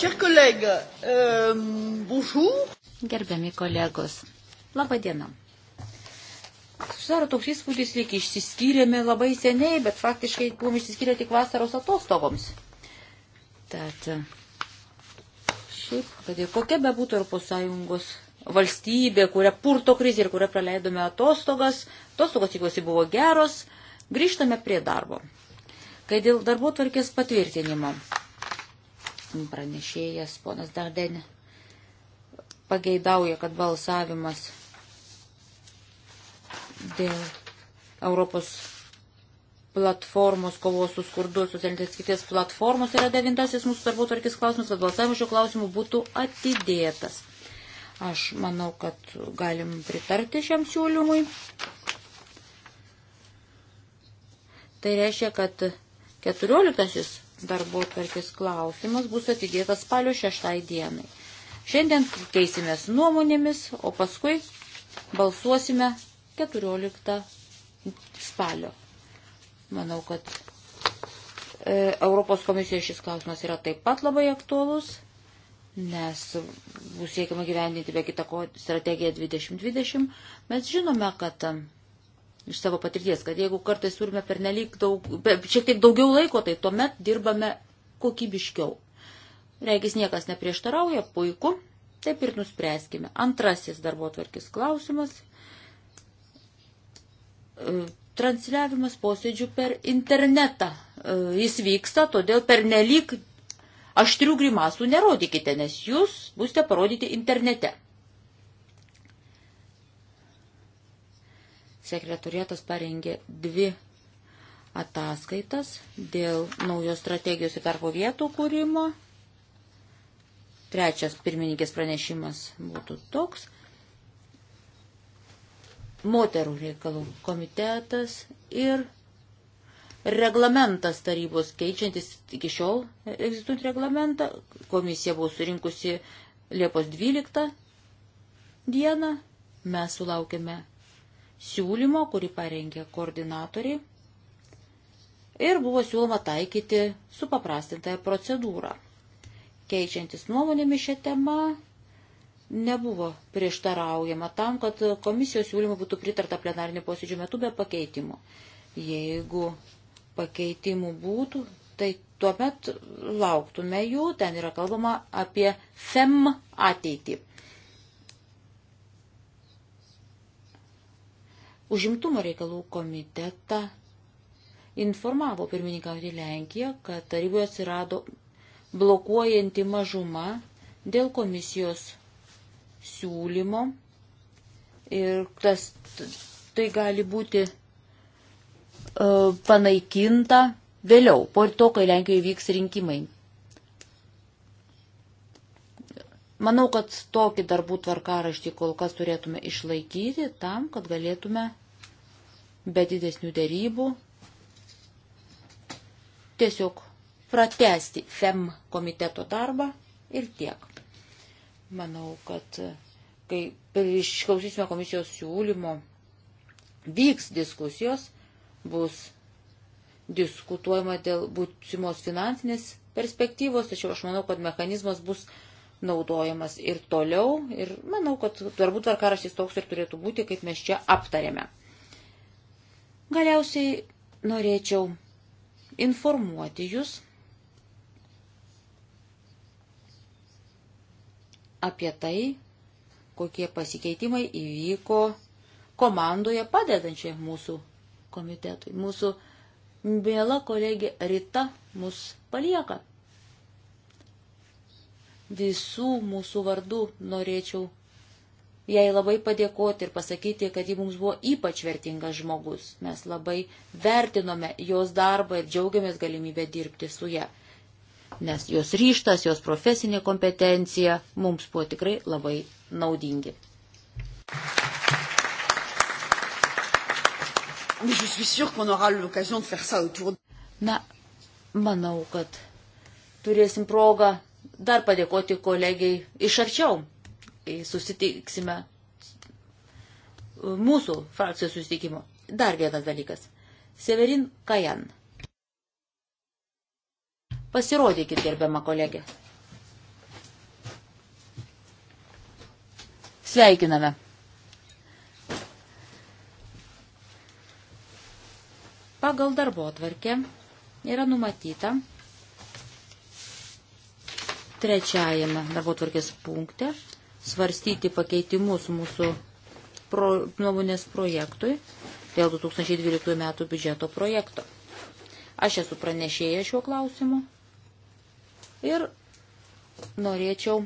Euh, Gerbiami kolegos, laba diena. Susidaro toks įspūdis, lyg išsiskyrėme labai seniai, bet faktiškai buvome išsiskyrę tik vasaros atostogoms. Tad šiaip, kad ir kokia bebūtų Europos Sąjungos valstybė, kurią purto krizė ir kurią praleidome atostogas, atostogos tikiuosi buvo geros, grįžtame prie darbo. Kai dėl darbo tvarkės patvirtinimo Pranešėjas ponas Dardenė pageidauja, kad balsavimas dėl Europos platformos kovos su skurdu socialinės skirties platformos yra devintasis mūsų darbų tvarkis klausimas, kad balsavimas šio klausimų būtų atidėtas. Aš manau, kad galim pritarti šiam siūlymui. Tai reiškia, kad keturioliktasis darbo tvarkės klausimas bus atidėtas spalio šeštai dienai. Šiandien keisimės nuomonėmis, o paskui balsuosime 14 spalio. Manau, kad e, Europos komisijoje šis klausimas yra taip pat labai aktuolus, nes bus siekiama gyvendinti be kitako strategiją 2020. Mes žinome, kad iš savo patirties, kad jeigu kartais turime per nelik daug, šiek tiek daugiau laiko, tai tuomet dirbame kokybiškiau. Reikis niekas neprieštarauja, puiku, taip ir nuspręskime. Antrasis darbo tvarkis klausimas. E, transliavimas posėdžių per internetą. E, jis vyksta, todėl per nelik aštrių grimasų nerodykite, nes jūs būsite parodyti internete. Sekretorietas parengė dvi ataskaitas dėl naujos strategijos ir darbo vietų kūrimo. Trečias pirmininkės pranešimas būtų toks. Moterų reikalų komitetas ir reglamentas tarybos keičiantis iki šiol egzistuojant reglamentą. Komisija buvo surinkusi Liepos 12 dieną. Mes sulaukėme siūlymo, kurį parengė koordinatoriai ir buvo siūloma taikyti supaprastintąją procedūrą. Keičiantis nuomonėmis šią temą nebuvo prieštaraujama tam, kad komisijos siūlymų būtų pritarta plenarinio posėdžio metu be pakeitimų. Jeigu pakeitimų būtų, tai tuomet lauktume jų, ten yra kalbama apie FEM ateitį. Užimtumo reikalų komitetą informavo pirmininkauti Lenkiją, kad taryboje atsirado blokuojanti mažuma dėl komisijos siūlymo ir tas, tai gali būti e, panaikinta vėliau, po to, kai Lenkijoje vyks rinkimai. Manau, kad tokį darbų tvarkaraštį kol kas turėtume išlaikyti tam, kad galėtume be didesnių dėrybų tiesiog pratesti FEM komiteto darbą ir tiek. Manau, kad kai išklausysime komisijos siūlymo, vyks diskusijos, bus diskutuojama dėl būsimos finansinės perspektyvos, tačiau aš manau, kad mechanizmas bus naudojamas ir toliau. Ir manau, kad turbūt tvarkaraštis toks ir turėtų būti, kaip mes čia aptarėme. Galiausiai norėčiau informuoti jūs apie tai, kokie pasikeitimai įvyko komandoje padedančiai mūsų komitetui. Mūsų mėla kolegė Rita mus palieka visų mūsų vardų norėčiau jai labai padėkoti ir pasakyti, kad ji mums buvo ypač vertingas žmogus. Mes labai vertinome jos darbą ir džiaugiamės galimybę dirbti su ją. Nes jos ryštas, jos profesinė kompetencija mums buvo tikrai labai naudingi. Na, manau, kad turėsim progą dar padėkoti kolegiai iš arčiau. Susitiksime mūsų frakcijos susitikimo. Dar vienas dalykas. Severin Kajan. Pasirodykit, gerbiama kolegė. Sveikiname. Pagal darbo atvarkę yra numatyta trečiajame darbo tvarkės punkte svarstyti pakeitimus mūsų pro, nuomonės projektui dėl 2012 metų biudžeto projekto. Aš esu pranešėję šiuo klausimu ir norėčiau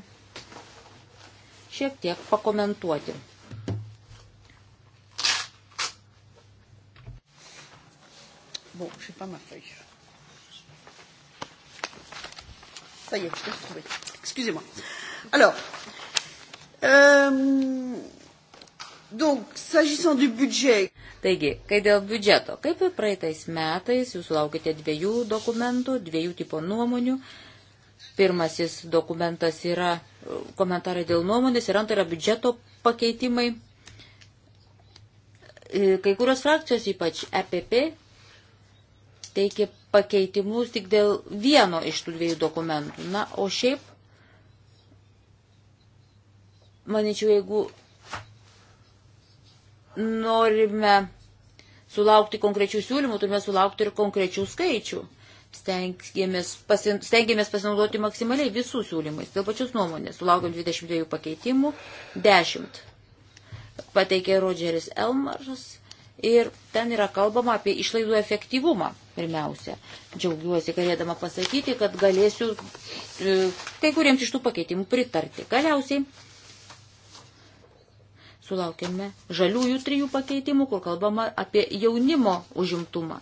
šiek tiek pakomentuoti. Bon, je sais pas ma feuille. Ça y est, je l'ai retrouvé. Excusez-moi. Alors, euh, donc, s'agissant du budget. Taigi, kai dėl biudžeto, kaip ir praeitais metais, jūs sulaukite dviejų dokumentų, dviejų tipo nuomonių. Pirmasis dokumentas yra e, komentarai dėl nuomonės ir antra yra biudžeto pakeitimai. E, kai kurios frakcijos, ypač EPP, teikė pakeitimus tik dėl vieno iš tų dviejų dokumentų. Na, o šiaip, manyčiau, jeigu norime sulaukti konkrečių siūlymų, turime sulaukti ir konkrečių skaičių. Stengiamės, pasin, stengiamės pasinaudoti maksimaliai visų siūlymais. Dėl pačios nuomonės sulaukėm 22 pakeitimų, 10 pateikė Rodžeris Elmaras, ir ten yra kalbama apie išlaidų efektyvumą pirmiausia. Džiaugiuosi galėdama pasakyti, kad galėsiu e, kai kuriems iš tų pakeitimų pritarti. Galiausiai sulaukėme žaliųjų trijų pakeitimų, kur kalbama apie jaunimo užimtumą.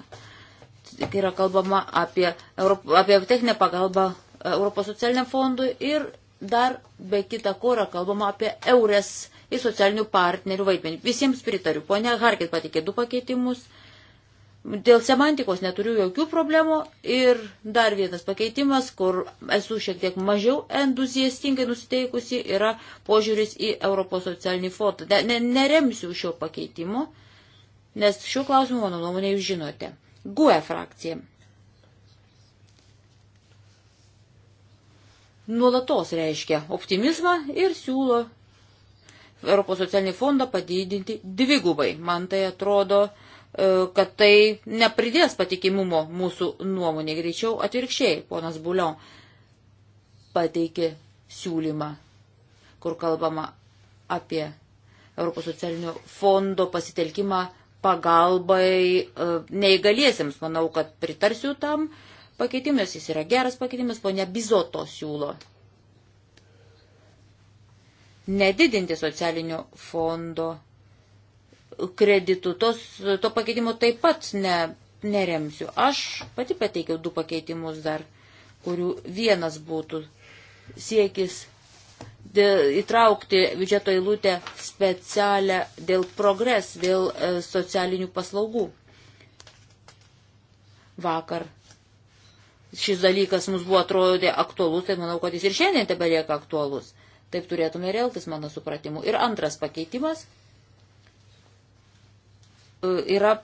Tai yra kalbama apie, Europą, apie techninę pagalbą e, Europos socialiniam fondui ir dar be kita ko yra kalbama apie eures į socialinių partnerių vaidmenį. Visiems pritariu. Pone Harkit patikė du pakeitimus. Dėl semantikos neturiu jokių problemų ir dar vienas pakeitimas, kur esu šiek tiek mažiau entuziastingai nusiteikusi, yra požiūris į Europos socialinį fondą. Ne, neremsiu šio pakeitimo, nes šiuo klausimu, mano nuomonė, jūs žinote. GUE frakcija. nuolatos reiškia optimizmą ir siūlo Europos socialinį fondą padidinti dvigubai. Man tai atrodo, e, kad tai nepridės patikimumo mūsų nuomonė. Greičiau atvirkščiai, ponas Bulion pateikė siūlymą, kur kalbama apie Europos socialinio fondo pasitelkimą pagalbai e, neįgaliesiems. Manau, kad pritarsiu tam pakeitimės, jis yra geras pakeitimas, ponia Bizoto siūlo nedidinti socialinio fondo kreditų. Tos, to pakeitimo taip pat ne, neremsiu. Aš pati pateikiau du pakeitimus dar, kurių vienas būtų siekis įtraukti biudžeto eilutę specialią dėl progres, dėl e, socialinių paslaugų. Vakar šis dalykas mums buvo atrodė aktualus, tai manau, kad jis ir šiandien tebelieka aktualus. Taip turėtume ir elgtis, mano supratimu. Ir antras pakeitimas e, yra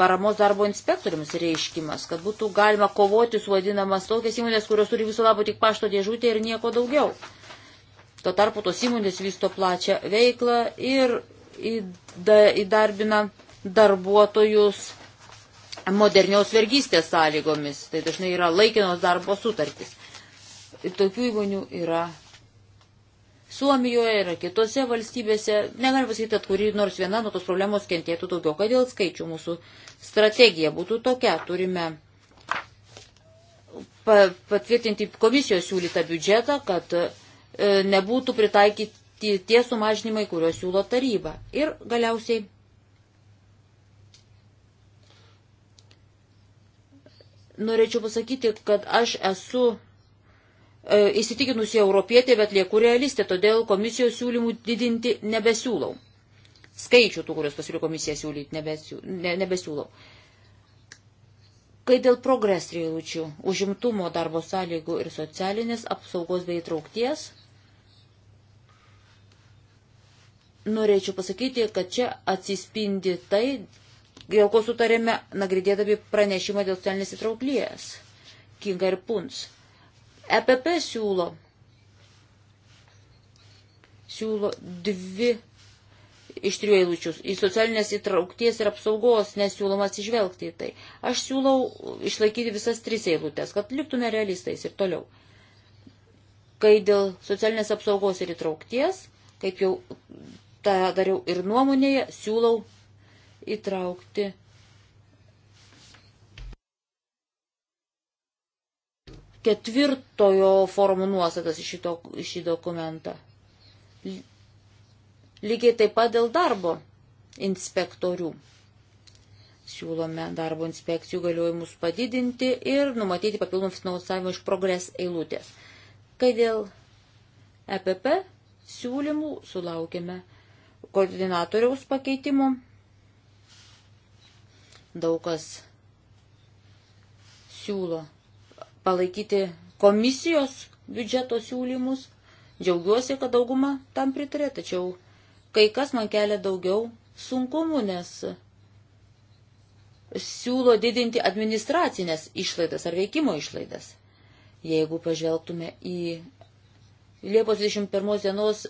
paramos darbo inspektoriams reiškimas, kad būtų galima kovoti su vadinamas tokias įmonės, kurios turi viso labo tik pašto dėžutę ir nieko daugiau. Tuo tarpu tos įmonės vysto plačią veiklą ir įdarbina darbuotojus modernios vergystės sąlygomis. Tai dažnai yra laikinos darbo sutartys. Ir tokių įmonių yra Suomijoje ir kitose valstybėse. Negalim pasakyti, kad kuri nors viena nuo tos problemos kentėtų daugiau, kad dėl skaičių mūsų strategija būtų tokia. Turime patvirtinti komisijos siūlytą biudžetą, kad e, nebūtų pritaikyti tie sumažinimai, kuriuos siūlo taryba. Ir galiausiai norėčiau pasakyti, kad aš esu E, įsitikinusi europietė, bet lieku realistė, todėl komisijos siūlymų didinti nebesiūlau. Skaičių tų, kurios pasiūlė komisija siūlyti, nebesiūlau. Kai dėl progres reilučių, užimtumo darbo sąlygų ir socialinės apsaugos bei traukties, norėčiau pasakyti, kad čia atsispindi tai, dėl ko sutarėme nagridėdami pranešimą dėl socialinės įtrauklies. Kinga ir Puns. EPP siūlo, siūlo dvi iš trijų eilučių į socialinės įtraukties ir apsaugos nesiūloma atsižvelgti į tai. Aš siūlau išlaikyti visas tris eilutės, kad liktume realistais ir toliau. Kai dėl socialinės apsaugos ir įtraukties, kaip jau tą dariau ir nuomonėje, siūlau įtraukti ketvirtojo forumo nuostatas iš šito, šį dokumentą. Lygiai taip pat dėl darbo inspektorių. Siūlome darbo inspekcijų galiojimus padidinti ir numatyti papildomą finansavimą iš progres eilutės. Kai dėl EPP siūlymų sulaukėme koordinatoriaus pakeitimų. Daug kas siūlo palaikyti komisijos biudžeto siūlymus. Džiaugiuosi, kad dauguma tam pritarė, tačiau kai kas man kelia daugiau sunkumų, nes siūlo didinti administracinės išlaidas ar veikimo išlaidas. Jeigu pažvelgtume į Liepos 21 dienos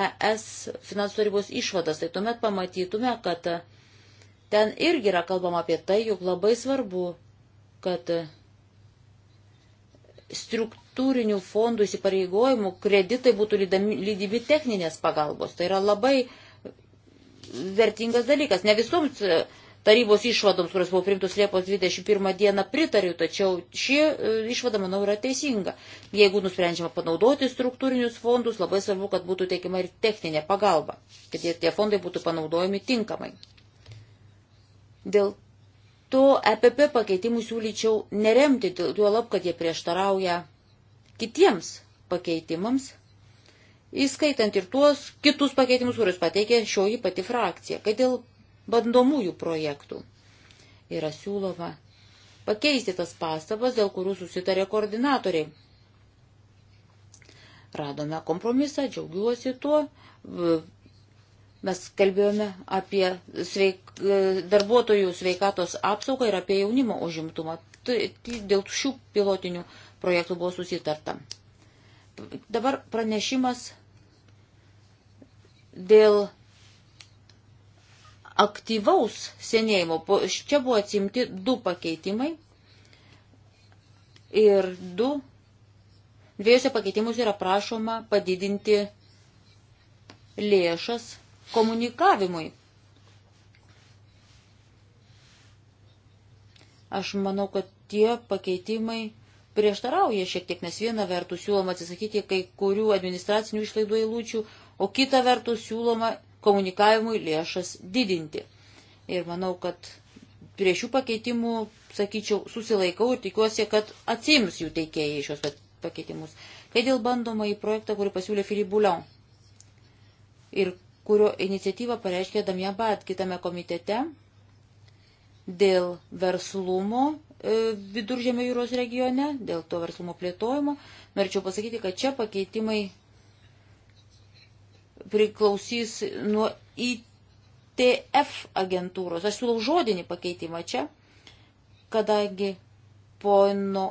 ES finansų tarybos išvadas, tai tuomet pamatytume, kad ten irgi yra kalbama apie tai, jog labai svarbu, kad struktūrinių fondų įsipareigojimų kreditai būtų lydimi techninės pagalbos. Tai yra labai vertingas dalykas. Ne visoms e, tarybos išvadoms, kurios buvo primtus Liepos 21 dieną, pritariu, tačiau ši e, išvada, manau, yra teisinga. Jeigu nusprendžiama panaudoti struktūrinius fondus, labai svarbu, kad būtų teikiama ir techninė pagalba, kad tie fondai būtų panaudojami tinkamai. Dėl to EPP pakeitimų siūlyčiau neremti, tuolab, kad jie prieštarauja kitiems pakeitimams, įskaitant ir tuos kitus pakeitimus, kuriuos pateikė šioji pati frakcija, kad dėl bandomųjų projektų yra siūloma pakeisti tas pastabas, dėl kurių susitarė koordinatoriai. Radome kompromisą, džiaugiuosi tuo, Mes kalbėjome apie sveik, darbuotojų sveikatos apsaugą ir apie jaunimo užimtumą. Tai, tai dėl šių pilotinių projektų buvo susitarta. Dabar pranešimas dėl aktyvaus senėjimo. Čia buvo atsimti du pakeitimai ir du. Dviejose pakeitimus yra prašoma padidinti lėšas komunikavimui. Aš manau, kad tie pakeitimai prieštarauja šiek tiek, nes viena vertus siūloma atsisakyti kai kurių administracinių išlaidų eilučių, o kita vertus siūloma komunikavimui lėšas didinti. Ir manau, kad prie šių pakeitimų, sakyčiau, susilaikau ir tikiuosi, kad atsims jų teikėjai šios pakeitimus. Kai dėl bandomą į projektą, kurį pasiūlė Filibuliau ir kurio iniciatyvą pareiškė Damien Bat kitame komitete dėl verslumo e, viduržėmio jūros regione, dėl to verslumo plėtojimo. Norėčiau pasakyti, kad čia pakeitimai priklausys nuo ITF agentūros. Aš siūlau žodinį pakeitimą čia, kadangi pono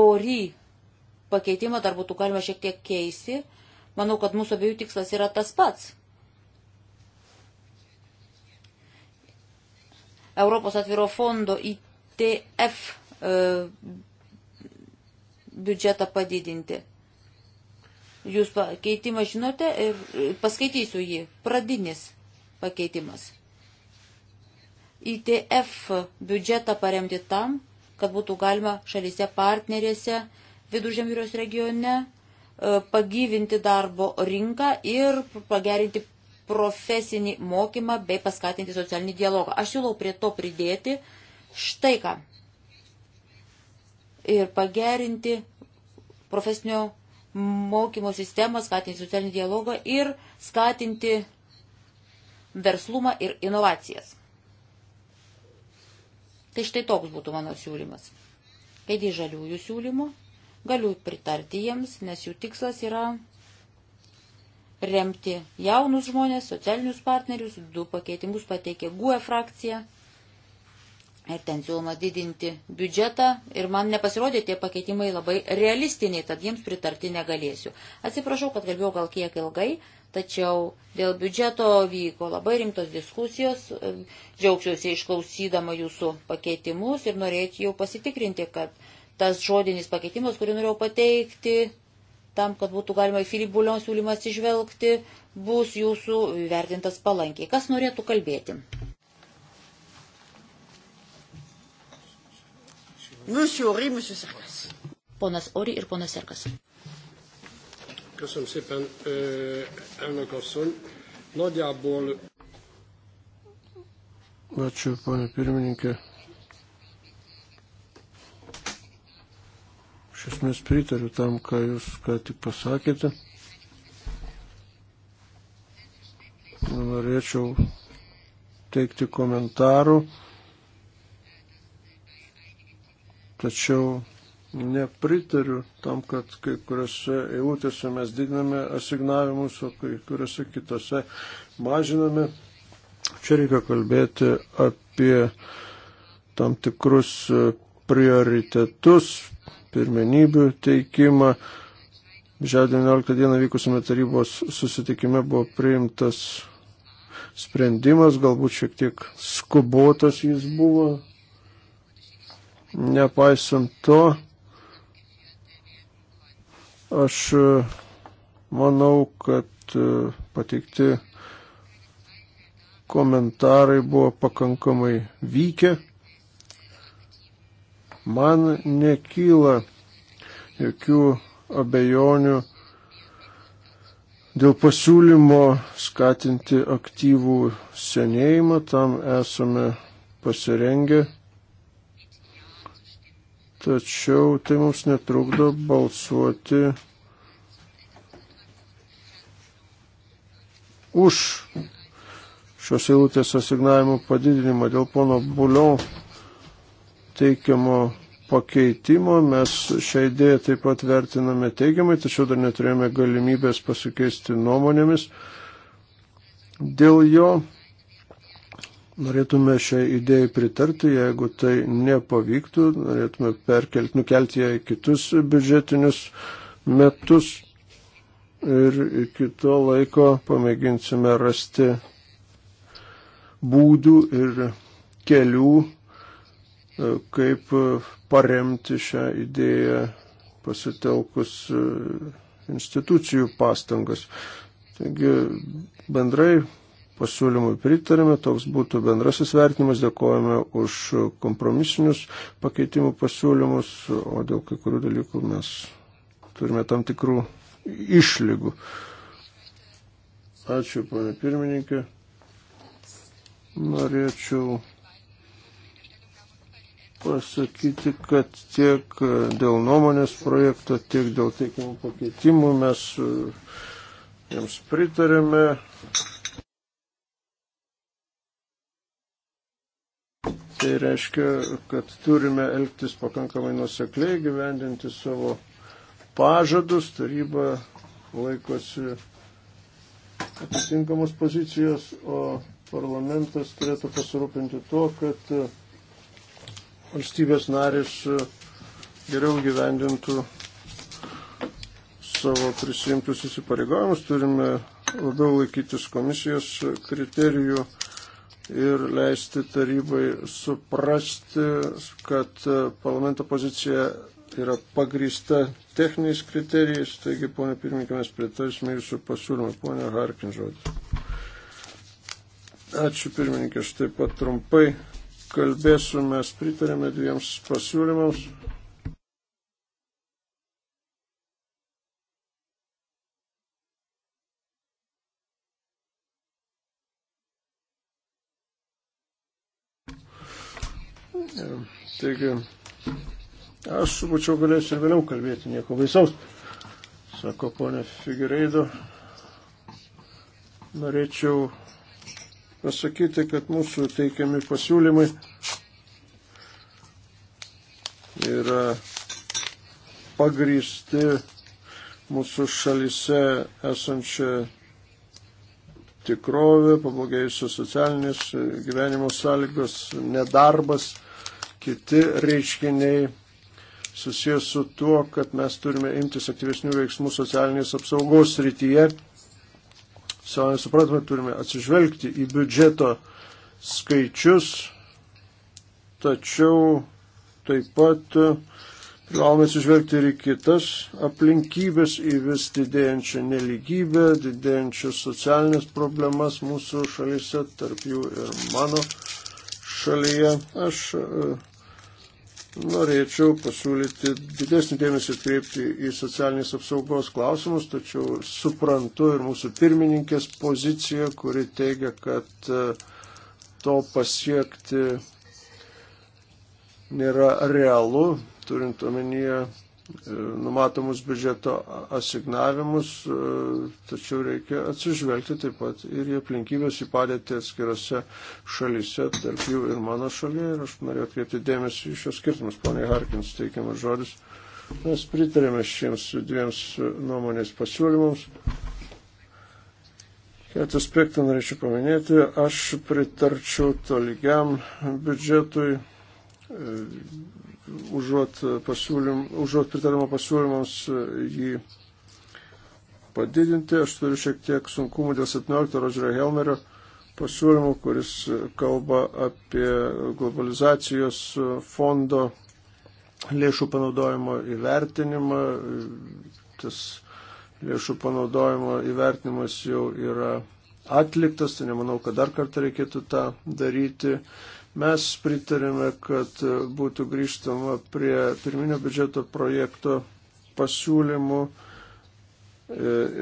Ori pakeitimą dar būtų galima šiek tiek keisti Manau, kad mūsų abiejų tikslas yra tas pats. Europos atviro fondo ITF e, biudžetą padidinti. Jūs pakeitimą žinote ir e, paskaitysiu jį. Pradinis pakeitimas. ITF biudžetą paremti tam, kad būtų galima šalyse partnerėse, viduržėmirios regione E, pagyvinti darbo rinką ir pagerinti profesinį mokymą bei paskatinti socialinį dialogą. Aš siūlau prie to pridėti štai ką. Ir pagerinti profesinio mokymo sistemą, skatinti socialinį dialogą ir skatinti verslumą ir inovacijas. Tai štai toks būtų mano siūlymas. Kai dėl žaliųjų siūlymų Galiu pritarti jiems, nes jų tikslas yra remti jaunus žmonės, socialinius partnerius, du pakeitimus pateikė GUE frakcija. Ir ten siūloma didinti biudžetą ir man nepasirodė tie pakeitimai labai realistiniai, tad jiems pritarti negalėsiu. Atsiprašau, kad kalbėjau gal kiek ilgai, tačiau dėl biudžeto vyko labai rimtos diskusijos, džiaugsiuosi išklausydama jūsų pakeitimus ir norėčiau pasitikrinti, kad tas žodinis pakeitimas, kurį norėjau pateikti, tam, kad būtų galima į Filip Bulion siūlymą atsižvelgti, bus jūsų vertintas palankiai. Kas norėtų kalbėti? Monsieur Ori, Monsieur Serkas. Ponas Ori ir ponas Serkas. Köszönöm szépen, elnök asszony. Nagyjából... Ačiū, ponė pirmininkė. Iš esmės pritariu tam, ką Jūs ką tik pasakėte. Norėčiau teikti komentarų, tačiau nepritariu tam, kad kai kuriuose eilutėse mes didiname asignavimus, o kai kuriuose kitose mažiname. Čia reikia kalbėti apie tam tikrus prioritetus, pirmenybių teikimą. Birželio 19 dieną vykusime tarybos susitikime buvo priimtas sprendimas, galbūt šiek tiek skubotas jis buvo. Nepaisant to, aš e, manau, kad e, pateikti komentarai buvo pakankamai vykę Man nekyla jokių abejonių dėl pasiūlymo skatinti aktyvų senėjimą, tam esame pasirengę, tačiau tai mums netrukdo balsuoti už šios eilutės asignavimų padidinimą dėl pono Bulio teikiamo pakeitimo. Mes šią idėją taip pat vertiname teigiamai, tačiau dar neturėjome galimybės pasikeisti nuomonėmis. Dėl jo norėtume šią idėją pritarti, jeigu tai nepavyktų, norėtume perkelti, nukelti ją į kitus biudžetinius metus ir iki to laiko pamėginsime rasti būdų ir kelių E, kaip e, paremti šią idėją pasitelkus e, institucijų pastangas. Taigi bendrai pasiūlymui pritarėme, toks būtų bendrasis vertinimas, dėkojame už kompromisinius pakeitimų pasiūlymus, o dėl kai kurių dalykų mes turime tam tikrų išlygų. Ačiū, ponė pirmininkė. Norėčiau pasakyti, kad tiek dėl nuomonės projekto, tiek dėl teikimų pakeitimų mes e, jiems pritarėme. Tai reiškia, kad turime elgtis pakankamai nusekliai, gyvendinti savo pažadus, taryba laikosi atitinkamos pozicijos, o parlamentas turėtų pasirūpinti tuo, kad valstybės narės e, geriau gyvendintų savo prisimtus įsipareigojimus, turime labiau laikytis komisijos kriterijų ir leisti tarybai suprasti, kad e, parlamento pozicija yra pagrįsta techniniais kriterijais. Taigi, ponė pirmininkė, mes pritarsime jūsų pasiūlymą. Ponė Harkin žodis. Ačiū pirmininkė, aš taip pat trumpai kalbėsiu, mes pritarėme dviems pasiūlymams. Taigi, aš būčiau galėsiu ir vėliau kalbėti, nieko baisaus. Sako ponė Figureido, norėčiau pasakyti, kad mūsų teikiami pasiūlymai yra pagrysti mūsų šalise esančią tikrovę, pablogėjusios socialinės gyvenimo sąlygos, nedarbas, kiti reiškiniai susijęs su tuo, kad mes turime imtis aktyvesnių veiksmų socialinės apsaugos srityje Savai suprantame, turime atsižvelgti į biudžeto skaičius, tačiau taip pat privalome atsižvelgti ir į kitas aplinkybės, į vis didėjančią neligybę, didėjančias socialinės problemas mūsų šalyse, tarp jų ir mano šalyje. Aš uh, norėčiau pasiūlyti didesnį dėmesį atkreipti į socialinės apsaugos klausimus, tačiau suprantu ir mūsų pirmininkės poziciją, kuri teigia, kad e, to pasiekti nėra realu, turint omenyje E, numatomus biudžeto asignavimus, e, tačiau reikia atsižvelgti taip pat ir į aplinkybės į padėtį atskirose šalise, tarp jų ir mano šalyje. Ir aš norėjau atkreipti dėmesį į šios skirtumus. Pone Harkins teikiamas žodis. Mes pritarėme šiems dviems nuomonės pasiūlymams. Keletą aspektų norėčiau paminėti. Aš pritarčiau tolygiam biudžetui užuot, pasiūlym, užuot pritarimo pasiūlymams e, jį padidinti. Aš turiu šiek tiek sunkumų dėl 17 Rodžerio Helmerio pasiūlymų, kuris kalba apie globalizacijos fondo lėšų panaudojimo įvertinimą. Tas lėšų panaudojimo įvertinimas jau yra atliktas, tai nemanau, kad dar kartą reikėtų tą daryti. Mes pritarėme, kad būtų grįžtama prie pirminio biudžeto projekto pasiūlymų e,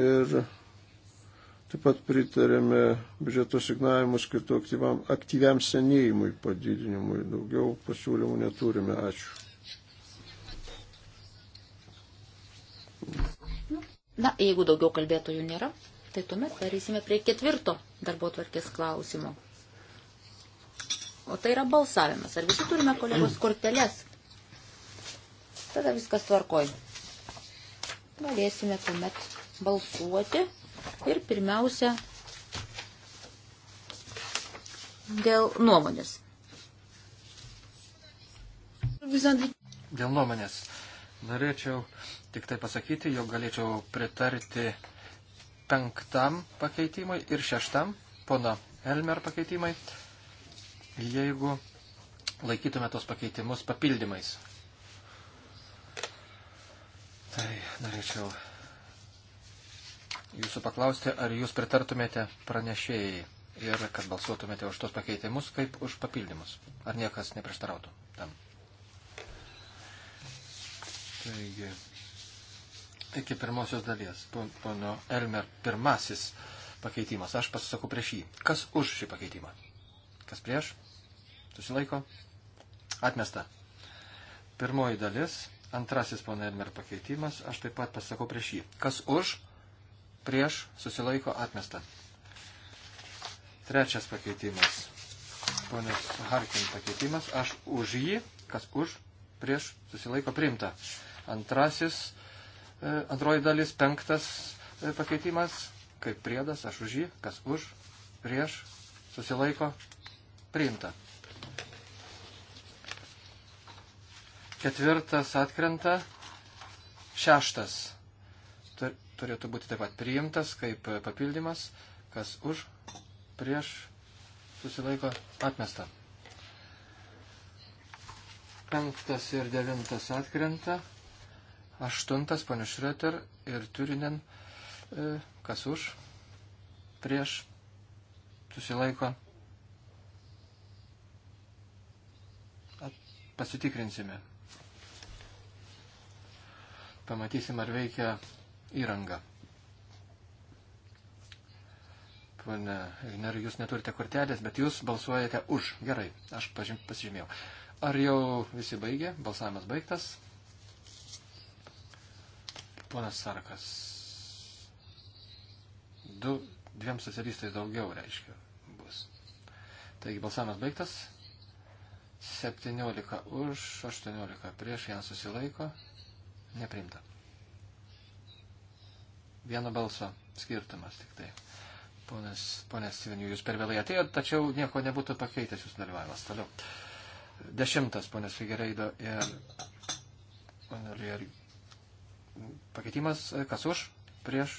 ir taip pat pritarėme biudžeto signavimų skirtų aktyviam, aktyviam senėjimui padidinimui. Daugiau pasiūlymų neturime. Ačiū. Na, jeigu daugiau kalbėtojų nėra, tai tuomet perėsime prie ketvirto darbo tvarkės klausimo. O tai yra balsavimas. Ar visi turime kolegos korteles? Tada viskas tvarkoj. Galėsime tuomet balsuoti. Ir pirmiausia, dėl nuomonės. Dėl nuomonės. Norėčiau tik tai pasakyti, jog galėčiau pritarti penktam pakeitimui ir šeštam pono Elmer pakeitimai jeigu laikytume tos pakeitimus papildymais. Tai norėčiau jūsų paklausti, ar jūs pritartumėte pranešėjai ir kad balsuotumėte už tos pakeitimus kaip už papildymus. Ar niekas neprieštarautų tam. Taigi, iki pirmosios dalies. Pono Elmer, pirmasis pakeitimas. Aš pasisakau prieš jį. Kas už šį pakeitimą? Kas prieš? susilaiko, atmesta. Pirmoji dalis, antrasis pono Edmer pakeitimas, aš taip pat pasakau prieš jį. Kas už, prieš, susilaiko, atmesta. Trečias pakeitimas, ponios Harkin pakeitimas, aš už jį, kas už, prieš, susilaiko, priimta. Antrasis, e, antroji dalis, penktas e, pakeitimas, kaip priedas, aš už jį, kas už, prieš, susilaiko, priimta. Ketvirtas atkrenta. Šeštas turėtų būti taip pat priimtas kaip papildymas, kas už, prieš, susilaiko, atmesta. Penktas ir devintas atkrenta. Aštuntas, ponių Šreter ir Turinen, e, kas už, prieš, susilaiko. At, pasitikrinsime pamatysim, ar veikia įranga. Pone Igner, jūs neturite kortelės, bet jūs balsuojate už. Gerai, aš pažym, pasižymėjau. Ar jau visi baigė? Balsavimas baigtas. Ponas Sarkas. Du, dviem socialistais daugiau reiškia bus. Taigi balsavimas baigtas. 17 už, 18 prieš, vienas susilaiko. Neprimta. Vieno balso skirtumas tik tai. Ponas, ponas Sivinių, jūs per vėlai atėjot, tačiau nieko nebūtų pakeitęs jūsų dalyvavimas. Toliau. Dešimtas, ponas Figereido ir, ir pakeitimas, kas už, prieš,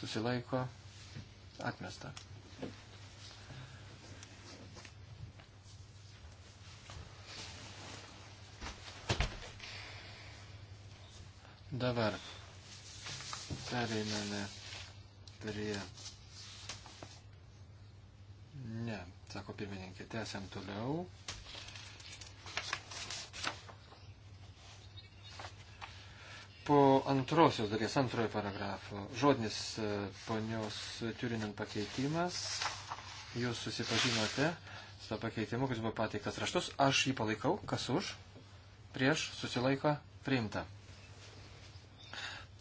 susilaiko, atmesta. Dabar pereiname prie. Ne, sako pirmininkė, tęsiam toliau. Po antrosios dalies, antrojo paragrafo, žodinis e, ponios Turinin pakeitimas, jūs susipažinote su to pakeitimu, kuris buvo pateiktas raštus, aš jį palaikau, kas už, prieš, susilaiko, priimta.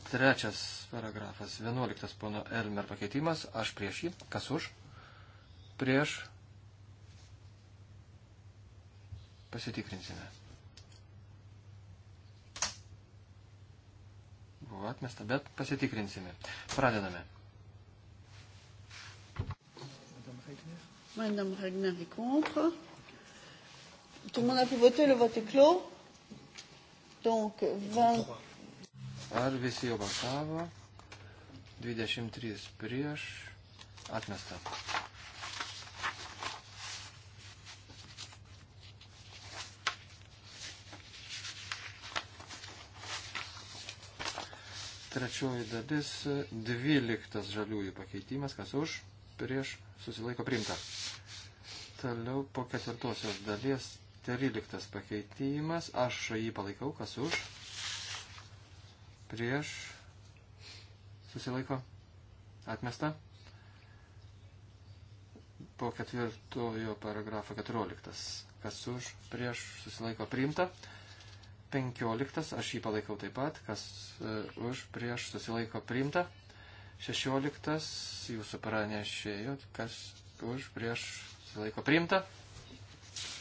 Trečias paragrafas, vienuoliktas pono Elmer pakeitimas, aš prieš jį, kas už, prieš, pasitikrinsime. Buvo atmesta, bet pasitikrinsime. Pradedame. Madame Regner est contre. Tout le monde a pu voter, le vote est clos. Donc 23. Ar visi jau balsavo? 23 prieš. Atmesta. Trečioji dalis, 12 žaliųjų pakeitimas, kas už, prieš, susilaiko primta. Toliau po ketvirtosios dalies, 13 pakeitimas, aš jį palaikau, kas už, prieš, susilaiko, atmesta. Po ketvirtojo paragrafo 14. Kas už, prieš, susilaiko, priimta. 15. Aš jį palaikau taip pat. Kas uh, už, prieš, susilaiko, priimta. 16. Jūsų pranešėjo. Kas už, prieš, susilaiko, priimta.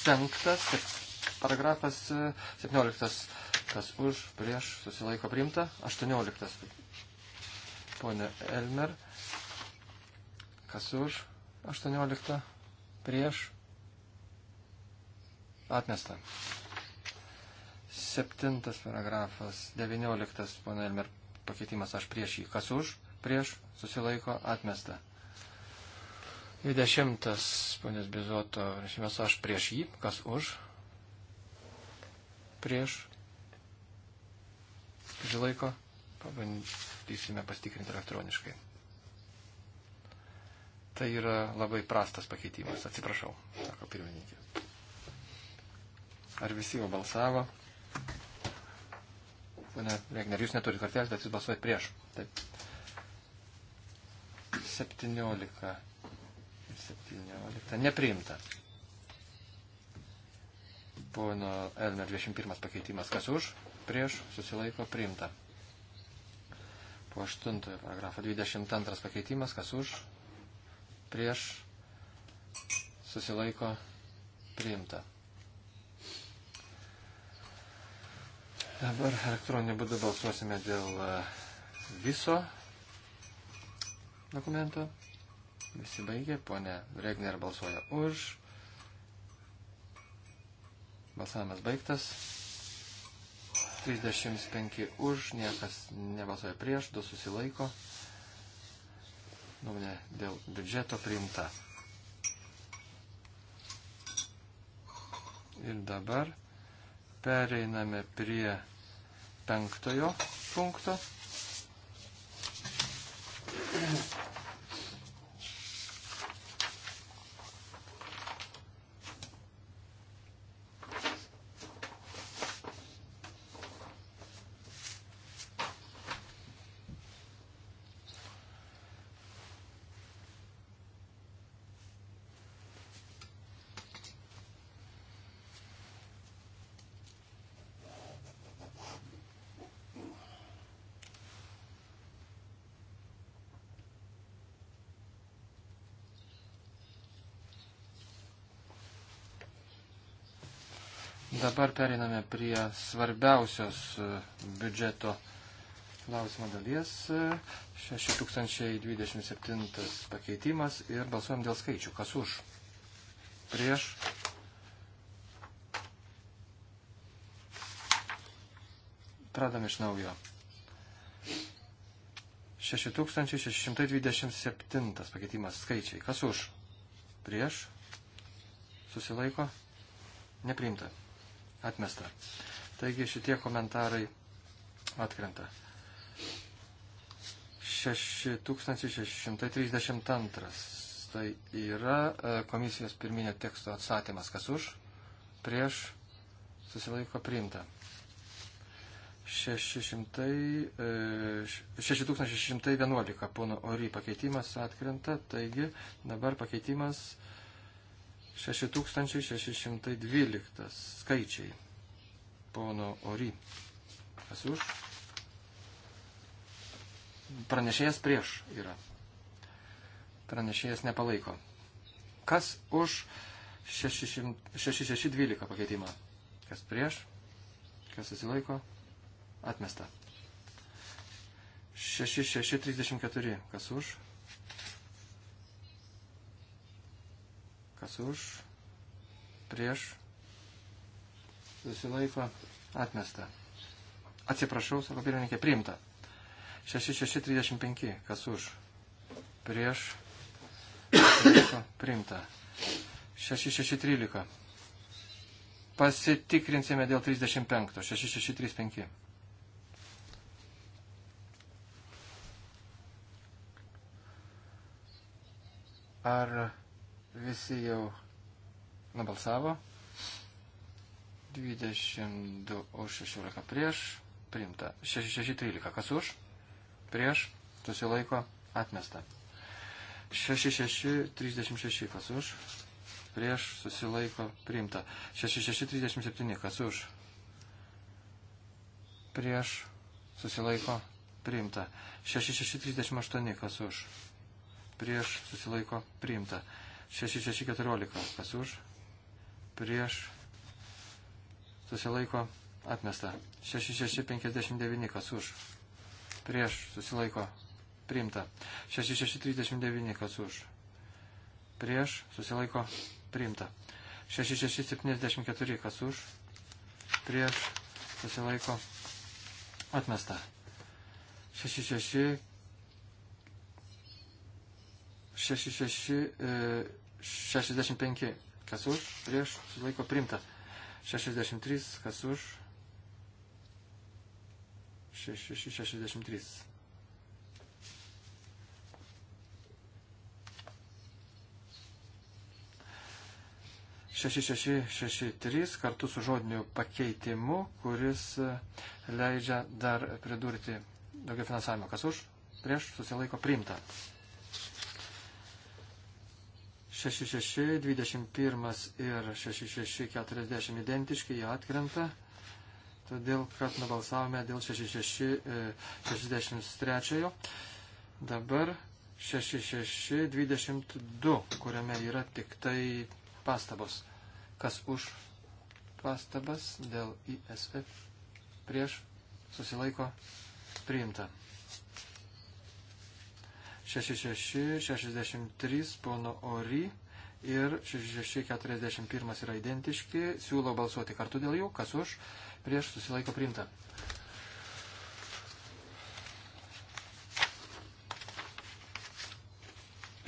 5. Paragrafas 17 e, kas už, prieš, susilaiko priimta. 18. Pone Elmer, kas už, 18, prieš, atmesta. Septintas paragrafas, 19, pone Elmer, pakeitimas aš prieš jį, kas už, prieš, susilaiko, atmesta. 20, ponės Bizoto, rašymas aš prieš jį, kas už, prieš, prilaiko. Pabandysime pastikrinti elektroniškai. Tai yra labai prastas pakeitimas, atsiprašau, sako pirmininkė. Ar visi jau balsavo? Pane Regner, jūs neturite kortelės, bet jūs balsuojate prieš. Taip. 17 ir 17. Nepriimta. Pono Elner 21 pakeitimas. Kas už? prieš susilaiko priimta. Po 8 paragrafo 22 pakeitimas, kas už, prieš susilaiko priimta. Dabar elektroniniu būdu balsuosime dėl e, viso dokumento. Visi baigė, ponė Regner balsuoja už. Balsavimas baigtas. 35 už, niekas nebalsuoja prieš, du susilaiko. Nuomonė dėl biudžeto priimta. Ir dabar pereiname prie penktojo punkto. dabar periname prie svarbiausios e, biudžeto klausimo dalies. 6027 e, pakeitimas ir balsuojam dėl skaičių. Kas už? Prieš? Pradam iš naujo. 6627 pakeitimas skaičiai. Kas už? Prieš? Susilaiko? Nepriimta atmesta. Taigi šitie komentarai atkrenta. 6632. Tai yra e, komisijos pirminio teksto atsatymas, kas už, prieš, susilaiko priimta. 6611 e, pono Ory pakeitimas atkrenta, taigi dabar pakeitimas 6612. 6612 skaičiai pono Ori. Kas už? Pranešėjas prieš yra. Pranešėjas nepalaiko. Kas už 6612 pakeitimą? Kas prieš? Kas susilaiko? Atmesta. 6634. Kas už? Kas už? Prieš? Susilaiko atmesta. Atsiprašau, sako pirmininkė, priimta. 6635. Kas už? Prieš? Susilaiko priimta. 6613. Pasitikrinsime dėl 35. 6635. Ar Visi jau nubalsavo. 22 už 16 prieš. Primta. 6613. Kas už? Prieš. Susilaiko. Atmesta. 6636. Kas už? Prieš. Susilaiko. Primta. 6637. Kas už? Prieš. Susilaiko. Primta. 6638. Kas už? Prieš. Susilaiko. Primta. 6614. Kas už? Prieš. Susilaiko. Atmesta. 6659. Kas už? Prieš. Susilaiko. Priimta. 6639. Kas už? Prieš. Susilaiko. Priimta. 6674. Kas už? Prieš. Susilaiko. Atmesta. 66 6665, e, kas už, prieš, susilaiko primta. 63, kas už, 6663. šeši šeši šeši trys kartu su žodiniu pakeitimu, kuris e, leidžia dar pridurti daugiau finansavimo. Kas už? Prieš susilaiko priimta. 66, 21 ir 66, 40 identiški, jie atkrenta, todėl kad nubalsavome dėl 66, 63. E, Dabar 66, 22, kuriame yra tik tai pastabos. Kas už pastabas dėl ISF prieš susilaiko priimta. 66, 63 pono Ori ir 6641 yra identiški. Siūlau balsuoti kartu dėl jų, kas už, prieš susilaiko priimta.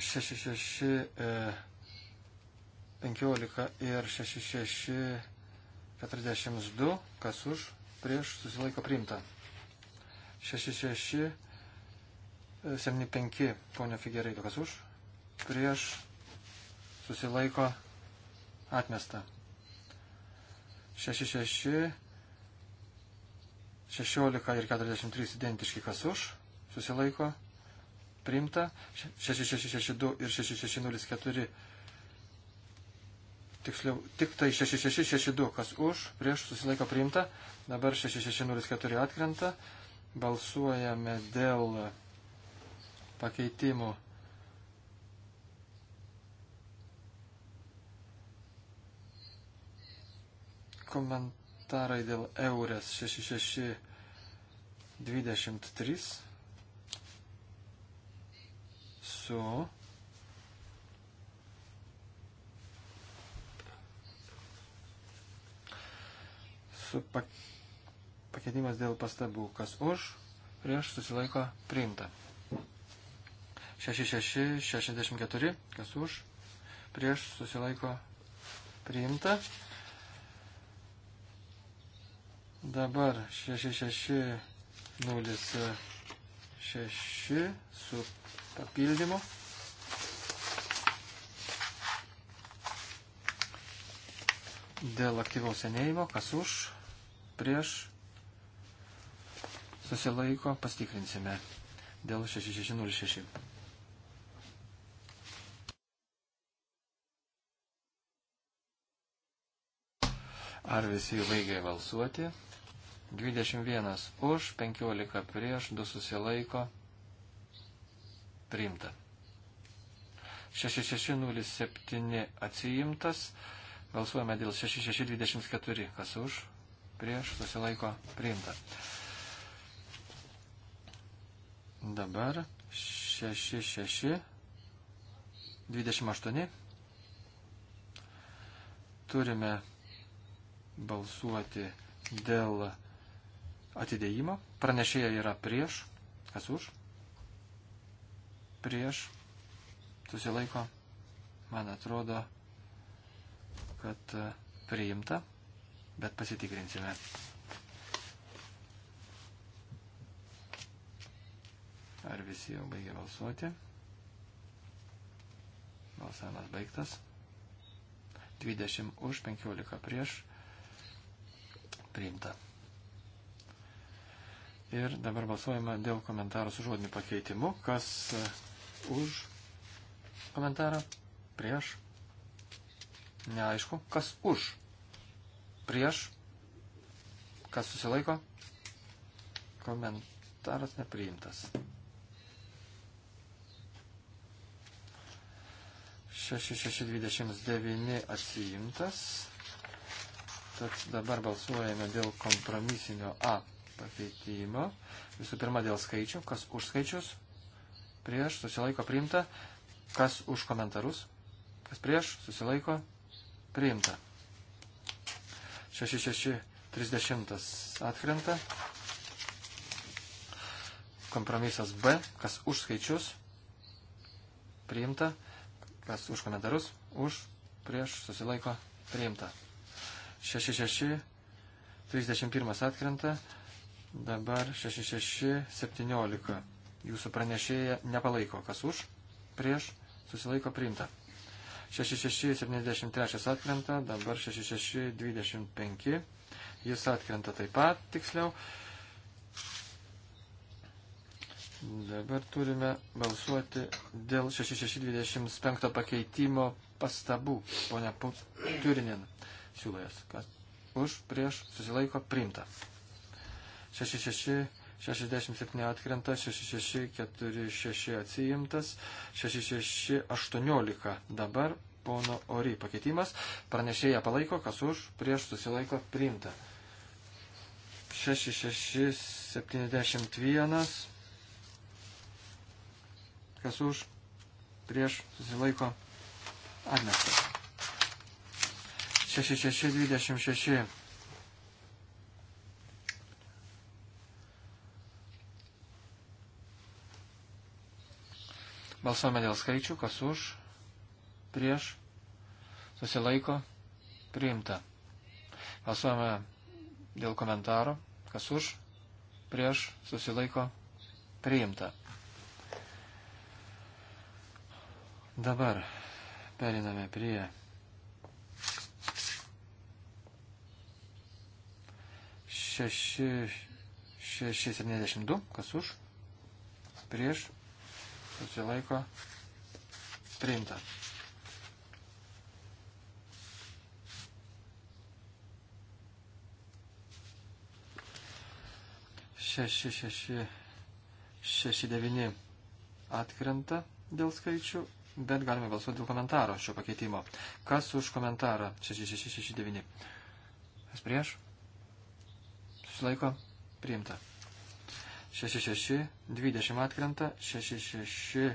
Šeši šeši e, penkiolika ir šeši šeši keturiasdešimt du, kas už, prieš susilaiko priimta. Šeši šeši 66... 75, ponia Figerai, kas už, prieš, susilaiko, atmesta. 66, 16 ir 43 identiški, kas už, susilaiko, priimta. 6662 ir 6604, tiksliau, tik tai 6662, kas už, prieš, susilaiko, priimta. Dabar 6604 atkrenta. Balsuojame dėl pakeitimų. Komentarai dėl eurės 6623 su su pakeitimas dėl pastabų, kas už, prieš susilaiko priimta. 66, 64, kas už, prieš susilaiko priimta. Dabar 66, 06 e, su papildymu. Dėl aktyvaus senėjimo, kas už, prieš, susilaiko, pastikrinsime. Dėl 6606. Ar visi baigė balsuoti? 21 už, 15 prieš, 2 susilaiko. Priimta. 6607 atsiimtas. Balsuojame dėl 6624. Kas už? Prieš susilaiko priimta. Dabar 6628. Turime balsuoti dėl atidėjimo. Pranešėja yra prieš. Kas už? Prieš. Susilaiko. Man atrodo, kad e, priimta, bet pasitikrinsime. Ar visi jau baigė balsuoti? Balsavimas baigtas. 20 už, 15 prieš priimta. Ir dabar balsuojama dėl komentarų su žodiniu pakeitimu. Kas e, už komentarą? Prieš? Neaišku. Kas už? Prieš? Kas susilaiko? Komentaras nepriimtas. 6629 atsiimtas. Tad dabar balsuojame dėl kompromisinio A pakeitimo. Visų pirma, dėl skaičių. Kas už skaičius? Prieš susilaiko priimta. Kas už komentarus? Kas prieš susilaiko priimta. 6630 atkrenta. Kompromisas B. Kas už skaičius? Priimta. Kas už komentarus? Už. Prieš susilaiko priimta. 66, 31 atkrenta, dabar 66, 17. Jūsų pranešėja nepalaiko, kas už, prieš, susilaiko priimta. 66, 73 atkrenta, dabar 66, 25. Jis atkrenta taip pat, tiksliau. Dabar turime balsuoti dėl 6625 pakeitimo pastabų, ponia Turinin siūlojas. Kas už, prieš, susilaiko, priimta. 66, 67 atkrenta, 66, 46 atsijimtas, 66, 18 dabar pono Ori pakeitimas. Pranešėja palaiko, kas už, prieš, susilaiko, priimta. 66, 71. Kas už, prieš, susilaiko, atmestas. 6626. Balsuojame dėl skaičių, kas už, prieš, susilaiko, priimta. Balsuojame dėl komentaro, kas už, prieš, susilaiko, priimta. Dabar periname prie 672, kas už, prieš, susilaiko, priimta. Šeši, šeši, šeši, devini atkrenta dėl skaičių, bet galime balsuoti dėl komentaro šio pakeitimo. Kas už komentarą? 6669. Kas prieš? sulaiko priimta. 666, 20 atkrenta, 666,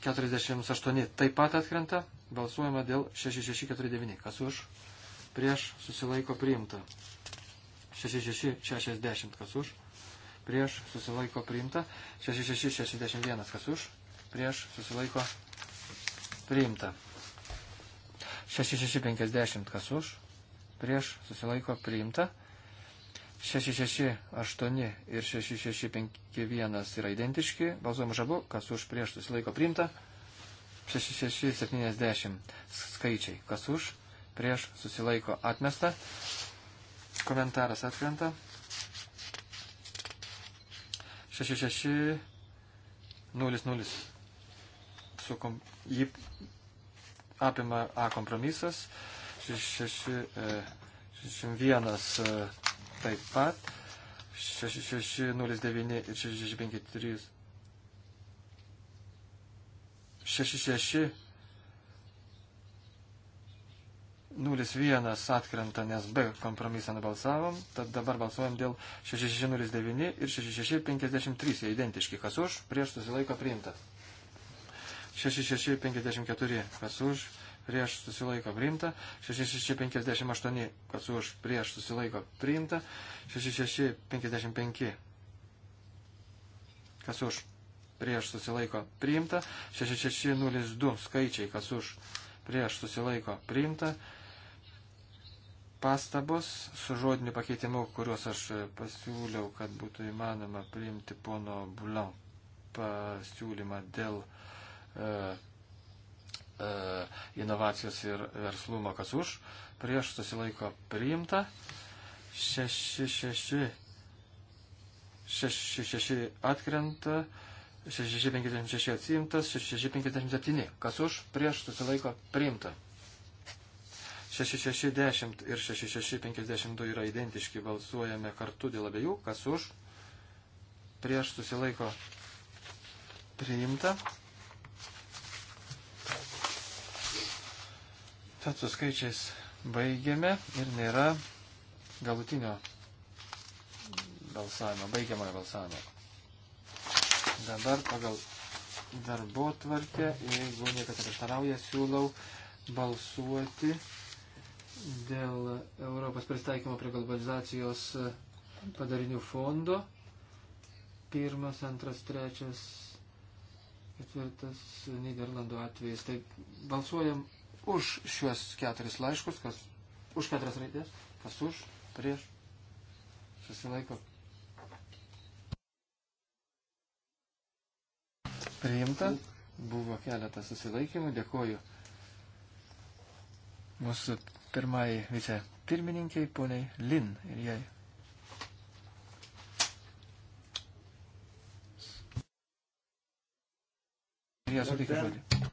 48 taip pat atkrenta, balsuojama dėl 6649. Kas už? Prieš susilaiko priimta. 6660. Kas už? Prieš susilaiko priimta. 6661. Kas už? Prieš susilaiko priimta. 6650. Kas už? prieš susilaiko priimta. 668 ir 6651 yra identiški, balsuojam žabu, kas už prieš susilaiko priimta. 6670 skaičiai, kas už prieš susilaiko atmesta. Komentaras atkrenta. 6600 su kom... jį apima A kompromisas. 6661 e, e, taip pat, 6609 ir 6653. 6601 atkrenta, nes B kompromisą nubalsavom, tad dabar balsuojam dėl 6609 ir 6653, jie identiški, kas už, prieš susilaiko priimta. 6654, kas už, prieš susilaiko priimta, 6658, kas už prieš susilaiko priimta, 6655, kas už prieš susilaiko priimta, 6602 skaičiai, kas už prieš susilaiko priimta, pastabos su žodiniu pakeitimu, kuriuos aš pasiūliau, kad būtų įmanoma priimti pono Bulan pasiūlymą dėl e, E, inovacijos ir verslumo, kas už, prieš susilaiko priimta. 666 atkrenta, 656 atsiimtas, 657, kas už, prieš susilaiko priimta. 6610 ir 6652 yra identiški, balsuojame kartu dėl abiejų, kas už, prieš susilaiko priimta. Tad su skaičiais baigiame ir nėra galutinio balsavimo, baigiamojo balsavimo. Dabar pagal darbo tvarkę, jeigu niekas neprieštarauja, siūlau balsuoti dėl Europos pristaikymo prie globalizacijos padarinių fondo. Pirmas, antras, trečias, ketvirtas Niderlandų atvejais. Tai balsuojam už šiuos keturis laiškus, kas už keturias raidės, kas už, prieš, susilaiko. Priimta, buvo keletas susilaikymų, dėkoju mūsų pirmai vice pirmininkiai, poniai Lin ir jai. Ir jie sutikė žodį.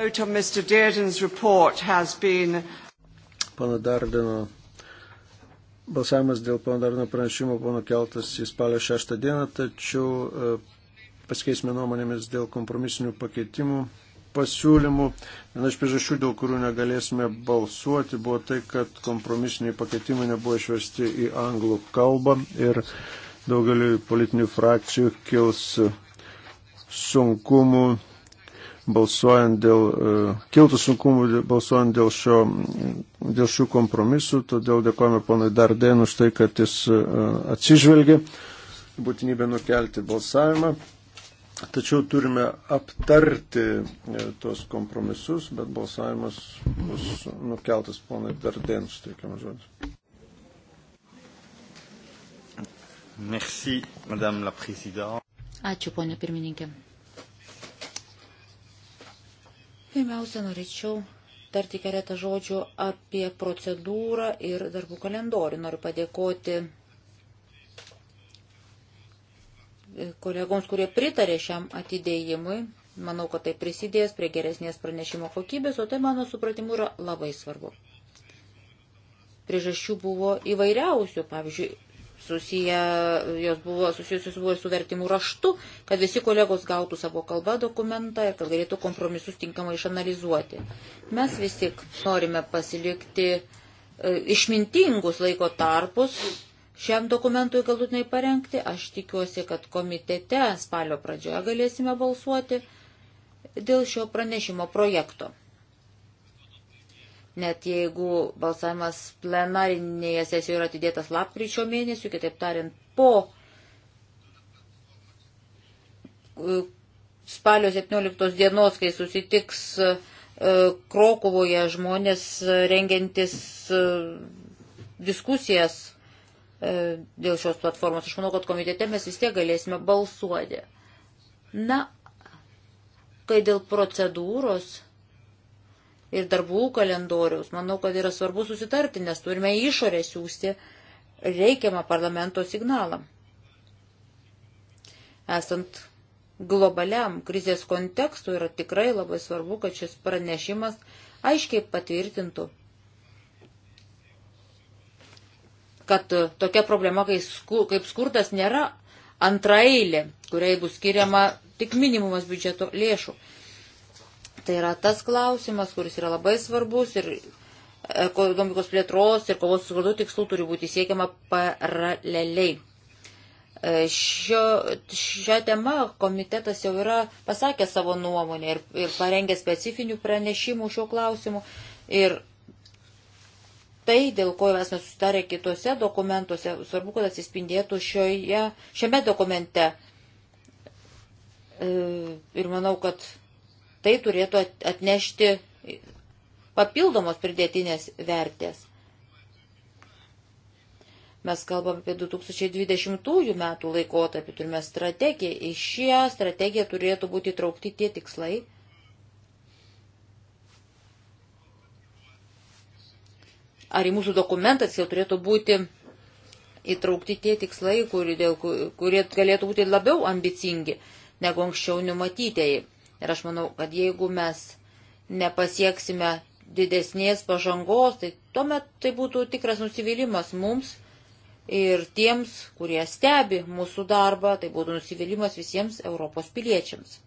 Pana Dardino, balsavimas dėl pana Dardino pranešimo buvo nukeltas į spalio 6 dieną, tačiau e, pasikeisime nuomonėmis dėl kompromisinių pakeitimų pasiūlymų. Viena iš priežasčių, dėl kurių negalėsime balsuoti, buvo tai, kad kompromisiniai pakeitimai nebuvo išversti į anglų kalbą ir daugeliu politinių frakcijų kils sunkumų balsuojant dėl, e, kiltų sunkumų balsuojant dėl, šio, dėl šių kompromisų, todėl dėkojame ponui Dardėn už tai, kad jis e, atsižvelgė būtinybę nukelti balsavimą. Tačiau turime aptarti e, tuos kompromisus, bet balsavimas bus nukeltas ponai Dardėn, suteikiamas žodis. Merci, Madame la Présidente. Ačiū, ponė pirmininkė. Pirmiausia, norėčiau tarti keletą žodžių apie procedūrą ir darbų kalendorių. Noriu padėkoti e, kolegoms, kurie pritarė šiam atidėjimui. Manau, kad tai prisidės prie geresnės pranešimo kokybės, o tai mano supratimu yra labai svarbu. Priežasčių buvo įvairiausių, pavyzdžiui, susiję, jos buvo susijusios buvo su vertimu raštu, kad visi kolegos gautų savo kalbą dokumentą ir kad galėtų kompromisus tinkamai išanalizuoti. Mes vis tik norime pasilikti e, išmintingus laiko tarpus šiam dokumentui galutinai parengti. Aš tikiuosi, kad komitete spalio pradžioje galėsime balsuoti dėl šio pranešimo projekto net jeigu balsavimas plenarinėje sesijoje yra atidėtas lapkričio mėnesių, kitaip tariant, po e, spalio 17 dienos, kai susitiks e, Krokuvoje žmonės e, rengiantis diskusijas dėl šios platformos. Aš manau, kad komitete mes vis tiek galėsime balsuoti. Na, kai dėl procedūros ir darbų kalendoriaus. Manau, kad yra svarbu susitarti, nes turime išorę siūsti reikiamą parlamento signalą. Esant globaliam krizės kontekstui yra tikrai labai svarbu, kad šis pranešimas aiškiai patvirtintų, kad tokia problema kaip skurdas nėra antrailė, kuriai bus skiriama tik minimumas biudžeto lėšų. Tai yra tas klausimas, kuris yra labai svarbus ir ekonomikos plėtros ir kovos su skurdu tikslų turi būti siekiama paraleliai. E, šio, šią temą komitetas jau yra pasakęs savo nuomonę ir, ir parengė specifinių pranešimų šiuo klausimu. Ir tai, dėl ko esame sustarę kitose dokumentuose, svarbu, kad atsispindėtų šioje, šiame dokumente. E, ir manau, kad tai turėtų atnešti papildomos pridėtinės vertės. Mes kalbam apie 2020 metų laikotarpį, turime strategiją, į šią strategiją turėtų būti traukti tie tikslai, ar į mūsų dokumentas jau turėtų būti įtraukti tie tikslai, kurie, dėl, kurie galėtų būti labiau ambicingi negu anksčiau numatytieji. Ir aš manau, kad jeigu mes nepasieksime didesnės pažangos, tai tuomet tai būtų tikras nusivylimas mums ir tiems, kurie stebi mūsų darbą, tai būtų nusivylimas visiems Europos piliečiams.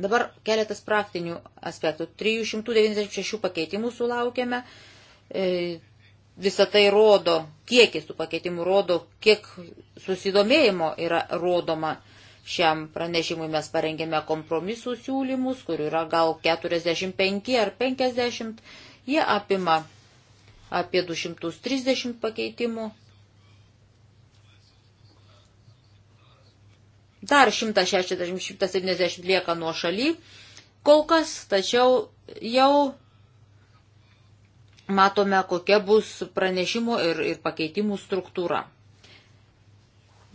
Dabar keletas praktinių aspektų. 396 pakeitimų sulaukėme. E, Visą tai rodo, kiekis tų pakeitimų rodo, kiek susidomėjimo yra rodoma Šiam pranešimui mes parengėme kompromisų siūlymus, kur yra gal 45 ar 50. Jie apima apie 230 pakeitimų. Dar 160-170 lieka nuo šaly kol kas, tačiau jau matome, kokia bus pranešimo ir, ir pakeitimų struktūra.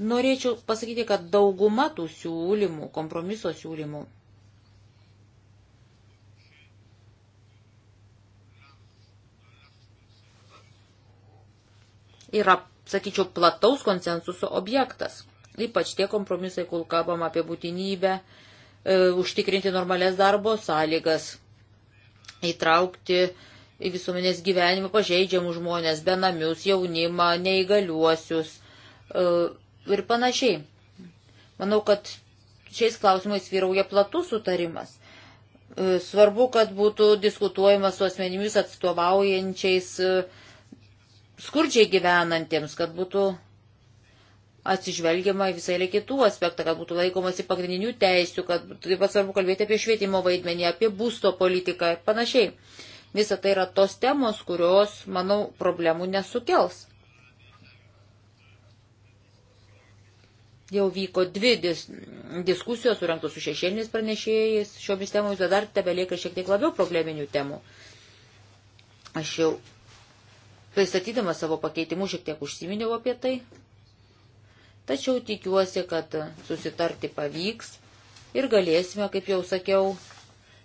Norėčiau pasakyti, kad dauguma tų siūlymų, kompromiso siūlymų, yra, sakyčiau, plataus konsensuso objektas. Ypač tie kompromisai, kol kalbam apie būtinybę e, užtikrinti normales darbo sąlygas, įtraukti į visuomenės gyvenimą pažeidžiamų žmonės, benamius, jaunimą, neįgaliuosius, e, ir panašiai. Manau, kad šiais klausimais vyrauja platus sutarimas. E, svarbu, kad būtų diskutuojama su asmenimis atstovaujančiais e, skurdžiai gyvenantiems, kad būtų atsižvelgiama į visai kitų aspektą, kad būtų laikomasi pagrindinių teisių, kad taip pat svarbu kalbėti apie švietimo vaidmenį, apie būsto politiką ir panašiai. Visa tai yra tos temos, kurios, manau, problemų nesukels. jau vyko dvi dis, diskusijos surinktos su šešėliniais pranešėjais šiomis temomis, bet dar tebelieka šiek tiek labiau probleminių temų. Aš jau pristatydama savo pakeitimus šiek tiek užsiminiau apie tai, tačiau tikiuosi, kad susitarti pavyks ir galėsime, kaip jau sakiau,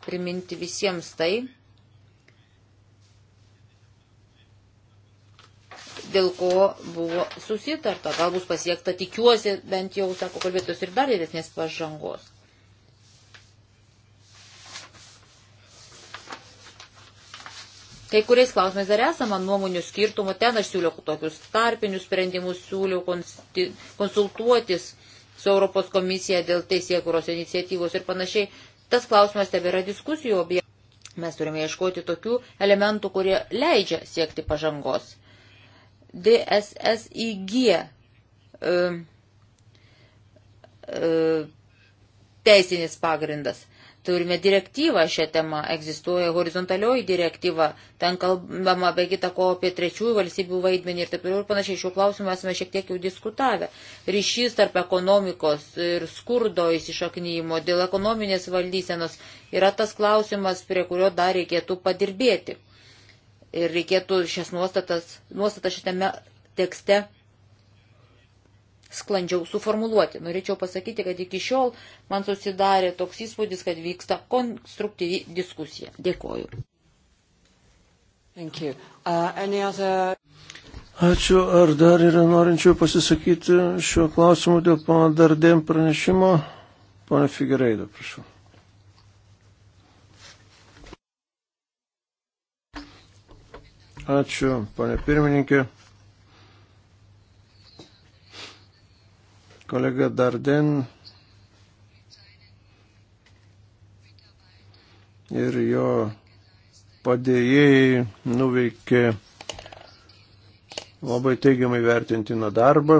priminti visiems tai, dėl ko buvo susitarta. Gal bus pasiekta, tikiuosi, bent jau, sako kalbėtos, ir dar didesnės pažangos. Kai kuriais klausimais dar esama nuomonių skirtumų, ten aš siūliau tokius tarpinius sprendimus, siūliau konsultuotis su Europos komisija dėl teisėkuros iniciatyvos ir panašiai. Tas klausimas tebėra diskusijų objektas. Mes turime ieškoti tokių elementų, kurie leidžia siekti pažangos. DSSIG e, e, teisinis pagrindas. Turime direktyvą šią temą, egzistuoja horizontalioji direktyva, ten kalbama be kita ko apie trečiųjų valstybių vaidmenį ir taip ir panašiai. Šiuo klausimu esame šiek tiek jau diskutavę. Ryšys tarp ekonomikos ir skurdo įsišaknyjimo dėl ekonominės valdysenos yra tas klausimas, prie kurio dar reikėtų padirbėti. Ir reikėtų šias nuostatas, nuostatas šitame tekste sklandžiau suformuluoti. Norėčiau pasakyti, kad iki šiol man susidarė toks įspūdis, kad vyksta konstruktyvi diskusija. Dėkoju. Uh, other... Ačiū. Ar dar yra norinčių pasisakyti šiuo klausimu dėl pana Dardėm pranešimo? Pane Figereido, prašau. Ačiū, pane pirmininkė. Kolega Darden ir jo padėjėjai nuveikė labai teigiamai vertintiną darbą.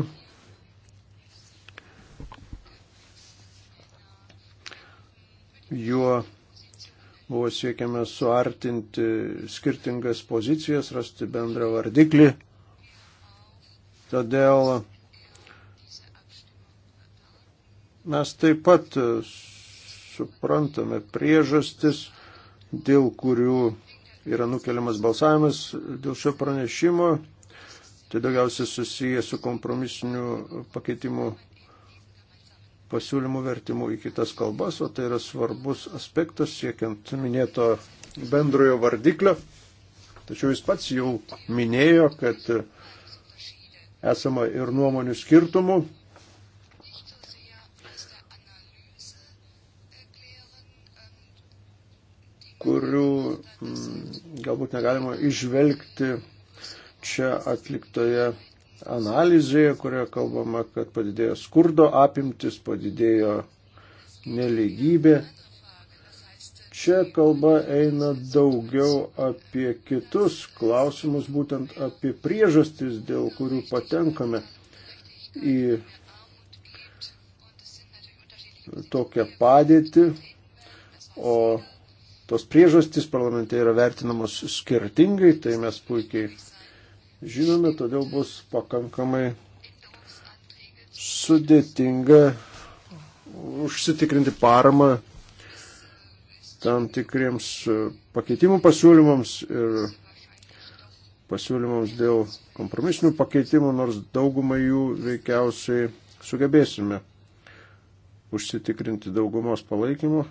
Juo Buvo siekiama suartinti skirtingas pozicijas, rasti bendrą vardiklį. Todėl mes taip pat suprantame priežastis, dėl kurių yra nukeliamas balsavimas dėl šio pranešimo. Tai daugiausiai susiję su kompromisiniu pakeitimu pasiūlymų vertimų į kitas kalbas, o tai yra svarbus aspektas siekiant minėto bendrojo vardiklio. Tačiau jis pats jau minėjo, kad esama ir nuomonių skirtumų. kurių m, mm, galbūt negalima išvelgti čia atliktoje analizėje, kurioje kalbama, kad padidėjo skurdo apimtis, padidėjo neligybė. Čia kalba eina daugiau apie kitus klausimus, būtent apie priežastis, dėl kurių patenkame į tokią padėtį, o tos priežastys parlamente yra vertinamos skirtingai, tai mes puikiai žinome, todėl bus pakankamai sudėtinga užsitikrinti paramą tam tikriems pakeitimų pasiūlymams ir pasiūlymams dėl kompromisinių pakeitimų, nors daugumą jų veikiausiai sugebėsime užsitikrinti daugumos palaikymu.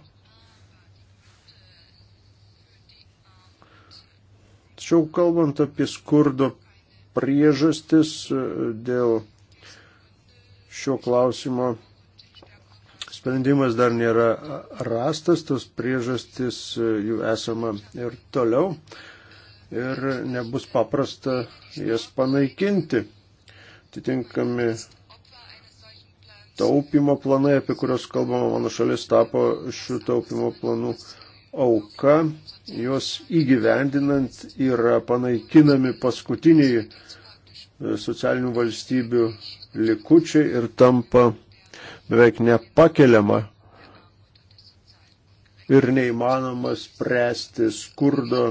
Tačiau kalbant apie skurdo priežastis e, dėl šio klausimo sprendimas dar nėra rastas, tos priežastis e, jų esama ir toliau ir nebus paprasta jas panaikinti. Atitinkami taupimo planai, apie kurios kalbama mano šalis, tapo šių taupimo planų auka, juos įgyvendinant yra panaikinami paskutiniai e, socialinių valstybių likučiai ir tampa beveik nepakeliama ir neįmanoma spręsti skurdo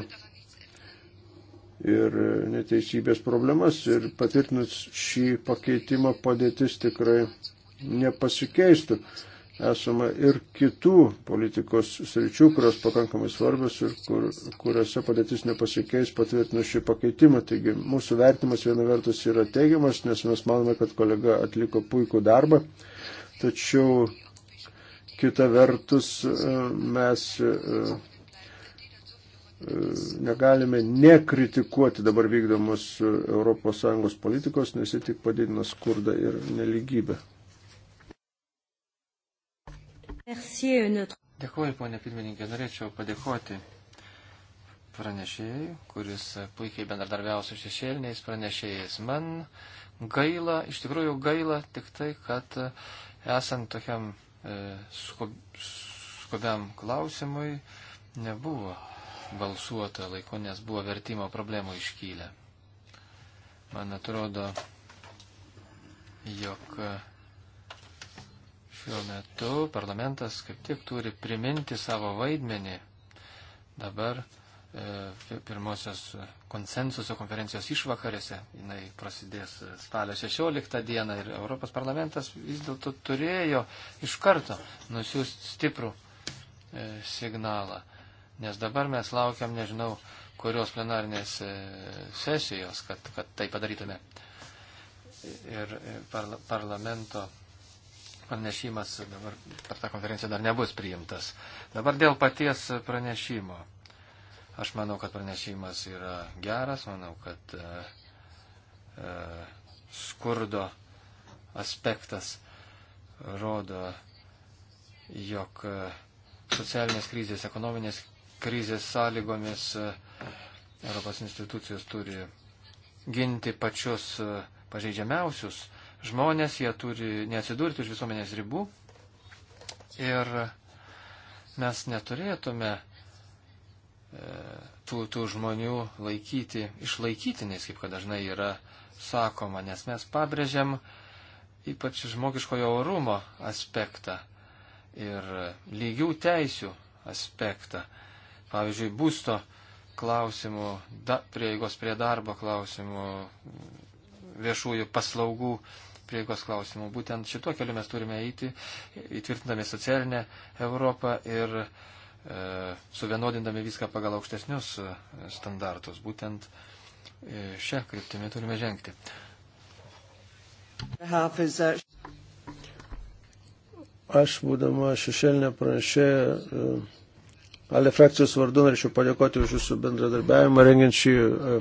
ir neteisybės problemas ir patvirtinus šį pakeitimą padėtis tikrai nepasikeistų esama ir kitų politikos sričių, kurios pakankamai svarbios ir kur, kuriuose padėtis nepasikeis patvirtinus šį pakeitimą. Taigi mūsų vertimas viena vertus yra teigiamas, nes mes manome, kad kolega atliko puikų darbą, tačiau kita vertus e, mes e, e, negalime nekritikuoti dabar vykdomos ES politikos, nes ji tik padidina skurdą ir neligybę. Euh, Dėkuoju, ponė pirmininkė, norėčiau padėkoti pranešėjai, kuris puikiai bendradarbiavo su šešėliniais pranešėjais. Man gaila, iš tikrųjų gaila tik tai, kad e, esant tokiam e, skubiam klausimui nebuvo balsuota laiku, nes buvo vertimo problemų iškylę. Man atrodo, jog šiuo metu parlamentas kaip tik turi priminti savo vaidmenį dabar e, pirmosios konsensuso konferencijos išvakarėse, jinai prasidės e, spalio 16 dieną ir Europos parlamentas vis dėlto turėjo iš karto nusiųsti stiprų e, signalą. Nes dabar mes laukiam, nežinau, kurios plenarinės e, sesijos, kad, kad tai padarytume. Ir parla, parlamento pranešimas dabar per tą konferenciją dar nebus priimtas. Dabar dėl paties pranešimo. Aš manau, kad pranešimas yra geras, manau, kad e, e, skurdo aspektas rodo, jog e, socialinės krizės, ekonominės krizės sąlygomis e, Europos institucijos turi ginti pačius e, pažeidžiamiausius žmonės, jie turi neatsidurti už visuomenės ribų. Ir mes neturėtume e, tų, tų žmonių laikyti išlaikytiniais, kaip kad dažnai yra sakoma, nes mes pabrėžiam ypač žmogiškojo orumo aspektą ir lygių teisių aspektą. Pavyzdžiui, būsto klausimų, da, prieigos prie darbo klausimų, viešųjų paslaugų prieigos klausimų. Būtent šituo keliu mes turime eiti, įtvirtindami socialinę Europą ir e, suvienodindami viską pagal aukštesnius e, standartus. Būtent e, šią kryptimį turime žengti. Aš, būdama šešėlinė pranešė, e, Ale frakcijos vardu norėčiau padėkoti už jūsų bendradarbiavimą rengiant šį e,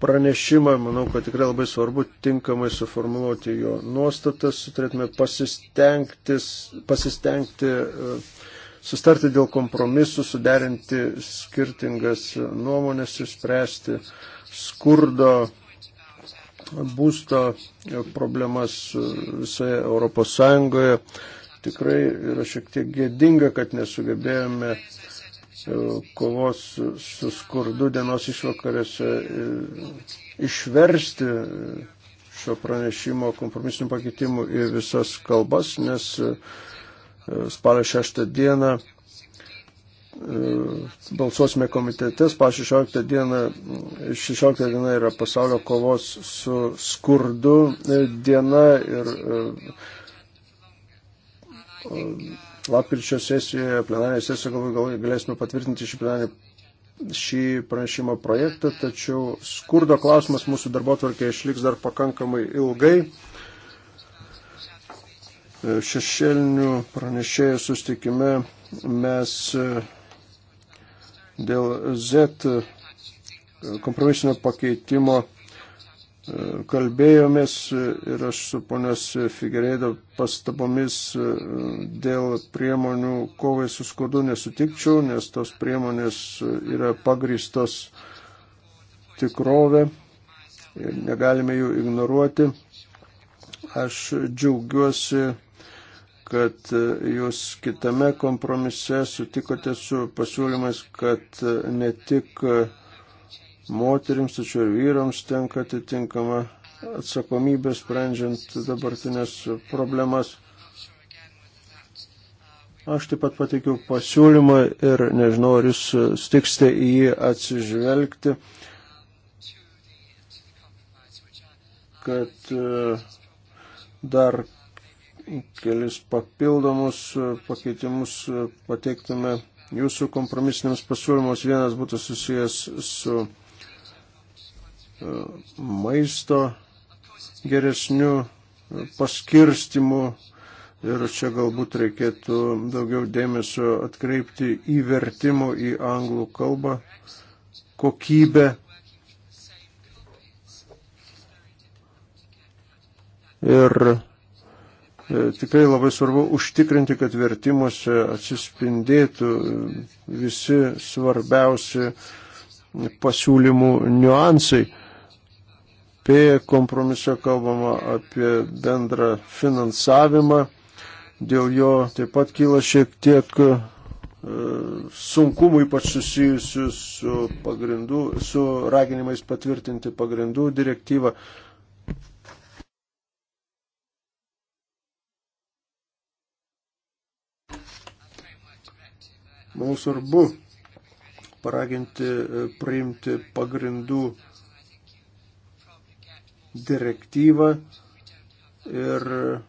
pranešimą. Manau, kad tikrai labai svarbu tinkamai suformuoluoti jo nuostatas. Turėtume pasistengti, pasistengti e, sustarti dėl kompromisų, suderinti skirtingas nuomonės, išspręsti skurdo būsto problemas visoje Europos Sąjungoje. Tikrai yra šiek tiek gėdinga, kad nesugebėjome uh, kovos su skurdu dienos išvakarėse e, išversti šio pranešimo kompromisinių pakeitimų į visas kalbas, nes e, spalio 6 dieną e, balsuosime komitete, spalio 16 diena, 16 diena yra pasaulio kovos su skurdu diena ir lapkričio sesijoje, plenarinėje sesijoje gal, galėsime patvirtinti šį, šį pranešimo projektą, tačiau skurdo klausimas mūsų darbo tvarkė išliks dar pakankamai ilgai. E, šešėlinių pranešėjų sustikime mes e, dėl Z e, kompromisinio pakeitimo kalbėjomės ir aš su ponios Figerėdo pastabomis e, dėl priemonių kovai su skurdu nesutikčiau, nes tos priemonės e, yra pagristos tikrovė ir negalime jų ignoruoti. Aš džiaugiuosi, kad e, jūs kitame kompromise sutikote su pasiūlymais, kad ne tik moteriams, tačiau ir vyrams tenka atitinkama atsakomybė sprendžiant dabartinės problemas. Aš taip pat pateikiau pasiūlymą ir nežinau, ar jūs stiksite į jį atsižvelgti, kad e, dar kelis papildomus pakeitimus pateiktume jūsų kompromisiniams pasiūlymus. Vienas būtų susijęs su maisto geresnių paskirstimų ir čia galbūt reikėtų daugiau dėmesio atkreipti į vertimų į anglų kalbą kokybę. Ir e, tikrai labai svarbu užtikrinti, kad vertimuose atsispindėtų visi svarbiausi pasiūlymų niuansai. P kompromiso kalbama apie bendrą finansavimą. Dėl jo taip pat kyla šiek tiek e, sunkumų, ypač susijusių su, pagrindų, su raginimais patvirtinti pagrindų direktyvą. Mums svarbu paraginti e, priimti pagrindų direktyvą direktyvą ir e,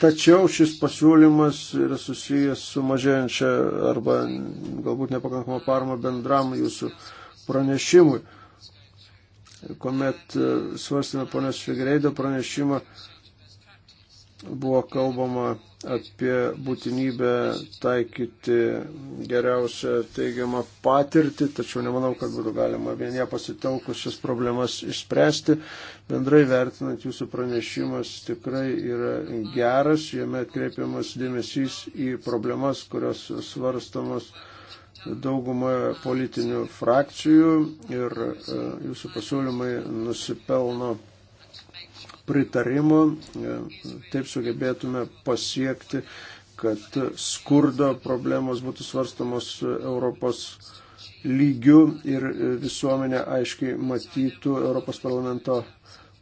tačiau šis pasiūlymas yra susijęs su mažėjančia arba galbūt nepakankama parama bendram jūsų pranešimui. Komet e, svarstame ponios Figreido pranešimą, buvo kalbama apie būtinybę taikyti geriausią teigiamą patirtį, tačiau nemanau, kad būtų galima vienie pasitelkus šias problemas išspręsti. Bendrai vertinant, jūsų pranešimas tikrai yra geras, jame atkreipiamas dėmesys į problemas, kurios svarstamos daugumoje politinių frakcijų ir e, jūsų pasiūlymai nusipelno pritarimo, e, taip sugebėtume pasiekti, kad skurdo problemos būtų svarstamos Europos lygių ir visuomenė aiškiai matytų Europos parlamento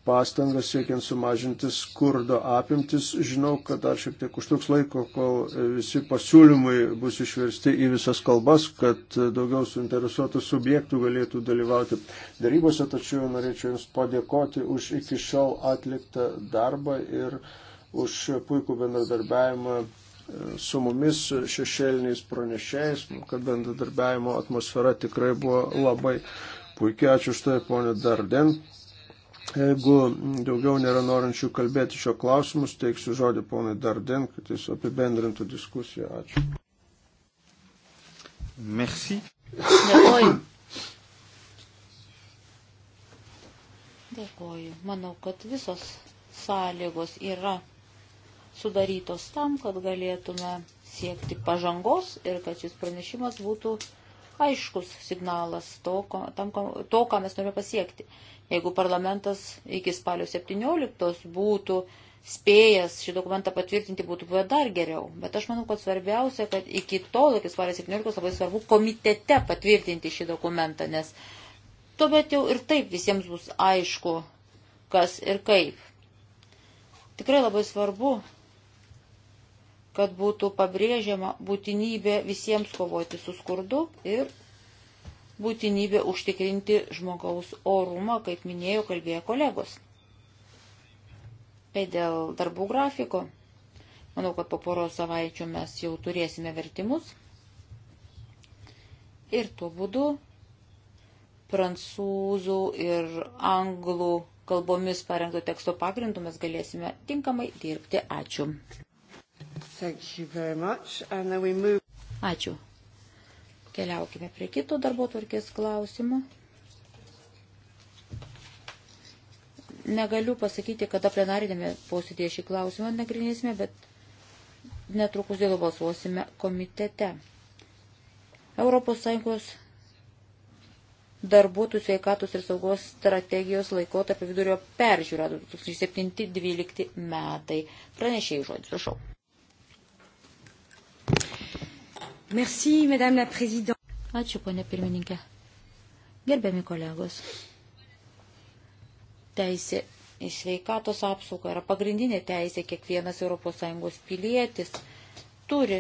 pastangas siekiant sumažinti skurdo apimtis. Žinau, kad dar šiek tiek užtruks laiko, kol visi pasiūlymai bus išversti į visas kalbas, kad daugiau suinteresuotų subjektų galėtų dalyvauti darybose, tačiau norėčiau Jums padėkoti už iki šiol atliktą darbą ir už puikų bendradarbiavimą e, su mumis šešėliniais pranešėjais, kad bendradarbiavimo atmosfera tikrai buvo labai puikia. Ačiū štai, ponė Darden. Jeigu daugiau nėra norinčių kalbėti šio klausimus, teiksiu žodį ponui Darden, kad jis apibendrintų diskusiją. Ačiū. Merci. Dėkoju. Dėkoju. Manau, kad visos sąlygos yra sudarytos tam, kad galėtume siekti pažangos ir kad šis pranešimas būtų aiškus signalas to, ko, tam, ko, to ką mes norime pasiekti. Jeigu parlamentas iki spalio 17 būtų spėjęs šį dokumentą patvirtinti, būtų buvę dar geriau. Bet aš manau, kad svarbiausia, kad iki tol, iki spalio 17 labai svarbu komitete patvirtinti šį dokumentą, nes tuomet jau ir taip visiems bus aišku, kas ir kaip. Tikrai labai svarbu, kad būtų pabrėžiama būtinybė visiems kovoti su skurdu ir būtinybė užtikrinti žmogaus orumą, kaip minėjo, kalbėjo kolegos. Tai dėl darbų grafiko. Manau, kad po poros savaičių mes jau turėsime vertimus. Ir tuo būdu prancūzų ir anglų kalbomis parengto teksto pagrindu mes galėsime tinkamai dirbti. Ačiū. Ačiū. Keliaukime prie kito darbo tvarkės klausimo. Negaliu pasakyti, kada plenarinėme posėdėje šį klausimą nagrinėsime, bet netrukus dėl balsuosime komitete. Europos Sąjungos darbuotojų sveikatos ir saugos strategijos laikotarpio vidurio peržiūra 2007-2012 metai. Pranešėjai žodis, prašau. Merci, madame la présidente. Ačiū, ponė pirmininkė. Gerbiami kolegos. Teisė į sveikatos apsaugą yra pagrindinė teisė. Kiekvienas ES pilietis turi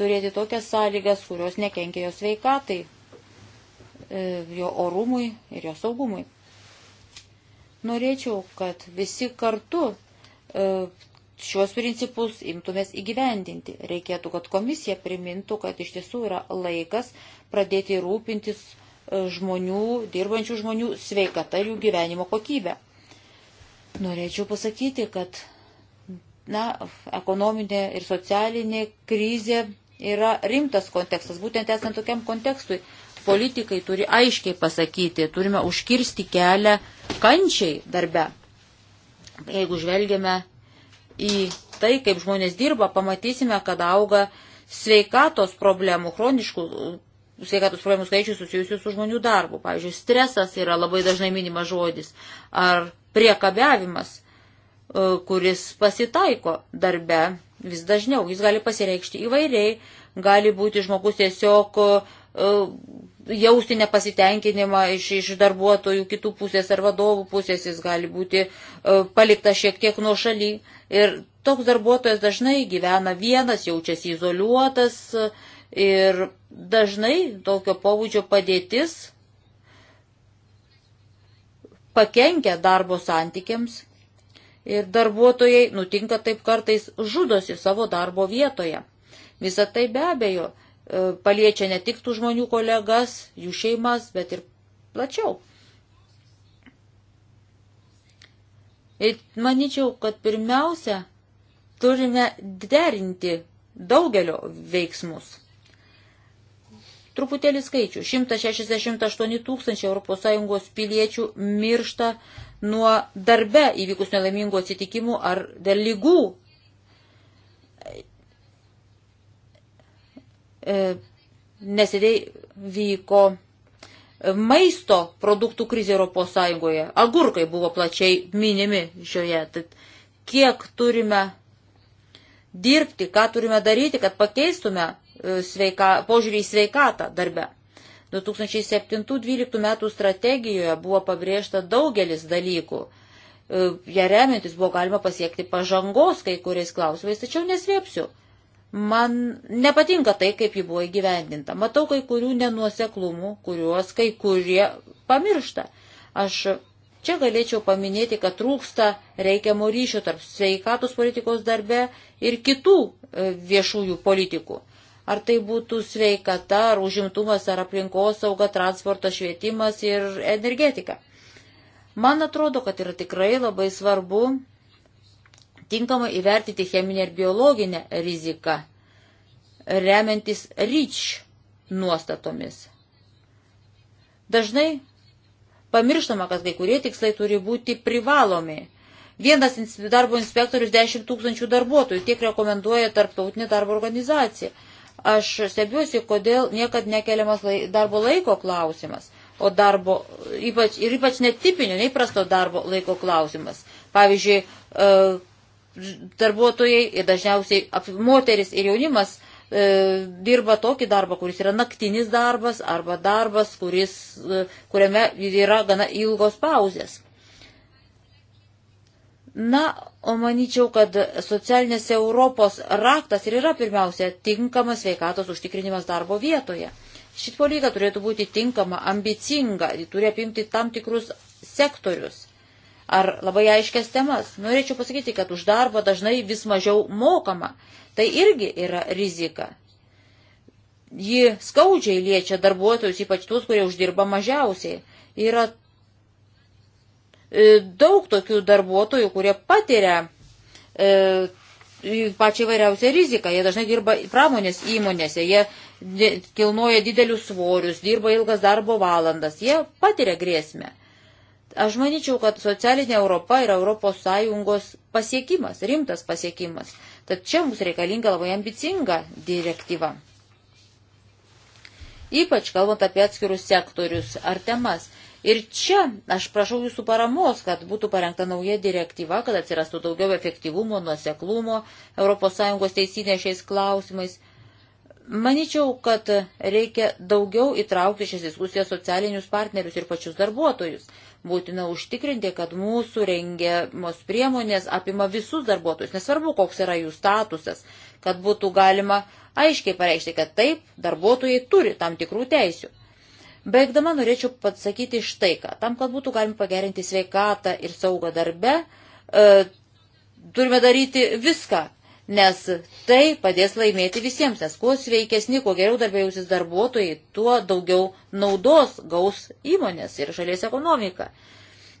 turėti tokias sąlygas, kurios nekenkia jo sveikatai, e, jo orumui ir jo saugumui. Norėčiau, kad visi kartu e, šiuos principus imtumės įgyvendinti. Reikėtų, kad komisija primintų, kad iš tiesų yra laikas pradėti rūpintis e, žmonių, dirbančių žmonių sveikata ir jų gyvenimo kokybė. Norėčiau pasakyti, kad na, ekonominė ir socialinė krizė yra rimtas kontekstas. Būtent esant tokiam kontekstui, politikai turi aiškiai pasakyti, turime užkirsti kelią kančiai darbe. Jeigu žvelgiame į tai, kaip žmonės dirba, pamatysime, kad auga sveikatos problemų, chroniškų uh, sveikatos problemų skaičių susijusių su žmonių darbu. Pavyzdžiui, stresas yra labai dažnai minimas žodis. Ar priekabiavimas, uh, kuris pasitaiko darbe vis dažniau. Jis gali pasireikšti įvairiai, gali būti žmogus tiesiog uh, jausti nepasitenkinimą iš, iš darbuotojų kitų pusės ar vadovų pusės, jis gali būti e, paliktas šiek tiek nuo šaly. Ir toks darbuotojas dažnai gyvena vienas, jaučiasi izoliuotas e, ir dažnai tokio pobūdžio padėtis pakenkia darbo santykiams ir darbuotojai nutinka taip kartais žudosi savo darbo vietoje. Visą tai be abejo E, paliečia ne tik tų žmonių kolegas, jų šeimas, bet ir plačiau. Ir manyčiau, kad pirmiausia, turime derinti daugelio veiksmus. Truputėlį skaičių. 168 tūkstančiai ES piliečių miršta nuo darbe įvykus nelaimingų atsitikimų ar dėl lygų E, neseniai vyko maisto produktų krizė Europos Sąjungoje. Agurkai buvo plačiai minimi šioje. Tad kiek turime dirbti, ką turime daryti, kad pakeistume e, sveika, požiūrį į sveikatą darbe. 2007-2012 metų strategijoje buvo pabrėžta daugelis dalykų. E, ja remiantis buvo galima pasiekti pažangos kai kuriais klausimais, tačiau neslėpsiu, Man nepatinka tai, kaip ji buvo įgyvendinta. Matau kai kurių nenuoseklumų, kuriuos kai kurie pamiršta. Aš čia galėčiau paminėti, kad trūksta reikiamo ryšio tarp sveikatos politikos darbe ir kitų e, viešųjų politikų. Ar tai būtų sveikata, ar užimtumas, ar aplinkosauga, transporto švietimas ir energetika. Man atrodo, kad yra tikrai labai svarbu tinkamai įvertinti cheminę ir biologinę riziką, remiantis REACH nuostatomis. Dažnai pamirštama, kad kai kurie tikslai turi būti privalomi. Vienas darbo inspektorius 10 tūkstančių darbuotojų, tiek rekomenduoja tarptautinė darbo organizacija. Aš stebiuosi, kodėl niekad nekeliamas lai, darbo laiko klausimas, o darbo, ypač, ir ypač netipinio, neįprasto darbo laiko klausimas. Pavyzdžiui, e, darbuotojai ir dažniausiai moteris ir jaunimas e, dirba tokį darbą, kuris yra naktinis darbas arba darbas, kuris, e, kuriame yra gana ilgos pauzės. Na, o manyčiau, kad socialinės Europos raktas ir yra pirmiausia tinkamas veikatos užtikrinimas darbo vietoje. Šit politika turėtų būti tinkama, ambicinga, ji turi apimti tam tikrus sektorius ar labai aiškias temas. Norėčiau pasakyti, kad už darbą dažnai vis mažiau mokama. Tai irgi yra rizika. Ji skaudžiai liečia darbuotojus, ypač tuos, kurie uždirba mažiausiai. Yra e, daug tokių darbuotojų, kurie patiria e, pačią įvairiausią riziką. Jie dažnai dirba pramonės įmonėse, jie kilnoja didelius svorius, dirba ilgas darbo valandas, jie patiria grėsmę. Aš manyčiau, kad socialinė Europa yra Europos Sąjungos pasiekimas, rimtas pasiekimas. Tad čia mums reikalinga labai ambicinga direktyva. Ypač kalbant apie atskirus sektorius ar temas. Ir čia aš prašau jūsų paramos, kad būtų parengta nauja direktyva, kad atsirastų daugiau efektyvumo, nuoseklumo ES teisinė šiais klausimais. Maničiau, kad reikia daugiau įtraukti šias diskusijas socialinius partnerius ir pačius darbuotojus. Būtina užtikrinti, kad mūsų rengiamos priemonės apima visus darbuotojus, nesvarbu, koks yra jų statusas, kad būtų galima aiškiai pareikšti, kad taip, darbuotojai turi tam tikrų teisių. Baigdama norėčiau pasakyti štai ką. Tam, kad būtų galima pagerinti sveikatą ir saugą darbe, e, turime daryti viską, nes tai padės laimėti visiems, nes kuo sveikesni, kuo geriau darbė jausis darbuotojai, tuo daugiau naudos gaus įmonės ir šalies ekonomika.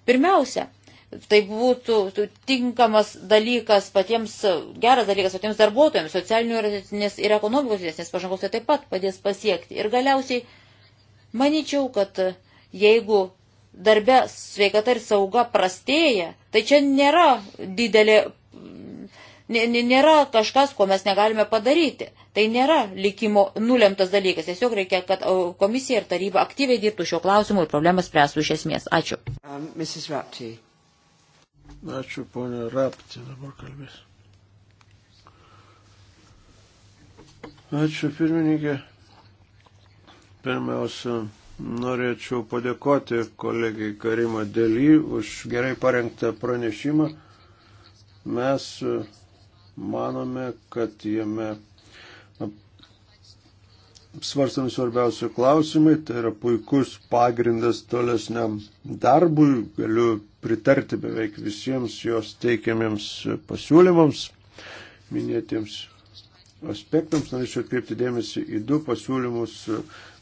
Pirmiausia, tai būtų tinkamas dalykas patiems, geras dalykas patiems darbuotojams, socialinių ir ekonomikos didesnės pažangos tai taip pat padės pasiekti. Ir galiausiai, manyčiau, kad jeigu darbe sveikata ir sauga prastėja, tai čia nėra didelė nėra kažkas, ko mes negalime padaryti. Tai nėra likimo nulemtas dalykas. Tiesiog reikia, kad komisija ir taryba aktyviai dirbtų šio klausimu ir problemas spręstų iš esmės. Ačiū. Um, Ačiū, ponė Rapti, dabar kalbės. Ačiū, pirmininkė. Pirmiausia, norėčiau padėkoti kolegai Karimą Dėlį už gerai parengtą pranešimą. Mes manome, kad jame svarstami svarbiausi klausimai, tai yra puikus pagrindas tolesniam darbui, galiu pritarti beveik visiems jos teikiamiems pasiūlymams, minėtiems aspektams. Norėčiau atkreipti dėmesį į du pasiūlymus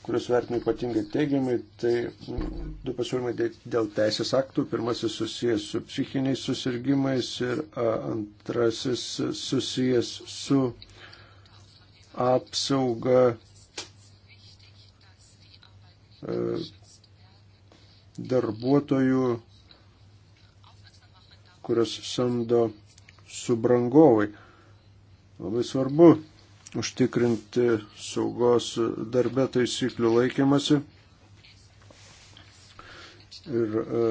kuriuos vertinu ypatingai teigiamai, tai mm, du pasiūlymai dėl teisės aktų. Pirmasis susijęs su psichiniais susirgymais ir antrasis susijęs su apsauga darbuotojų, kurios samdo subrangovai. Labai svarbu užtikrinti saugos darbe taisyklių laikymasi. Ir e,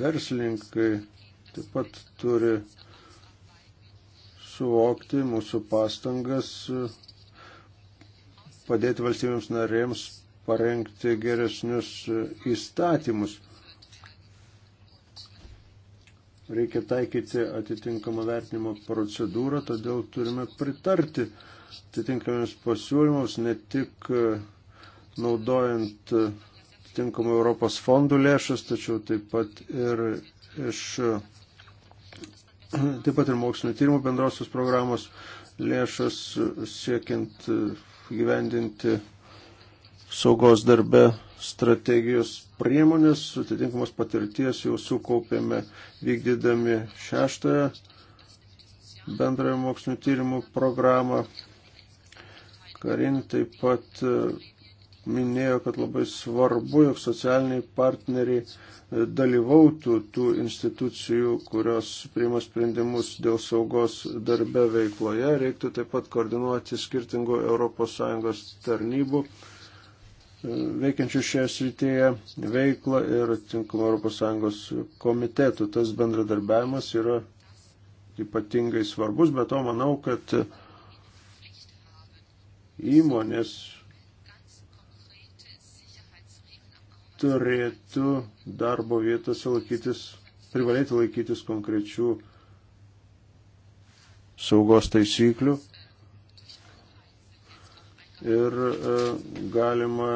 verslininkai taip pat turi suvokti mūsų pastangas e, padėti valstybėms narėms parengti geresnius e, įstatymus. Reikia taikyti atitinkamą vertinimo procedūrą, todėl turime pritarti uh, atitinkamiems pasiūlymams, ne tik e, naudojant e, atitinkamų Europos fondų lėšas, tačiau taip pat ir iš e, taip pat ir mokslinio tyrimų bendrosios programos lėšas siekiant gyvendinti saugos darbe strategijos priemonės, atitinkamos patirties jau sukaupėme vykdydami šeštąją bendrojo mokslinio tyrimų programą. Karin taip pat e, minėjo, kad labai svarbu, jog socialiniai partneriai e, dalyvautų tų institucijų, kurios priima sprendimus dėl saugos darbe veikloje. Reiktų taip pat koordinuoti skirtingų ES tarnybų e, veikiančių šioje srityje veiklą ir tinkamų ES komitetų. Tas bendradarbiavimas yra ypatingai svarbus, bet to manau, kad įmonės turėtų darbo vietose laikytis, privalėti laikytis konkrečių saugos taisyklių ir e, galima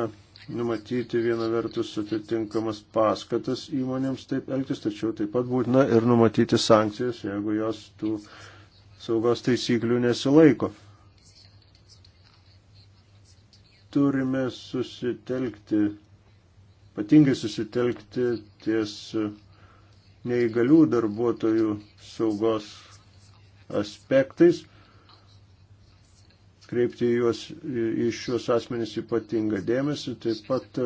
numatyti viena vertus atitinkamas paskatas įmonėms taip elgtis, tačiau taip pat būtina ir numatyti sankcijas, jeigu jos tų saugos taisyklių nesilaiko turime susitelkti, patingai susitelkti ties neįgalių darbuotojų saugos aspektais, kreipti juos, į šiuos asmenys ypatingą dėmesį, taip pat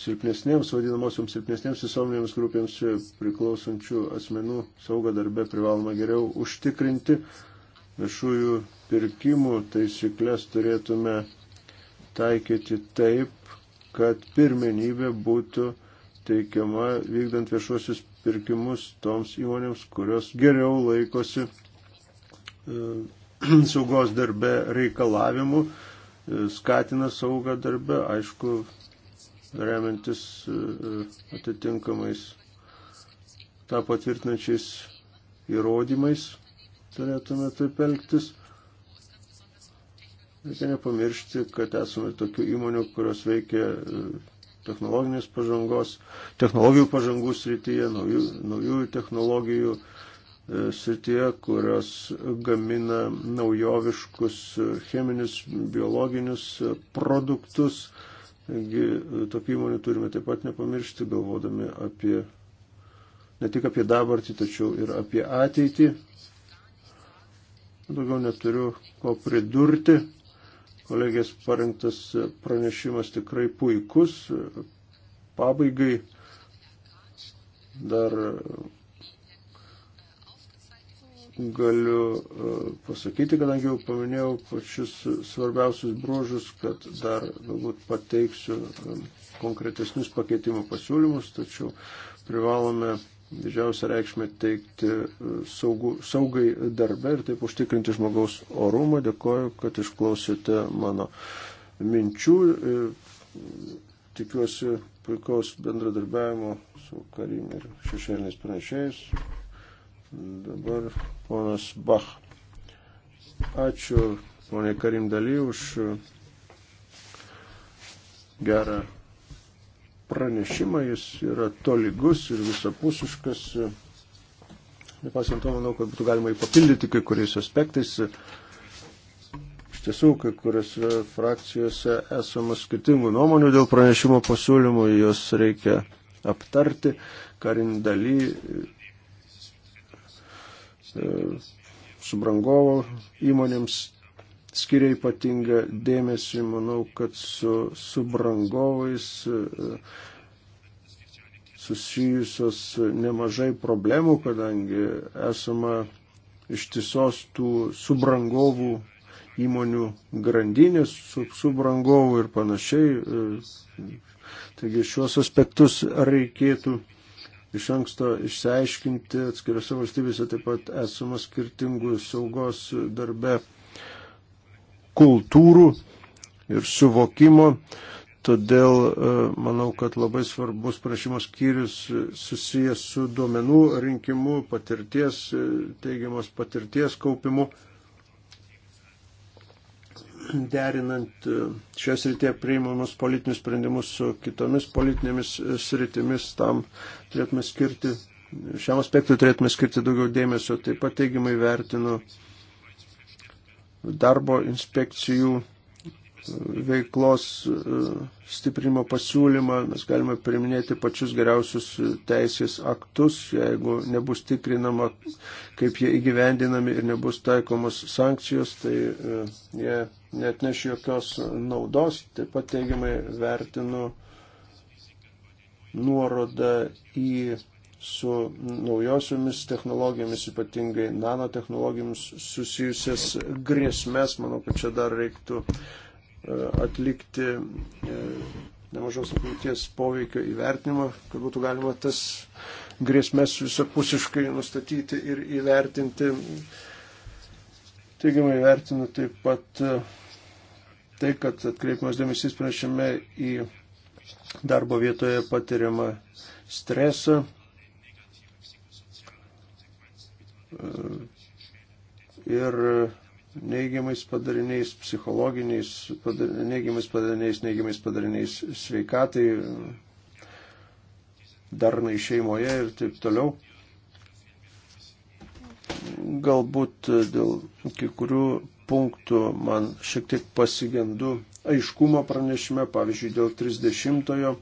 silpnesnėms, vadinamosioms silpnesnėms visuomenėms grupėms priklausančių asmenų saugą darbę privaloma geriau užtikrinti. Viešųjų pirkimų taisyklės turėtume taikyti taip, kad pirmenybė būtų teikiama vykdant viešuosius pirkimus toms įmonėms, kurios geriau laikosi e, saugos darbe reikalavimų, e, skatina saugą darbe, aišku, remiantis e, atitinkamais tą patvirtinančiais įrodymais turėtume taip elgtis. Reikia nepamiršti, kad esame tokių įmonių, kurios veikia e, technologinės pažangos, technologijų pažangų srityje, naujų, naujųjų technologijų e, srityje, kurios gamina naujoviškus e, cheminius, biologinius produktus. Taigi tokių įmonių turime taip pat nepamiršti, galvodami apie ne tik apie dabartį, tačiau ir apie ateitį. Daugiau neturiu ko pridurti. Kolegės parengtas pranešimas tikrai puikus. Pabaigai dar galiu e, pasakyti, kadangi jau paminėjau pačius svarbiausius bruožus, kad dar galbūt pateiksiu e, konkretesnius pakeitimų pasiūlymus, tačiau privalome didžiausią reikšmę teikti e, saugų, saugai darbe ir taip užtikrinti žmogaus orumą. Dėkoju, kad išklausėte mano minčių. E, tikiuosi puikaus bendradarbiavimo su karim ir šešėliniais pranešėjais. Dabar ponas Bach. Ačiū poniai Karim Daly už gerą pranešimą, jis yra tolygus ir visapusiškas. Nepaisant to, manau, kad būtų galima jį papildyti kai kuriais aspektais. Iš tiesų, kai kuriuose frakcijose esama skirtingų nuomonių dėl pranešimo pasiūlymų, juos reikia aptarti. Karindaly e, Subrangovo įmonėms skiria ypatingą dėmesį, manau, kad su, su brangovais e, susijusios nemažai problemų, kadangi esama ištisos tų subrangovų įmonių grandinės, subrangovų ir panašiai. E, taigi šiuos aspektus reikėtų iš anksto išsiaiškinti, atskiriuose valstybėse taip pat esama skirtingų saugos darbe kultūrų ir suvokimo. Todėl e, manau, kad labai svarbus prašymo skyrius e, susijęs su duomenų rinkimu, patirties, e, teigiamos patirties kaupimu, derinant šios rytie priimamus politinius sprendimus su kitomis politinėmis sritimis, tam turėtume skirti, šiam aspektui turėtume skirti daugiau dėmesio. Taip pat teigiamai vertinu darbo inspekcijų e, veiklos e, stiprimo pasiūlymą, mes galime priminėti pačius geriausius teisės aktus, jeigu nebus tikrinama, kaip jie įgyvendinami ir nebus taikomos sankcijos, tai e, jie net neš jokios naudos. Taip pat teigiamai vertinu nuorodą į su naujosiomis technologijomis, ypatingai nanotehnologijomis susijusias grėsmės. Manau, kad čia dar reiktų e, atlikti e, nemažos apimties poveikio įvertinimą, kad būtų galima tas grėsmės visapusiškai nustatyti ir įvertinti. Teigiamai vertinu taip pat e, tai, kad atkreipimas dėmesys pranešime į darbo vietoje patiriamą stresą, ir neigiamais padariniais, psichologiniais, padar, neigiamais padariniais, neigiamais padariniais sveikatai, darnai šeimoje ir taip toliau. Galbūt dėl kai kurių punktų man šiek tiek pasigendu aiškumo pranešime, pavyzdžiui, dėl 30-ojo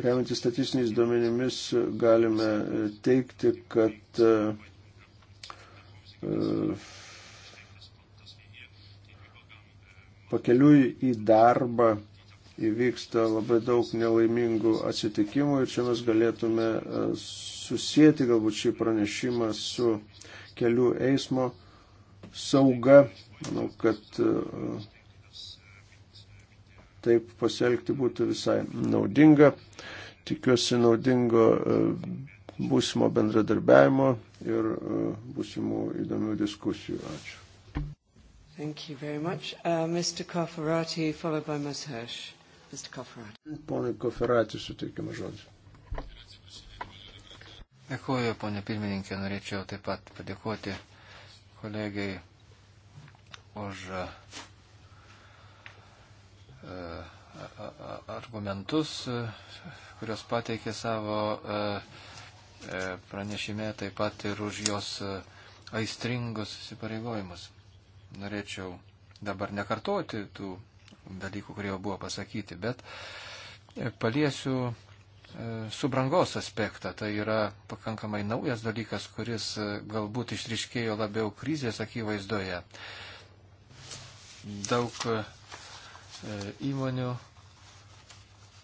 remiantis statistiniais duomenimis, galime e, teikti, kad e, pakeliui į darbą įvyksta labai daug nelaimingų atsitikimų ir čia mes galėtume e, susijęti galbūt šį pranešimą su kelių eismo sauga. Manau, kad taip pasielgti būtų visai naudinga. Tikiuosi naudingo e, būsimo bendradarbiavimo ir e, būsimų įdomių diskusijų. Ačiū. Thank you very much. Uh, Mr. Cofferati, followed by Ms. Hirsch. Mr. Cofferati. Pone Cofferati, suteikiamas žodis. Dėkuoju, ponė pirmininkė, norėčiau taip pat padėkoti kolegiai už uh, argumentus, e, kurios pateikė savo e, e, pranešime, taip pat ir už jos aistringus įsipareigojimus. Norėčiau dabar nekartoti tų dalykų, kurie jau buvo pasakyti, bet paliesiu subrangos aspektą. Tai yra pakankamai naujas dalykas, kuris galbūt išriškėjo labiau krizės akivaizdoje. Daug E, įmonių,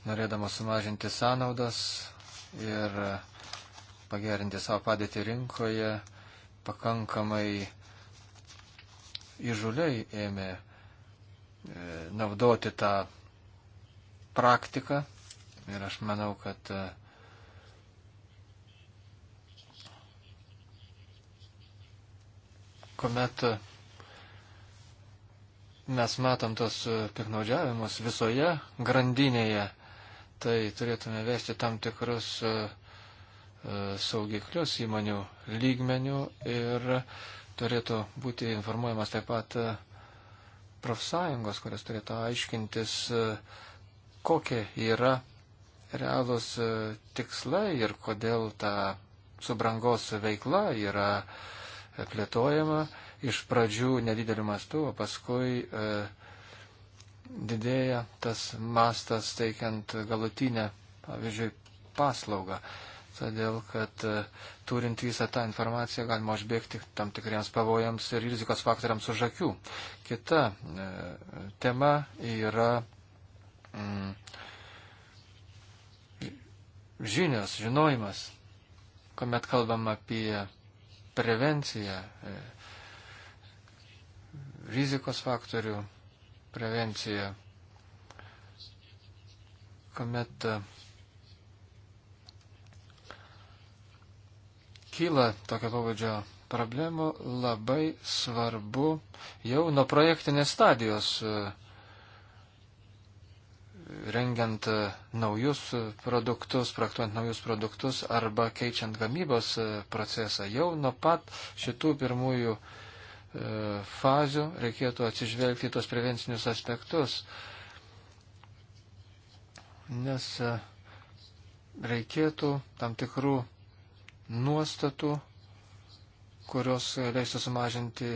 norėdamos sumažinti sąnaudas ir e, pagerinti savo padėtį rinkoje, pakankamai įžuliai ėmė e, naudoti tą praktiką. Ir aš manau, kad kuomet mes matom tos e, piknaudžiavimus visoje grandinėje, tai turėtume vesti tam tikrus e, e, saugiklius įmonių lygmenių ir turėtų būti informuojamas taip pat profsąjungos, kurios turėtų aiškintis, kokie yra realūs tikslai ir kodėl ta subrangos veikla yra plėtojama iš pradžių nedideliu mastu, o paskui e, didėja tas mastas teikiant galutinę, pavyzdžiui, paslaugą. Todėl, kad e, turint visą tą informaciją galima užbėgti tam tikriems pavojams ir rizikos faktoriams už akių. Kita e, tema yra mm, žinios, žinojimas, kuomet kalbam apie prevenciją. E, rizikos faktorių prevenciją, kuomet e, kyla tokio pavadžio problemų, labai svarbu jau nuo projektinės stadijos e, rengiant e, naujus produktus, projektuojant naujus produktus arba keičiant gamybos procesą, jau nuo pat šitų pirmųjų uh, E, fazių, reikėtų atsižvelgti tos prevencinius aspektus, nes e, reikėtų tam tikrų nuostatų, kurios leistų sumažinti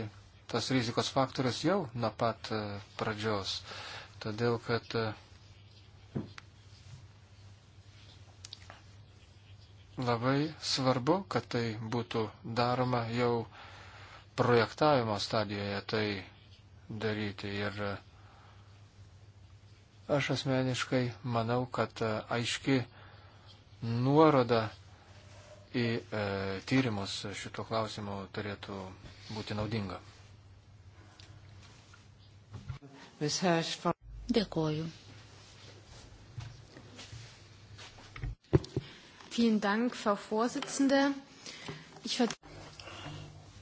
tas rizikos faktorius jau nuo pat e, pradžios. Todėl, kad labai svarbu, kad tai būtų daroma jau projektavimo stadijoje tai daryti. Ir aš asmeniškai manau, kad e, aiški nuoroda į e, tyrimus šito klausimu turėtų būti naudinga. Dėkoju. Vielen Dank, Frau Vorsitzende. Ich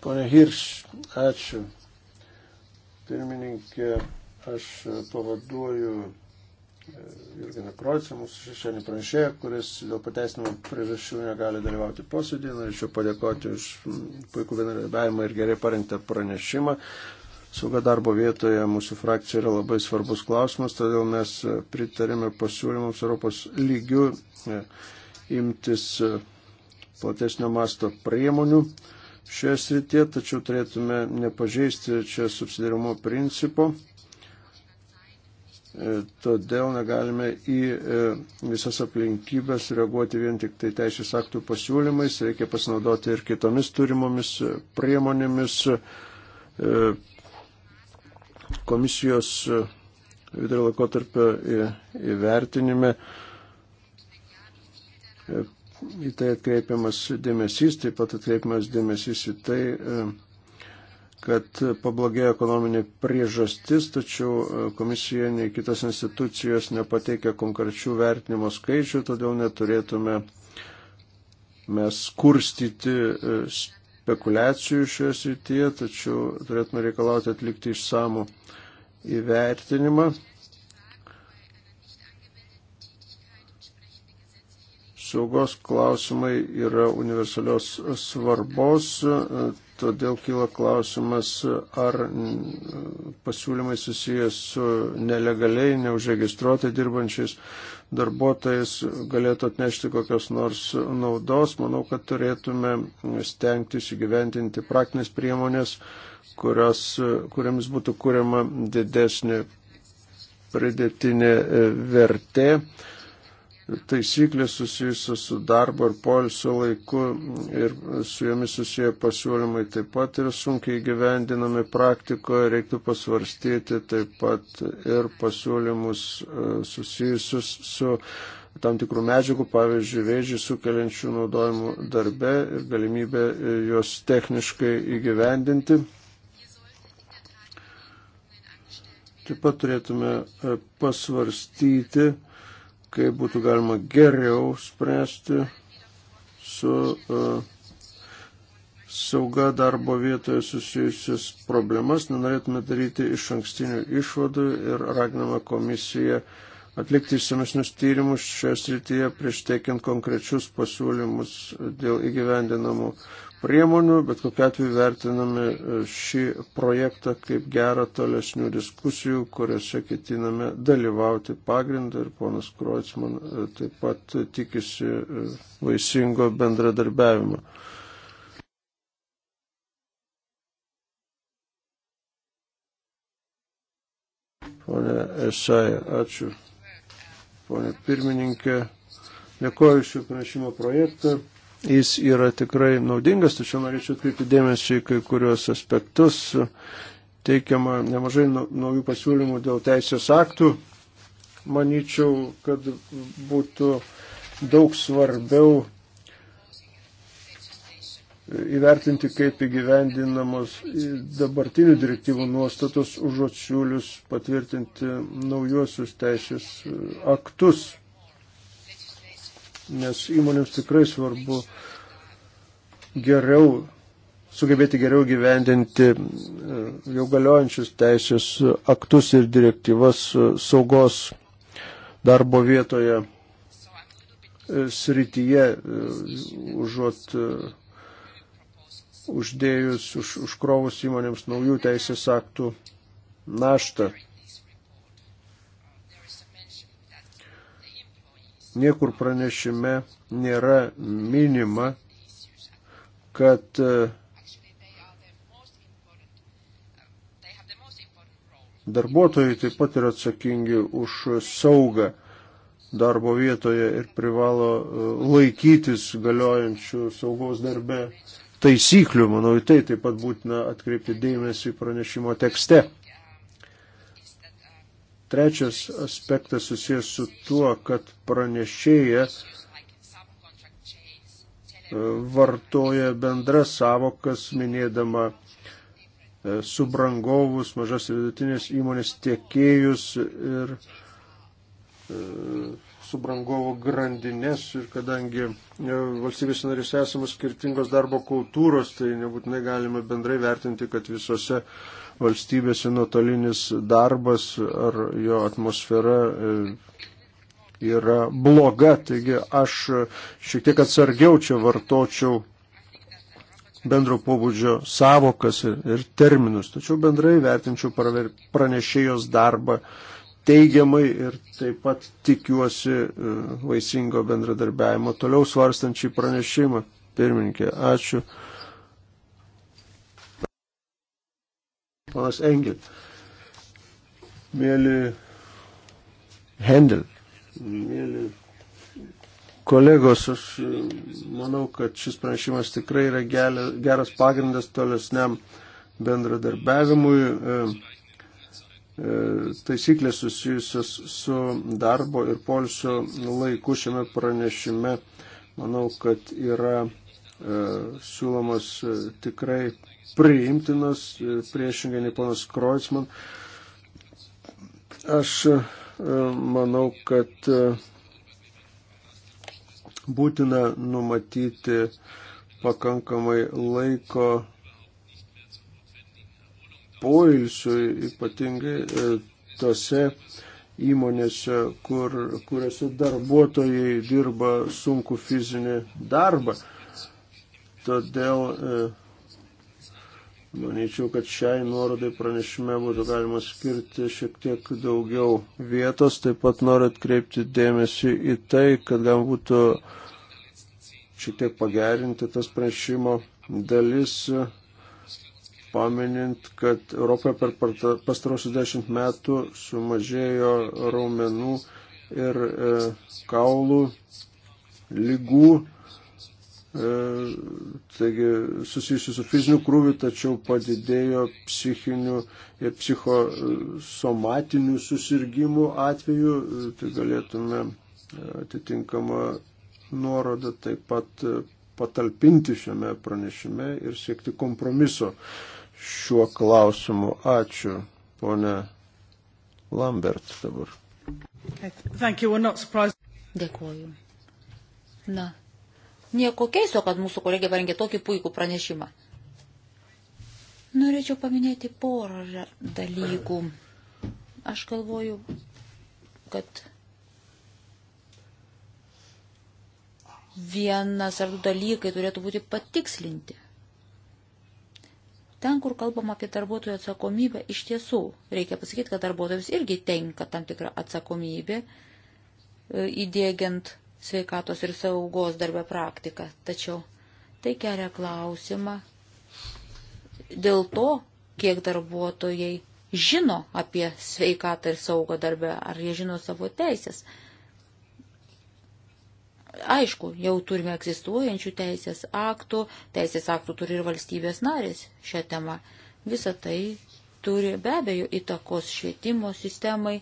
Pone Hirš, ačiū. Pirmininkė, aš pavaduoju e, Jurginą Kroicą, mūsų šešienį pranešėją, kuris dėl pateisinimo priežasčių negali dalyvauti posėdį. Norėčiau padėkoti už puikų bendradarbiavimą ir gerai parengtą pranešimą. Sauga darbo vietoje mūsų frakcija yra labai svarbus klausimas, todėl mes pritarėme pasiūlymams Europos lygių e, imtis e, platesnio masto priemonių šioje srityje, tačiau turėtume nepažeisti čia subsidiarumo principo. E, todėl negalime į e, visas aplinkybės reaguoti vien tik tai teisės aktų pasiūlymais, reikia pasinaudoti ir kitomis turimomis priemonėmis e, komisijos vidurio laikotarpio įvertinime į tai atkreipiamas dėmesys, taip pat atkreipiamas dėmesys į tai, e, kad pablogėjo ekonominė priežastis, tačiau e, komisija nei kitos institucijos nepateikia konkrečių vertinimo skaičių, todėl neturėtume mes kurstyti e, spekulacijų šioje srityje, tačiau turėtume reikalauti atlikti išsamų įvertinimą apsaugos klausimai yra universalios svarbos, todėl kyla klausimas, ar pasiūlymai susijęs su nelegaliai, neužregistruotai dirbančiais darbuotojais galėtų atnešti kokios nors naudos. Manau, kad turėtume stengtis įgyventinti praktinės priemonės, kurios, kuriamis būtų kuriama didesnė pridėtinė vertė taisyklės susijusios su darbo ir polsio laiku ir su jomis susiję pasiūlymai taip pat yra sunkiai gyvendinami praktikoje, reiktų pasvarstyti taip pat ir pasiūlymus e, susijusius su tam tikrų medžiagų, pavyzdžiui, vėžį sukeliančių naudojimų darbe ir galimybę e, juos techniškai įgyvendinti. Taip pat turėtume e, pasvarstyti, kaip būtų galima geriau spręsti su e, sauga darbo vietoje susijusius problemas, nenorėtume daryti iš ankstinių išvadų ir raginame komisiją atlikti įsamesnius tyrimus šioje srityje prieš teikiant konkrečius pasiūlymus dėl įgyvendinamų priemonių, bet kokiu atveju vertiname e, šį projektą kaip gerą tolesnių diskusijų, kuriuose ketiname dalyvauti pagrindą ir ponas Kroicman e, taip pat tikisi e, vaisingo bendradarbiavimo. Pone Esai, ačiū. Pone pirmininkė, dėkoju šį pranešimo projektą jis yra tikrai naudingas, tačiau norėčiau atkreipti dėmesį į kai kuriuos aspektus. Teikiama nemažai naujų pasiūlymų dėl teisės aktų. Manyčiau, kad būtų daug svarbiau įvertinti, kaip įgyvendinamos dabartinių direktyvų nuostatos užuot siūlius patvirtinti naujuosius teisės aktus nes įmonėms tikrai svarbu geriau sugebėti geriau gyvendinti e, jau galiojančius teisės aktus ir direktyvas e, saugos darbo vietoje e, srityje, užuot uždėjus, už, užkrovus įmonėms naujų teisės aktų naštą. Niekur pranešime nėra minima, kad e, darbuotojai taip pat yra atsakingi už saugą darbo vietoje ir privalo e, laikytis galiojančių saugos darbe taisyklių. Manau, į tai taip pat būtina atkreipti dėmesį pranešimo tekste. Trečias aspektas susijęs su tuo, kad pranešėja e, vartoja bendras savokas, minėdama e, subrangovus, mažas ir vidutinės įmonės tiekėjus ir e, subrangovo grandinės ir kadangi valstybės narys esamos skirtingos darbo kultūros, tai nebūtinai galime bendrai vertinti, kad visose valstybėse nuotolinis darbas ar jo atmosfera e, yra bloga. Taigi aš šiek tiek atsargiau čia vartočiau bendro pobūdžio savokas ir terminus, tačiau bendrai vertinčiau pranešėjos darbą teigiamai ir taip pat tikiuosi e, vaisingo bendradarbiavimo toliau svarstančiai pranešimą. Pirmininkė, ačiū. Ponas Engel. Mėly Hendel. Mėly kolegos, aš e, manau, kad šis pranešimas tikrai yra geras pagrindas tolesniam bendradarbiavimui. E, e, taisyklės susijusios su darbo ir polsio laiku šiame pranešime, manau, kad yra E, siūlomos e, tikrai priimtinos, e, priešingai nei ponas Kroicman. Aš manau, kad būtina numatyti pakankamai laiko poilsiui, ypatingai tose įmonėse, kur, kuriuose darbuotojai dirba sunku fizinį darbą. Todėl e, manyčiau, kad šiai nuorodai pranešime būtų galima skirti šiek tiek daugiau vietos. Taip pat noriu atkreipti dėmesį į tai, kad gal būtų šiek tiek pagerinti tas pranešimo dalis, paminint, kad Europoje per pastarosius dešimt metų sumažėjo raumenų ir e, kaulų lygų E, taigi susijusių su fiziniu krūviu, tačiau padidėjo psichinių ir psichosomatinių susirgymų atveju, e, tai galėtume e, atitinkamą nuorodą taip pat patalpinti šiame pranešime ir siekti kompromiso šiuo klausimu. Ačiū, ponė Lambert dabar. Dėkuoju. Na, Nieko keisto, kad mūsų kolegė parengė tokį puikų pranešimą. Norėčiau paminėti porą dalykų. Aš galvoju, kad vienas ar du dalykai turėtų būti patikslinti. Ten, kur kalbam apie darbuotojų atsakomybę, iš tiesų reikia pasakyti, kad darbuotojams irgi tenka tam tikra atsakomybė e, įdėgiant sveikatos ir saugos darbę praktiką. Tačiau tai kelia klausimą dėl to, kiek darbuotojai žino apie sveikatą ir saugą darbę, ar jie žino savo teisės. Aišku, jau turime egzistuojančių teisės aktų, teisės aktų turi ir valstybės narės šią temą. Visą tai turi be abejo įtakos švietimo sistemai,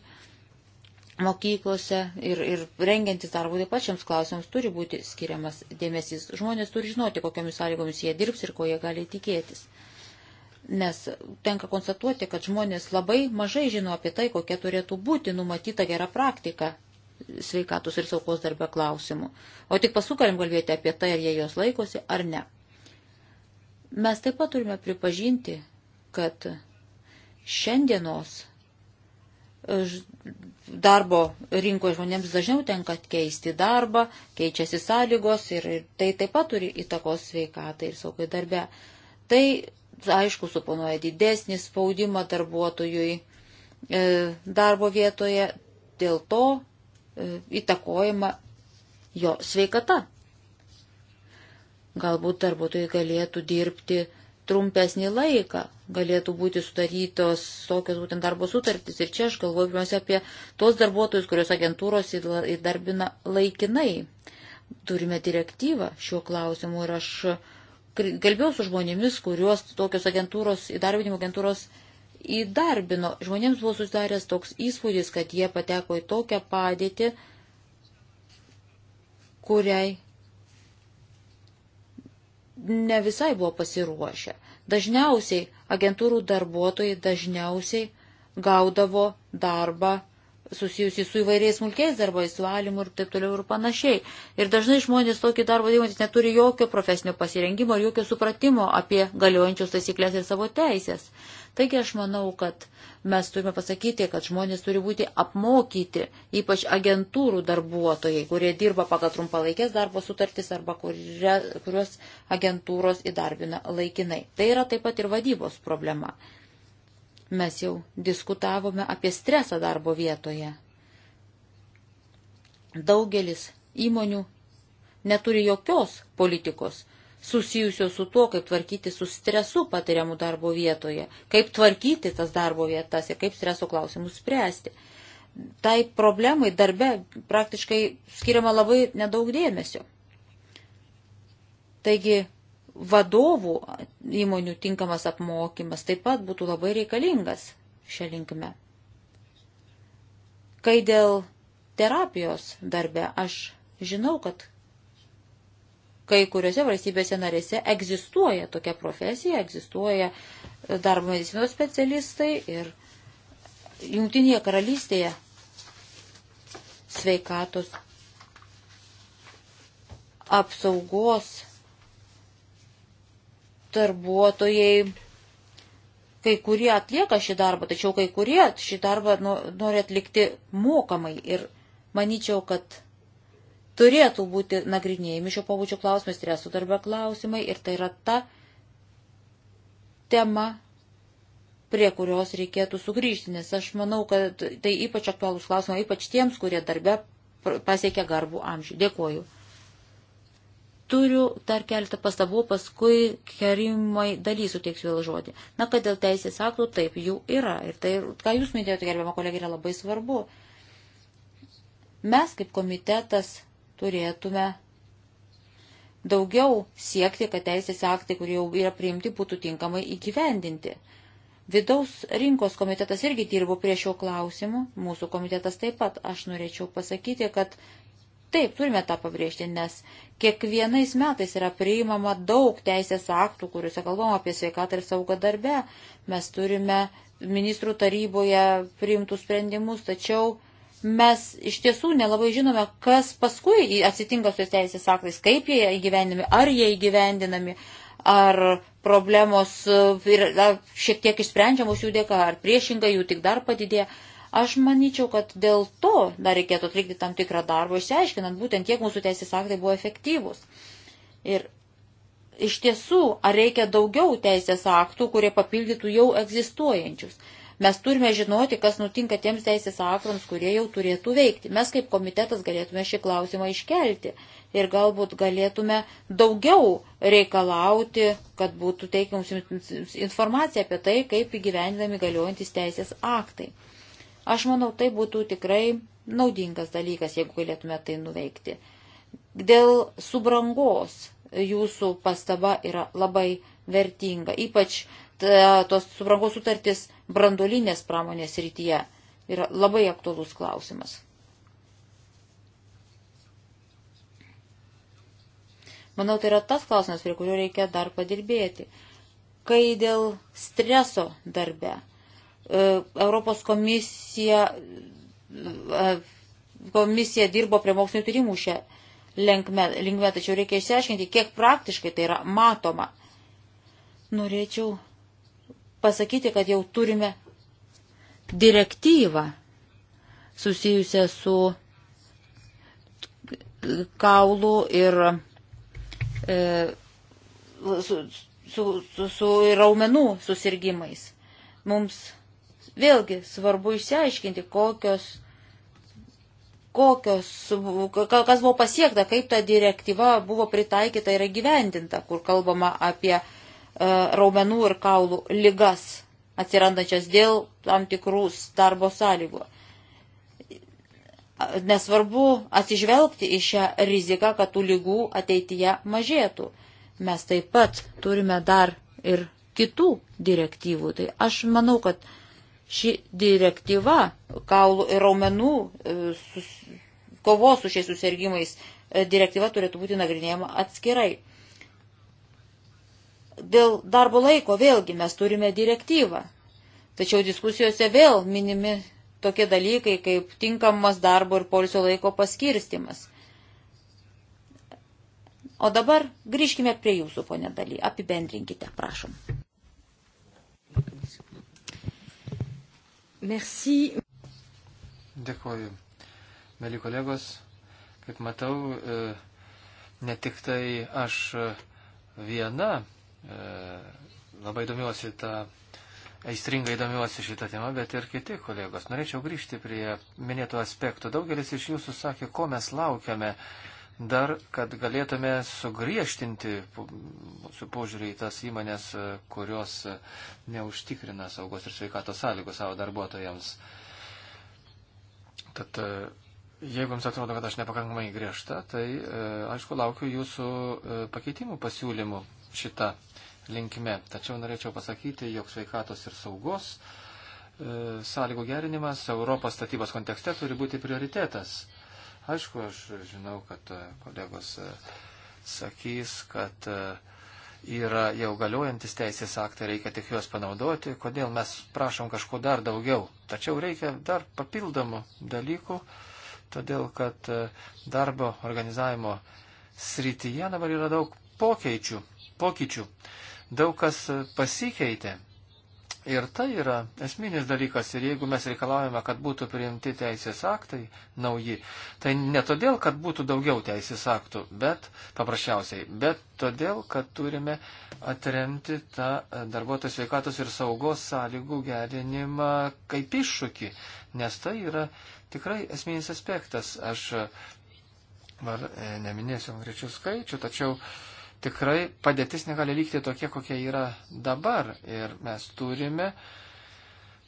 mokyklose ir, ir rengiantis darbų taip pat šiems klausimams turi būti skiriamas dėmesys. Žmonės turi žinoti, kokiamis sąlygomis jie dirbs ir ko jie gali tikėtis. Nes tenka konstatuoti, kad žmonės labai mažai žino apie tai, kokia turėtų būti numatyta gera praktika sveikatos ir saugos darbę klausimų. O tik pasukarim kalbėti apie tai, ar jie jos laikosi ar ne. Mes taip pat turime pripažinti, kad šiandienos darbo rinkoje žmonėms dažniau tenka keisti darbą, keičiasi sąlygos ir tai taip pat turi įtakos sveikatai ir saugai darbe. Tai, aišku, suponuoja didesnį spaudimą darbuotojui e, darbo vietoje, dėl to e, įtakojama jo sveikata. Galbūt darbuotojai galėtų dirbti trumpesnį laiką galėtų būti sudarytos tokios būtent darbo sutartys. Ir čia aš galvoju pirmiausia apie tos darbuotojus, kurios agentūros įdarbina laikinai. Turime direktyvą šiuo klausimu ir aš kalbėjau su žmonėmis, kuriuos tokios agentūros, įdarbinimo agentūros įdarbino. Žmonėms buvo susidaręs toks įspūdis, kad jie pateko į tokią padėtį, kuriai ne visai buvo pasiruošę. Dažniausiai agentūrų darbuotojai dažniausiai gaudavo darbą susijusi su įvairiais smulkiais darbais, valymu ir taip toliau ir panašiai. Ir dažnai žmonės tokį darbą dirbantis neturi jokio profesinio pasirengimo ir jokio supratimo apie galiojančius taisyklės ir savo teisės. Taigi aš manau, kad mes turime pasakyti, kad žmonės turi būti apmokyti, ypač agentūrų darbuotojai, kurie dirba pagal trumpalaikės darbo sutartis arba kuria, kurios agentūros įdarbina laikinai. Tai yra taip pat ir vadybos problema. Mes jau diskutavome apie stresą darbo vietoje. Daugelis įmonių neturi jokios politikos susijusios su tuo, kaip tvarkyti su stresu patiriamu darbo vietoje, kaip tvarkyti tas darbo vietas ir kaip streso klausimus spręsti. Tai problemai darbe praktiškai skiriama labai nedaug dėmesio. Taigi vadovų įmonių tinkamas apmokymas taip pat būtų labai reikalingas šią linkme. Kai dėl terapijos darbe aš žinau, kad kai kuriuose valstybėse narėse egzistuoja tokia profesija, egzistuoja e, darbo medicinos specialistai ir jungtinėje karalystėje sveikatos apsaugos darbuotojai, kai kurie atlieka šį darbą, tačiau kai kurie šį darbą nori atlikti mokamai ir manyčiau, kad turėtų būti nagrinėjami šio pabudžio klausimai, streso darbę klausimai ir tai yra ta tema, prie kurios reikėtų sugrįžti, nes aš manau, kad tai ypač aktualūs klausimai, ypač tiems, kurie darbe pasiekia garbų amžių. Dėkuoju. Turiu dar keletą pastabų, paskui kerimai daly suteiksiu vėl žodį. Na, kad dėl teisės aktų taip jų yra. Ir tai, ką jūs minėjote, gerbiama kolegė, yra labai svarbu. Mes kaip komitetas turėtume daugiau siekti, kad teisės aktai, kurie jau yra priimti, būtų tinkamai įgyvendinti. Vidaus rinkos komitetas irgi dirbo prie šio klausimų, mūsų komitetas taip pat. Aš norėčiau pasakyti, kad taip, turime tą pabrėžti, nes kiekvienais metais yra priimama daug teisės aktų, kuriuose kalbama apie sveikatą ir saugą darbę. Mes turime ministrų taryboje priimtų sprendimus, tačiau mes iš tiesų nelabai žinome, kas paskui atsitinka su teisės aktais, kaip jie įgyvendinami, ar jie įgyvendinami, ar problemos ar e, e, šiek tiek išsprendžiamos jų dėka, ar priešingai jų tik dar padidėja. Aš manyčiau, kad dėl to dar reikėtų atlikti tam tikrą darbą, išsiaiškinant būtent, kiek mūsų teisės aktai buvo efektyvūs. Ir iš tiesų, ar reikia daugiau teisės aktų, kurie papildytų jau egzistuojančius. Mes turime žinoti, kas nutinka tiems teisės akrams, kurie jau turėtų veikti. Mes kaip komitetas galėtume šį klausimą iškelti ir galbūt galėtume daugiau reikalauti, kad būtų teikiamus informacija apie tai, kaip įgyvendinami galiojantis teisės aktai. Aš manau, tai būtų tikrai naudingas dalykas, jeigu galėtume tai nuveikti. Dėl subrangos jūsų pastaba yra labai vertinga, ypač E, tos subrangos sutartis brandolinės pramonės rytyje yra labai aktuolus klausimas. Manau, tai yra tas klausimas, prie kurio reikia dar padirbėti. Kai dėl streso darbe e, Europos komisija, e, komisija dirbo prie mokslinio tyrimų šią linkme, linkme, tačiau reikia išsiaiškinti, kiek praktiškai tai yra matoma. Norėčiau pasakyti, kad jau turime direktyvą susijusią su kaulų ir e, su, su, su, su raumenų susirgymais. Mums vėlgi svarbu išsiaiškinti, kokios, kokios, kas buvo pasiekta, kaip ta direktyva buvo pritaikyta ir gyvendinta, kur kalbama apie e, E, raumenų ir kaulų lygas atsirandančias dėl tam tikrų darbo sąlygų. Nesvarbu atsižvelgti į šią riziką, kad tų lygų ateityje mažėtų. Mes taip pat turime dar ir kitų direktyvų. Tai aš manau, kad ši direktyva kaulų ir raumenų e, sus, kovos su šiais susirgymais e, direktyva turėtų būti nagrinėjama atskirai dėl darbo laiko vėlgi mes turime direktyvą. Tačiau diskusijose vėl minimi tokie dalykai kaip tinkamas darbo ir polisio laiko paskirstimas. O dabar grįžkime prie jūsų, ponė daly. Apibendrinkite, prašom. Merci. Dėkuoju. Mėly kolegos, kaip matau, e, ne tik tai aš e, viena E, labai domiuosi tą, aistringai domiuosi šitą temą, bet ir kiti kolegos. Norėčiau grįžti prie minėtų aspektų. Daugelis iš jūsų sakė, ko mes laukiame dar, kad galėtume sugriežtinti mūsų požiūrį į tas įmonės, e, kurios e, neužtikrina saugos ir sveikatos sąlygų savo darbuotojams. Tad jeigu jums atrodo, kad aš nepakankamai griežta, tai aišku laukiu jūsų pakeitimų pasiūlymų šitą linkme. Tačiau norėčiau pasakyti, jog sveikatos ir saugos e, sąlygų gerinimas Europos statybos kontekste turi būti prioritetas. Aišku, aš žinau, kad e, kolegos e, sakys, kad e, yra jau galiojantis teisės aktai, reikia tik juos panaudoti, kodėl mes prašom kažko dar daugiau. Tačiau reikia dar papildomų dalykų, todėl kad darbo organizavimo srityje dabar yra daug pokyčių. pokyčių daug kas pasikeitė. Ir tai yra esminis dalykas. Ir jeigu mes reikalavome, kad būtų priimti teisės aktai nauji, tai ne todėl, kad būtų daugiau teisės aktų, bet paprasčiausiai, bet todėl, kad turime atremti tą darbuotojų sveikatos ir saugos sąlygų gerinimą kaip iššūkį. Nes tai yra tikrai esminis aspektas. Aš var, e, neminėsiu konkrečių skaičių, tačiau. Uh, tikrai padėtis negali lygti tokia, kokia yra dabar. Ir mes turime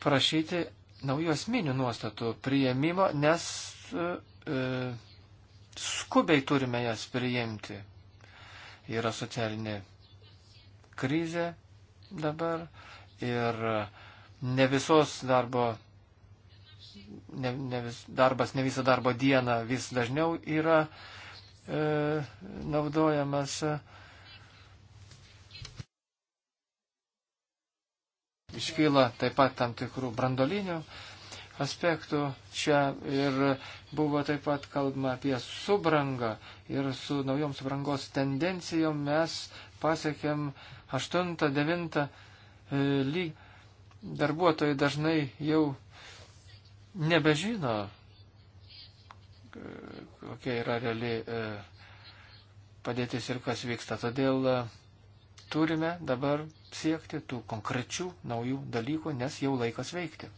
prašyti naujų asmenių nuostatų prieimimo, nes e, e, skubiai turime jas priimti. Yra socialinė krizė dabar ir ne visos darbo ne, ne vis, darbas ne visą darbo dieną vis dažniau yra e, naudojamas iškyla taip pat tam tikrų brandolinių aspektų čia ir buvo taip pat kalbama apie subrangą ir su naujom subrangos tendencijom mes pasiekėm 8-9 e, lygį. Darbuotojai dažnai jau nebežino, e, kokia yra reali e, padėtis ir kas vyksta. Todėl turime dabar siekti tų konkrečių naujų dalykų, nes jau laikas veikti.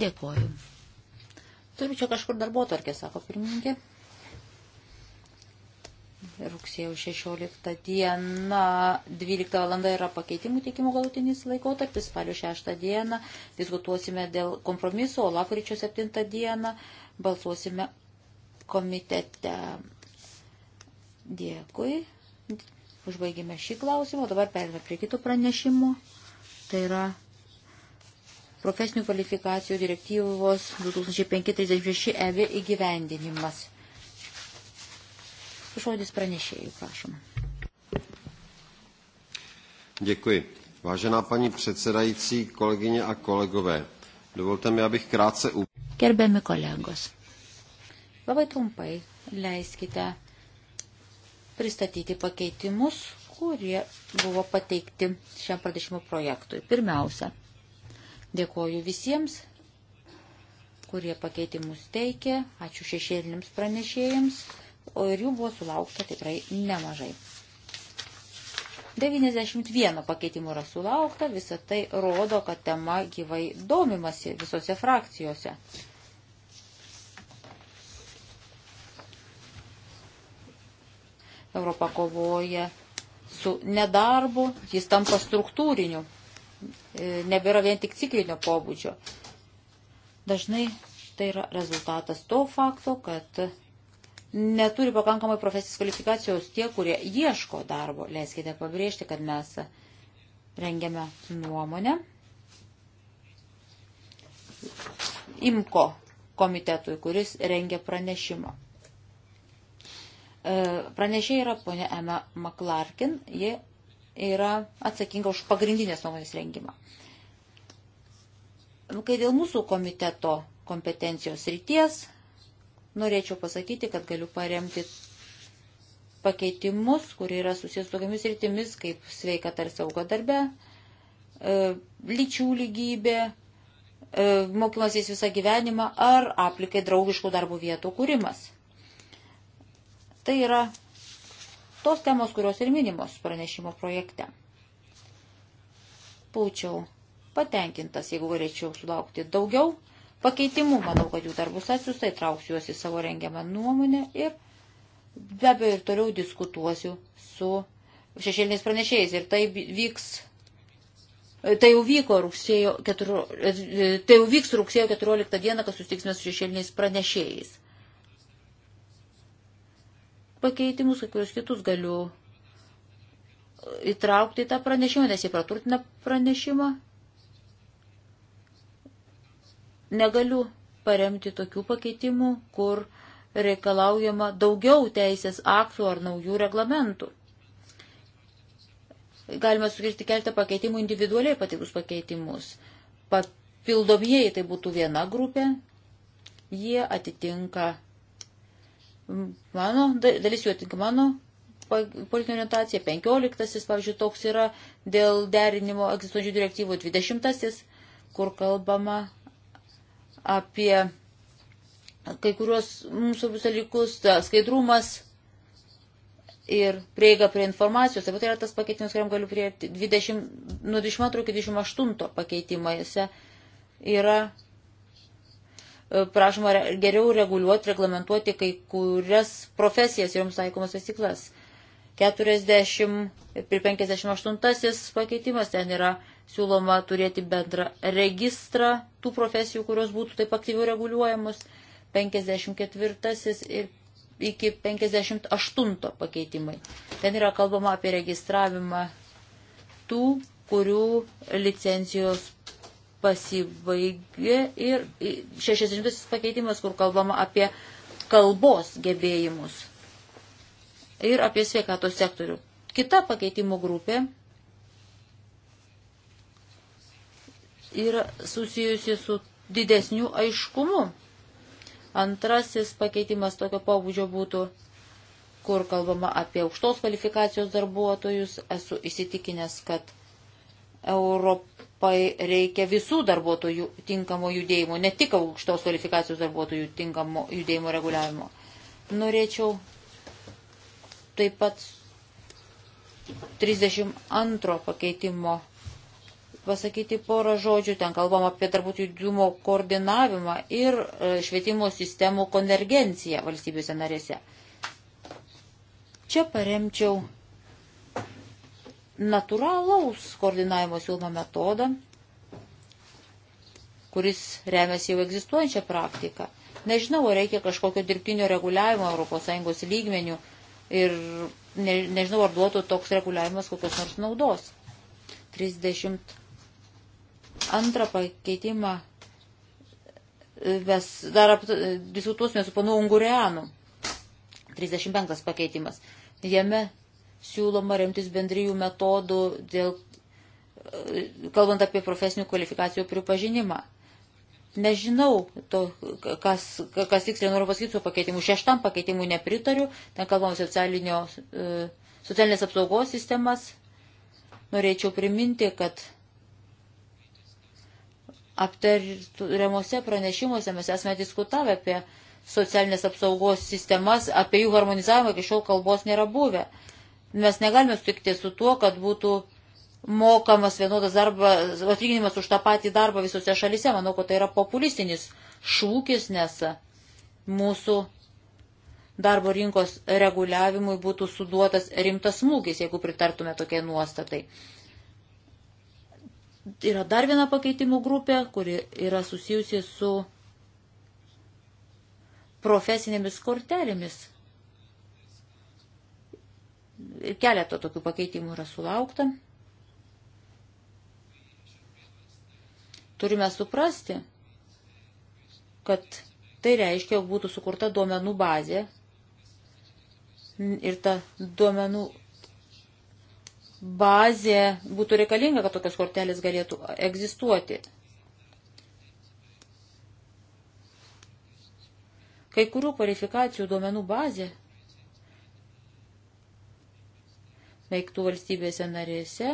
Dėkuoju. Turiu čia kažkur darbo tarkė, sako pirmininkė. Rugsėjo 16 diena, 12 valanda yra pakeitimų teikimo galutinis laikotarpis, spalio 6 diena, diskutuosime dėl kompromiso, o lakryčio 7 diena balsuosime komitete. Dėkui. Užbaigime šį klausimą, dabar perėmė prie kito pranešimo. Tai yra profesinių kvalifikacijų direktyvos 2005-36 EV įgyvendinimas. Žodis pranešėjų, prašom. Děkuji. Vážená paní předsedající, kolegyně a kolegové, dovolte mi, abych krátce... Gerbiami kolegos, labai trumpai leiskite pristatyti pakeitimus, kurie buvo pateikti šiam pradėšimo projektui. Pirmiausia, dėkoju visiems, kurie pakeitimus teikė, ačiū šešėlinėms pranešėjams, o ir jų buvo sulaukta tikrai nemažai. 91 pakeitimų yra sulaukta, visa tai rodo, kad tema gyvai domimasi visose frakcijose. Europa kovoja su nedarbu, jis tampa struktūriniu, e, nebėra vien tik ciklinio pobūdžio. Dažnai tai yra rezultatas to fakto, kad neturi pakankamai profesinės kvalifikacijos tie, kurie ieško darbo. Leiskite pabrėžti, kad mes rengiame nuomonę. Imko komitetui, kuris rengia pranešimą. E, pranešė yra ponė Emma McClarkin, ji yra atsakinga už pagrindinės nuomonės rengimą. Nu, kai dėl mūsų komiteto kompetencijos ryties, norėčiau pasakyti, kad galiu paremti pakeitimus, kurie yra susijęs su tokiamis rytimis, kaip sveikata ir sauga darbe, e, lyčių lygybė, e, mokymasis visą gyvenimą ar aplikai draugiškų darbo vietų kūrimas. Tai yra tos temos, kurios ir minimos pranešimo projekte. Būčiau patenkintas, jeigu galėčiau sulaukti daugiau pakeitimų. Manau, kad jų dar bus atsiusta, įtrauksiu juos į savo rengiamą nuomonę ir be abejo ir toliau diskutuosiu su šešėliniais pranešėjais. Ir tai vyks. Tai jau, vyko rugsėjo, keturo, tai jau vyks rugsėjo 14 dieną, kad sustiksime su šešėliniais pranešėjais pakeitimus, kai kurios kitus galiu įtraukti į tą pranešimą, nes jie praturtina pranešimą. Negaliu paremti tokių pakeitimų, kur reikalaujama daugiau teisės aktų ar naujų reglamentų. Galima sukirti keletą pakeitimų individualiai patikrus pakeitimus. Papildomieji tai būtų viena grupė, jie atitinka Mano, dalis jų atinka mano politinė orientacija, 15, pavyzdžiui, toks yra dėl derinimo egzistuojančių direktyvų 20, kur kalbama apie kai kuriuos mums svarbius dalykus, skaidrumas ir prieiga prie informacijos. Taip pat yra tas pakeitimas, kuriam galiu prie 20, nuo 22 iki 28 pakeitimuose yra prašoma geriau reguliuoti, reglamentuoti kai kurias profesijas joms taikomas taisyklas. 40 ir 58 pakeitimas ten yra siūloma turėti bendrą registrą tų profesijų, kurios būtų taip aktyviau reguliuojamos. 54 ir iki 58 pakeitimai. Ten yra kalbama apie registravimą tų, kurių licencijos pasibaigė ir 60 pakeitimas, kur kalbama apie kalbos gebėjimus ir apie sveikatos sektorių. Kita pakeitimo grupė yra susijusi su didesniu aiškumu. Antrasis pakeitimas tokio pobūdžio būtų, kur kalbama apie aukštos kvalifikacijos darbuotojus. Esu įsitikinęs, kad Europ Europai reikia visų darbuotojų tinkamo judėjimo, ne tik aukštos kvalifikacijos darbuotojų tinkamo judėjimo reguliavimo. Norėčiau taip pat 32 pakeitimo pasakyti porą žodžių, ten kalbam apie darbų judumo koordinavimą ir e, švietimo sistemų konvergenciją valstybėse narėse. Čia paremčiau natūralaus koordinavimo siūlomą metodą, kuris remiasi jau egzistuojančią praktiką. Nežinau, ar reikia kažkokio dirbtinio reguliavimo ES lygmenių ir ne, nežinau, ar duotų toks reguliavimas kokios nors naudos. 32 pakeitimą e, mes dar e, diskutuosime su panu Ungureanu. 35 pakeitimas. Jame siūloma remtis bendrijų metodų, dėl, kalbant apie profesinių kvalifikacijų pripažinimą. Nežinau, to, kas, kas tiksliai noriu pasakyti su pakeitimu. Šeštam pakeitimu nepritariu, ten kalbam e, socialinės apsaugos sistemas. Norėčiau priminti, kad aptariamuose pranešimuose mes esame diskutavę apie socialinės apsaugos sistemas, apie jų harmonizavimą iki šiol kalbos nėra buvę. Uh, Mes negalime sutikti su tuo, kad būtų mokamas vienodas darbas, atlyginimas už tą patį darbą visose šalise. Manau, kad tai yra populistinis šūkis, nes mūsų darbo rinkos reguliavimui būtų suduotas rimtas smūgis, jeigu pritartume tokiai nuostatai. Yra dar viena pakeitimų grupė, kuri yra susijusi su profesinėmis kortelėmis. Keleto tokių pakeitimų yra sulaukta. Turime suprasti, kad tai reiškia, jog būtų sukurta duomenų bazė ir ta duomenų bazė būtų reikalinga, kad tokios kortelės galėtų egzistuoti. Kai kurių kvalifikacijų duomenų bazė veiktų valstybėse narėse,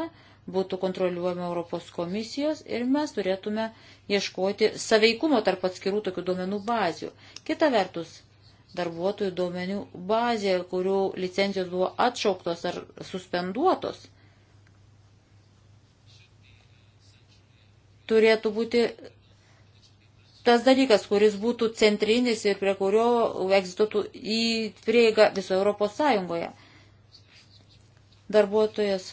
būtų kontroliuojama Europos komisijos ir mes turėtume ieškoti saveikumo tarp atskirų tokių duomenų bazių. Kita vertus, darbuotojų duomenų bazė, kurių licencijos buvo atšauktos ar suspenduotos, turėtų būti tas dalykas, kuris būtų centrinis ir prie kurio egzistuotų į prieigą viso Europos Sąjungoje darbuotojas,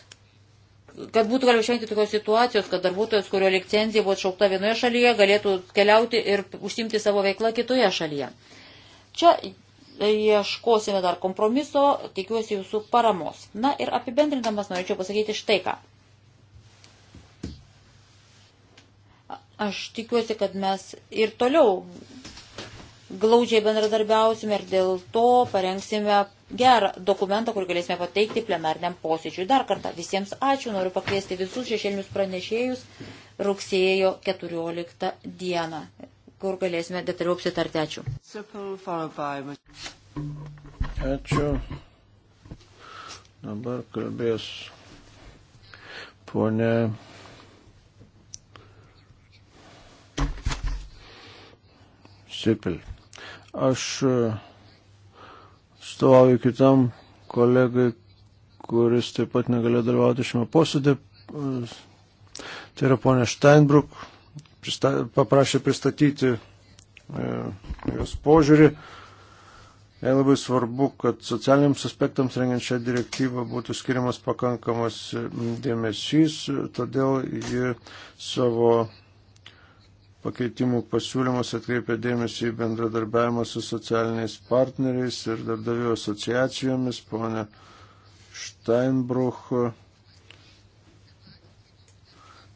kad būtų galima išvengti tokios situacijos, kad darbuotojas, kurio licencija buvo atšaukta vienoje šalyje, galėtų keliauti ir užsimti savo veiklą kitoje šalyje. Čia ieškosime dar kompromiso, tikiuosi jūsų paramos. Na ir apibendrindamas norėčiau pasakyti štai ką. Aš tikiuosi, kad mes ir toliau glaudžiai bendradarbiausime ir dėl to parengsime gerą dokumentą, kurį galėsime pateikti plenarniam posėdžiui. Dar kartą visiems ačiū, noriu pakviesti visus šešėlinius pranešėjus rugsėjo 14 dieną, kur galėsime detaliau apsitarti. Ačiū. Ačiū. Dabar kalbės ponė. Sipil. Aš uh atstovauju kitam kolegai, kuris taip pat negalėjo dalyvauti šiame posėdė. Tai yra ponė Steinbruk, prista, paprašė pristatyti e, jos požiūrį. Jai labai svarbu, kad socialiniams aspektams rengiant šią direktyvą būtų skiriamas pakankamas dėmesys, todėl ji savo pakeitimų pasiūlymus atkreipia dėmesį į bendradarbiavimą su socialiniais partneriais ir darbdavių asociacijomis. Pone Steinbruch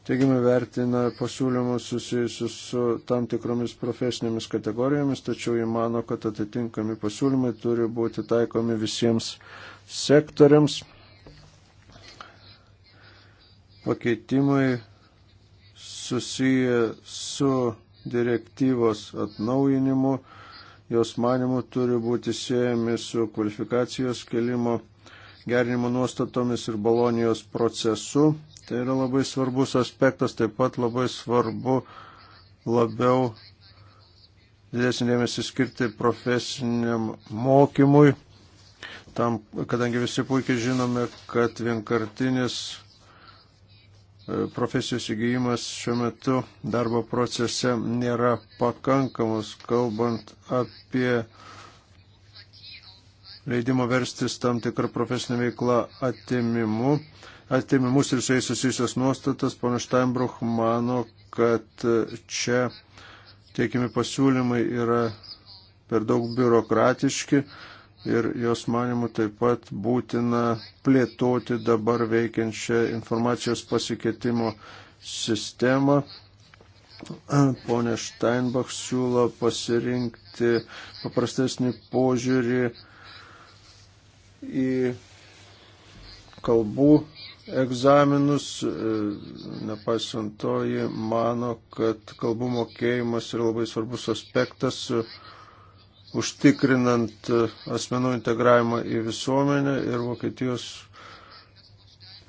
teigiamai vertina pasiūlymus susijusius su tam tikromis profesinėmis kategorijomis, tačiau jį mano, kad atitinkami pasiūlymai turi būti taikomi visiems sektoriams. Pakeitimai susiję su direktyvos atnaujinimu, jos manimu turi būti siejami su kvalifikacijos kelimo gerinimo nuostatomis ir balonijos procesu. Tai yra labai svarbus aspektas, taip pat labai svarbu labiau didesnį dėmesį skirti profesiniam mokymui, tam, kadangi visi puikiai žinome, kad vienkartinis profesijos įgyjimas šiuo metu darbo procese nėra pakankamas, kalbant apie leidimo verstis tam tikrą profesinę veiklą atimimu. Atimimus ir su jais susijusios nuostatas, pana Steinbruch mano, kad čia teikiami pasiūlymai yra per daug biurokratiški ir jos manimų taip pat būtina plėtoti dabar veikiančią informacijos pasikeitimo sistemą. Pone Steinbach siūlo pasirinkti paprastesnį požiūrį į kalbų egzaminus, nepaisant to, ji mano, kad kalbų mokėjimas yra labai svarbus aspektas, užtikrinant e, asmenų integravimą į visuomenę ir Vokietijos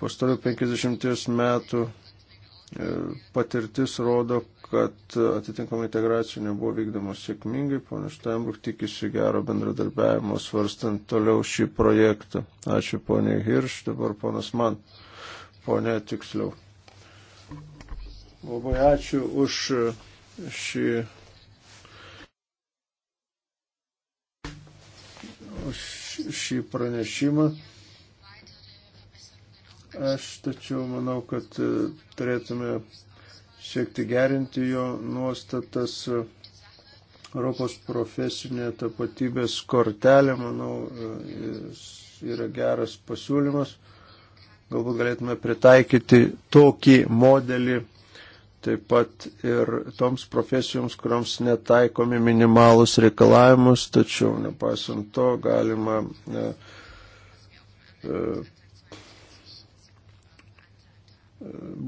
pastarų 50 metų e, patirtis rodo, kad atitinkama integracija nebuvo vykdoma sėkmingai. Pone Štainbruk tikisi gero bendradarbiavimo svarstant toliau šį projektą. Ačiū ponė Hirš, dabar ponas man. Pone tiksliau. Labai ačiū už šį už šį pranešimą. Aš tačiau manau, kad e, turėtume siekti gerinti jo nuostatas Europos profesinė tapatybės kortelė, manau, e, yra geras pasiūlymas. Galbūt galėtume pritaikyti tokį modelį taip pat ir toms profesijoms, kuriams netaikomi minimalus reikalavimus, tačiau nepaisant to galima e, e,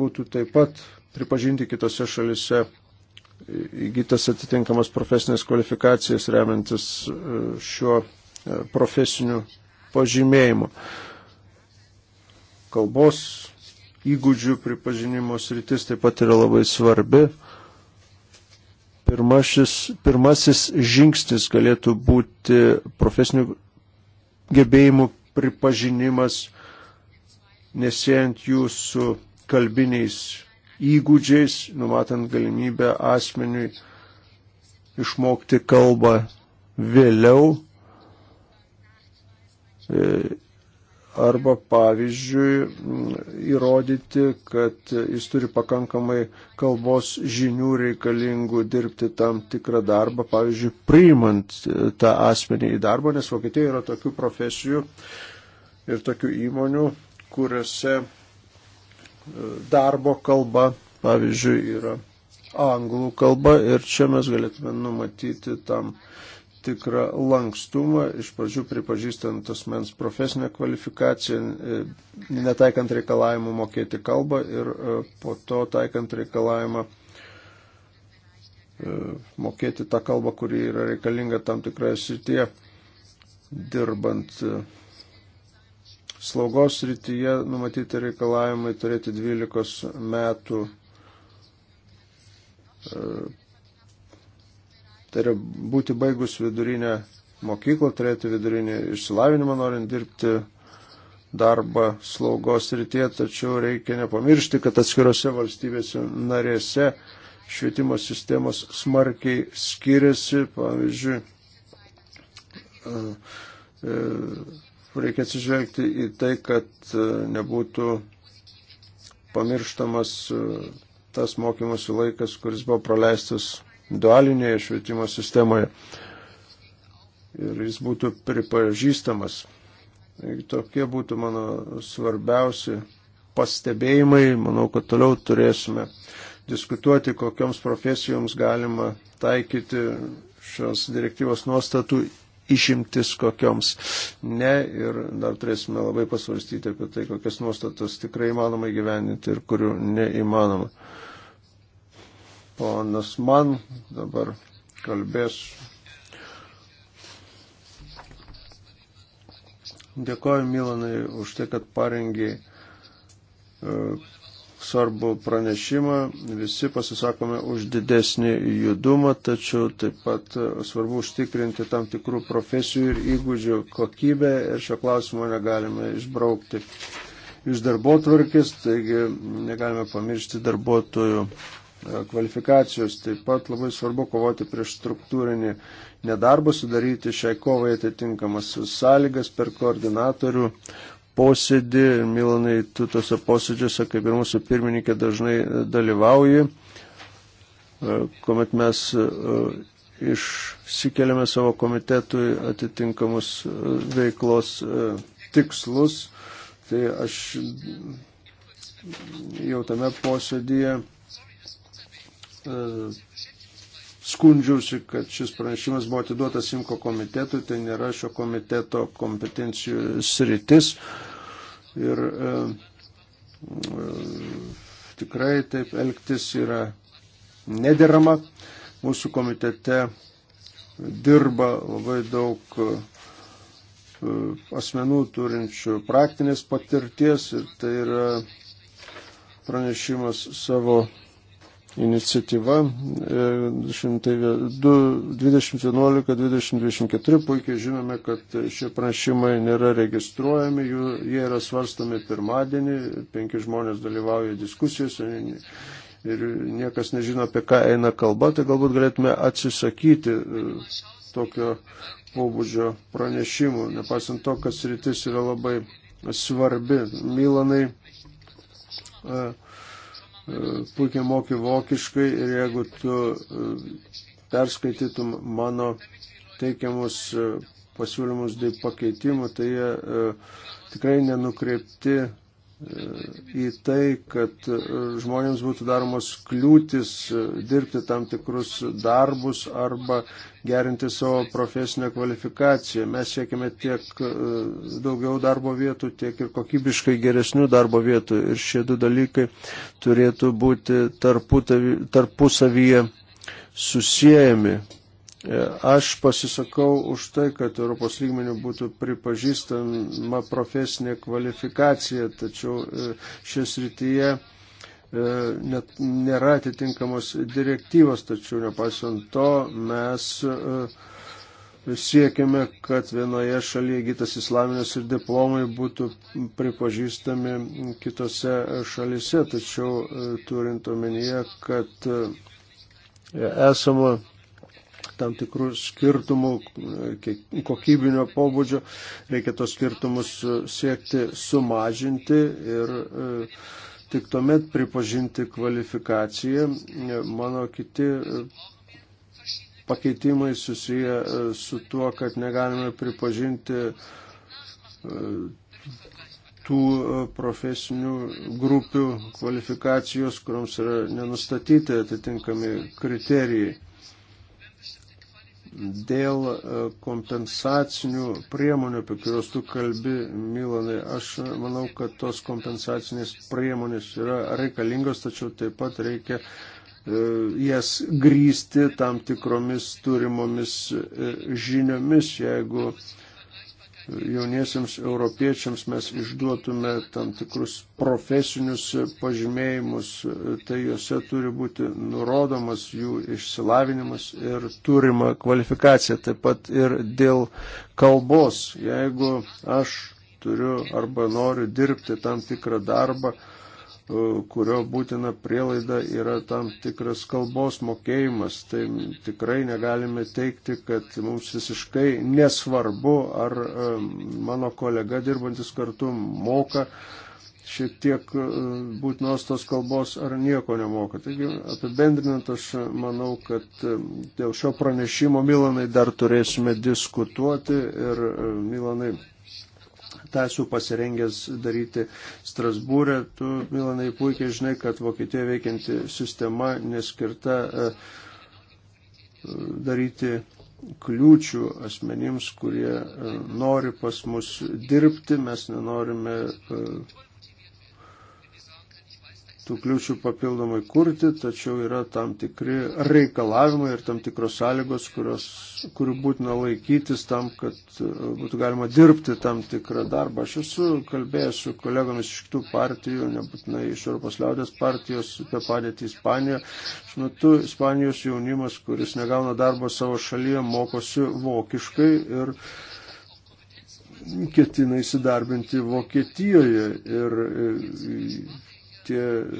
būtų taip pat pripažinti kitose šalise įgytas atitinkamas profesinės kvalifikacijas remiantis e, šiuo e, profesiniu pažymėjimu. Kalbos įgūdžių pripažinimo sritis taip pat yra labai svarbi. Pirmasis, pirmasis žingsnis galėtų būti profesinių gebėjimų pripažinimas, nesiejant jų su kalbiniais įgūdžiais, numatant galimybę asmeniui išmokti kalbą vėliau e, arba pavyzdžiui įrodyti, kad jis turi pakankamai kalbos žinių reikalingų dirbti tam tikrą darbą, pavyzdžiui, priimant e, tą asmenį į darbą, nes Vokietijoje yra tokių profesijų ir tokių įmonių, kuriuose e, darbo kalba, pavyzdžiui, yra anglų kalba ir čia mes galėtume numatyti tam tikrą lankstumą, iš pradžių pripažįstant asmens profesinę kvalifikaciją, e, netaikant reikalavimų mokėti kalbą ir e, po to taikant reikalavimą e, mokėti tą kalbą, kuri yra reikalinga tam tikroje srityje, dirbant slaugos srityje numatyti reikalavimai turėti 12 metų Tai yra būti baigus vidurinę mokyklą, turėti vidurinį išsilavinimą, norint dirbti darbą slaugos rytie, tačiau reikia nepamiršti, kad atskirose valstybėse narėse švietimo sistemos smarkiai skiriasi. Pavyzdžiui, e, e, reikia atsižvelgti į tai, kad e, nebūtų pamirštamas tas mokymosi laikas, kuris buvo praleistas dualinėje švietimo sistemoje. Ir jis būtų pripažįstamas. Tokie būtų mano svarbiausi pastebėjimai. Manau, kad toliau turėsime diskutuoti, kokioms profesijoms galima taikyti šios direktyvos nuostatų išimtis kokioms ne ir dar turėsime labai pasvarstyti apie tai, kokias nuostatas tikrai įmanoma įgyveninti ir kurių neįmanoma. Ponas man dabar kalbės. Dėkoju Milanai už tai, kad parengiai e, svarbu pranešimą. Visi pasisakome už didesnį judumą, tačiau taip pat e, svarbu užtikrinti tam tikrų profesijų ir įgūdžių kokybę ir šio klausimo negalime išbraukti iš darbo tvarkės, taigi negalime pamiršti darbuotojų E, kvalifikacijos. Taip pat labai svarbu kovoti prieš struktūrinį nedarbą, sudaryti šiai kovai atitinkamas sąlygas per koordinatorių posėdį. Milanai, tu tose posėdžiuose, kaip ir mūsų pirmininkė, dažnai dalyvauji, e, kuomet mes e, išsikeliame savo komitetui atitinkamus veiklos tikslus. Tai aš jau tame posėdėje skundžiausi, kad šis pranešimas buvo atiduotas Simko komitetui, tai nėra šio komiteto kompetencijų sritis. Ir e, e, tikrai taip elgtis yra nederama. Mūsų komitete dirba labai daug e, asmenų turinčių praktinės patirties ir tai yra pranešimas savo iniciatyva 2011-2024. E, Puikiai žinome, kad šie prašymai nėra registruojami, jų, jie yra svarstami pirmadienį, penki žmonės dalyvauja diskusijose ir niekas nežino, apie ką eina kalba, tai galbūt galėtume atsisakyti e, tokio pobūdžio pranešimų, nepaisant to, kad sritis yra labai svarbi. Milanai, uh, puikiai moki vokiškai ir jeigu tu e, perskaitytum mano teikiamus e, pasiūlymus dėl pakeitimų, tai jie e, tikrai nenukreipti į tai, kad e, žmonėms būtų daromos kliūtis e, dirbti tam tikrus darbus arba gerinti savo profesinę kvalifikaciją. Mes siekime tiek e, daugiau darbo vietų, tiek ir kokybiškai geresnių darbo vietų. Ir šie du dalykai turėtų būti tarpusavyje susijęjami. E, aš pasisakau už tai, kad Europos lygmenių būtų pripažįstama profesinė kvalifikacija, tačiau e, šios rytyje e, net nėra atitinkamos direktyvos, tačiau nepaisant to mes siekiame, kad vienoje šalyje gytas islaminės ir diplomai būtų pripažįstami kitose šalyse, tačiau turint omenyje, kad esama tam tikrų skirtumų kokybinio pobūdžio, reikia tos skirtumus e, siekti sumažinti ir e, tik tuomet pripažinti kvalifikaciją. E, mano kiti pakeitimai susiję su tuo, kad negalime pripažinti tų profesinių grupių kvalifikacijos, kuriams yra nenustatyti atitinkami kriterijai dėl e, kompensacinių priemonių, apie kuriuos tu kalbi, Milanai. Aš manau, kad tos kompensacinės priemonės yra reikalingos, tačiau taip pat reikia e, jas grįsti tam tikromis turimomis e, žiniomis, jeigu uh, jauniesiams europiečiams mes išduotume tam tikrus profesinius pažymėjimus, tai juose turi būti nurodomas jų išsilavinimas ir turima kvalifikacija, taip pat ir dėl kalbos. Jeigu aš turiu arba noriu dirbti tam tikrą darbą, kurio būtina prielaida yra tam tikras kalbos mokėjimas. Tai tikrai negalime teikti, kad mums visiškai nesvarbu, ar e, mano kolega dirbantis kartu moka šiek tiek e, būtinos tos kalbos ar nieko nemoka. Taigi apibendrinant, aš manau, kad e, dėl šio pranešimo Milanai dar turėsime diskutuoti ir Milanai tą esu pasirengęs daryti Strasbūrė. Tu, Milanai, puikiai žinai, kad Vokietijoje veikianti sistema neskirta e, daryti kliūčių asmenims, kurie e, nori pas mus dirbti, mes nenorime e, tų kliūčių papildomai kurti, tačiau yra tam tikri reikalavimai ir tam tikros sąlygos, kurios, kurių būtina laikytis tam, kad e, būtų galima dirbti tam tikrą darbą. Aš esu kalbėjęs su kolegomis iš kitų partijų, nebūtinai iš Europos liaudės partijos, apie padėtį Ispaniją. Šiuo metu Ispanijos jaunimas, kuris negauna darbo savo šalyje, mokosi vokiškai ir ketina įsidarbinti Vokietijoje. Ir, e, tie e,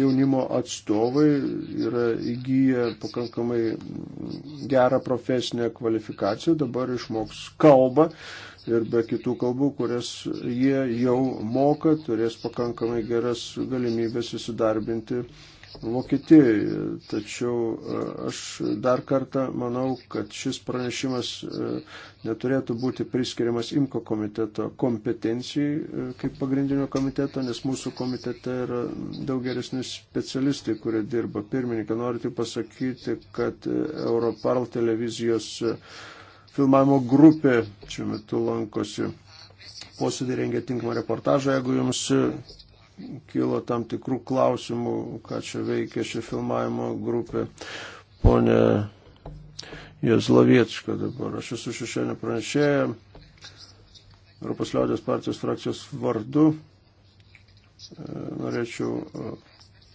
jaunimo atstovai yra įgyję pakankamai gerą profesinę kvalifikaciją, dabar išmoks kalbą ir be kitų kalbų, kurias jie jau moka, turės pakankamai geras galimybės įsidarbinti Vokietijoje. Tačiau e, aš dar kartą manau, kad šis pranešimas e, neturėtų būti priskiriamas IMKO komiteto kompetencijai e, kaip pagrindinio komiteto, nes mūsų komitete yra daug geresni specialistai, kurie dirba. Pirmininką noriu tik pasakyti, kad Europarl televizijos filmavimo grupė šiuo metu lankosi posėdį rengia tinkamą reportažą. Jeigu jums kilo tam tikrų klausimų, ką čia veikia ši filmavimo grupė. Pone Jezlovietska dabar, aš esu šešėlė pranešėja Europos liaudės partijos frakcijos vardu. E, norėčiau e,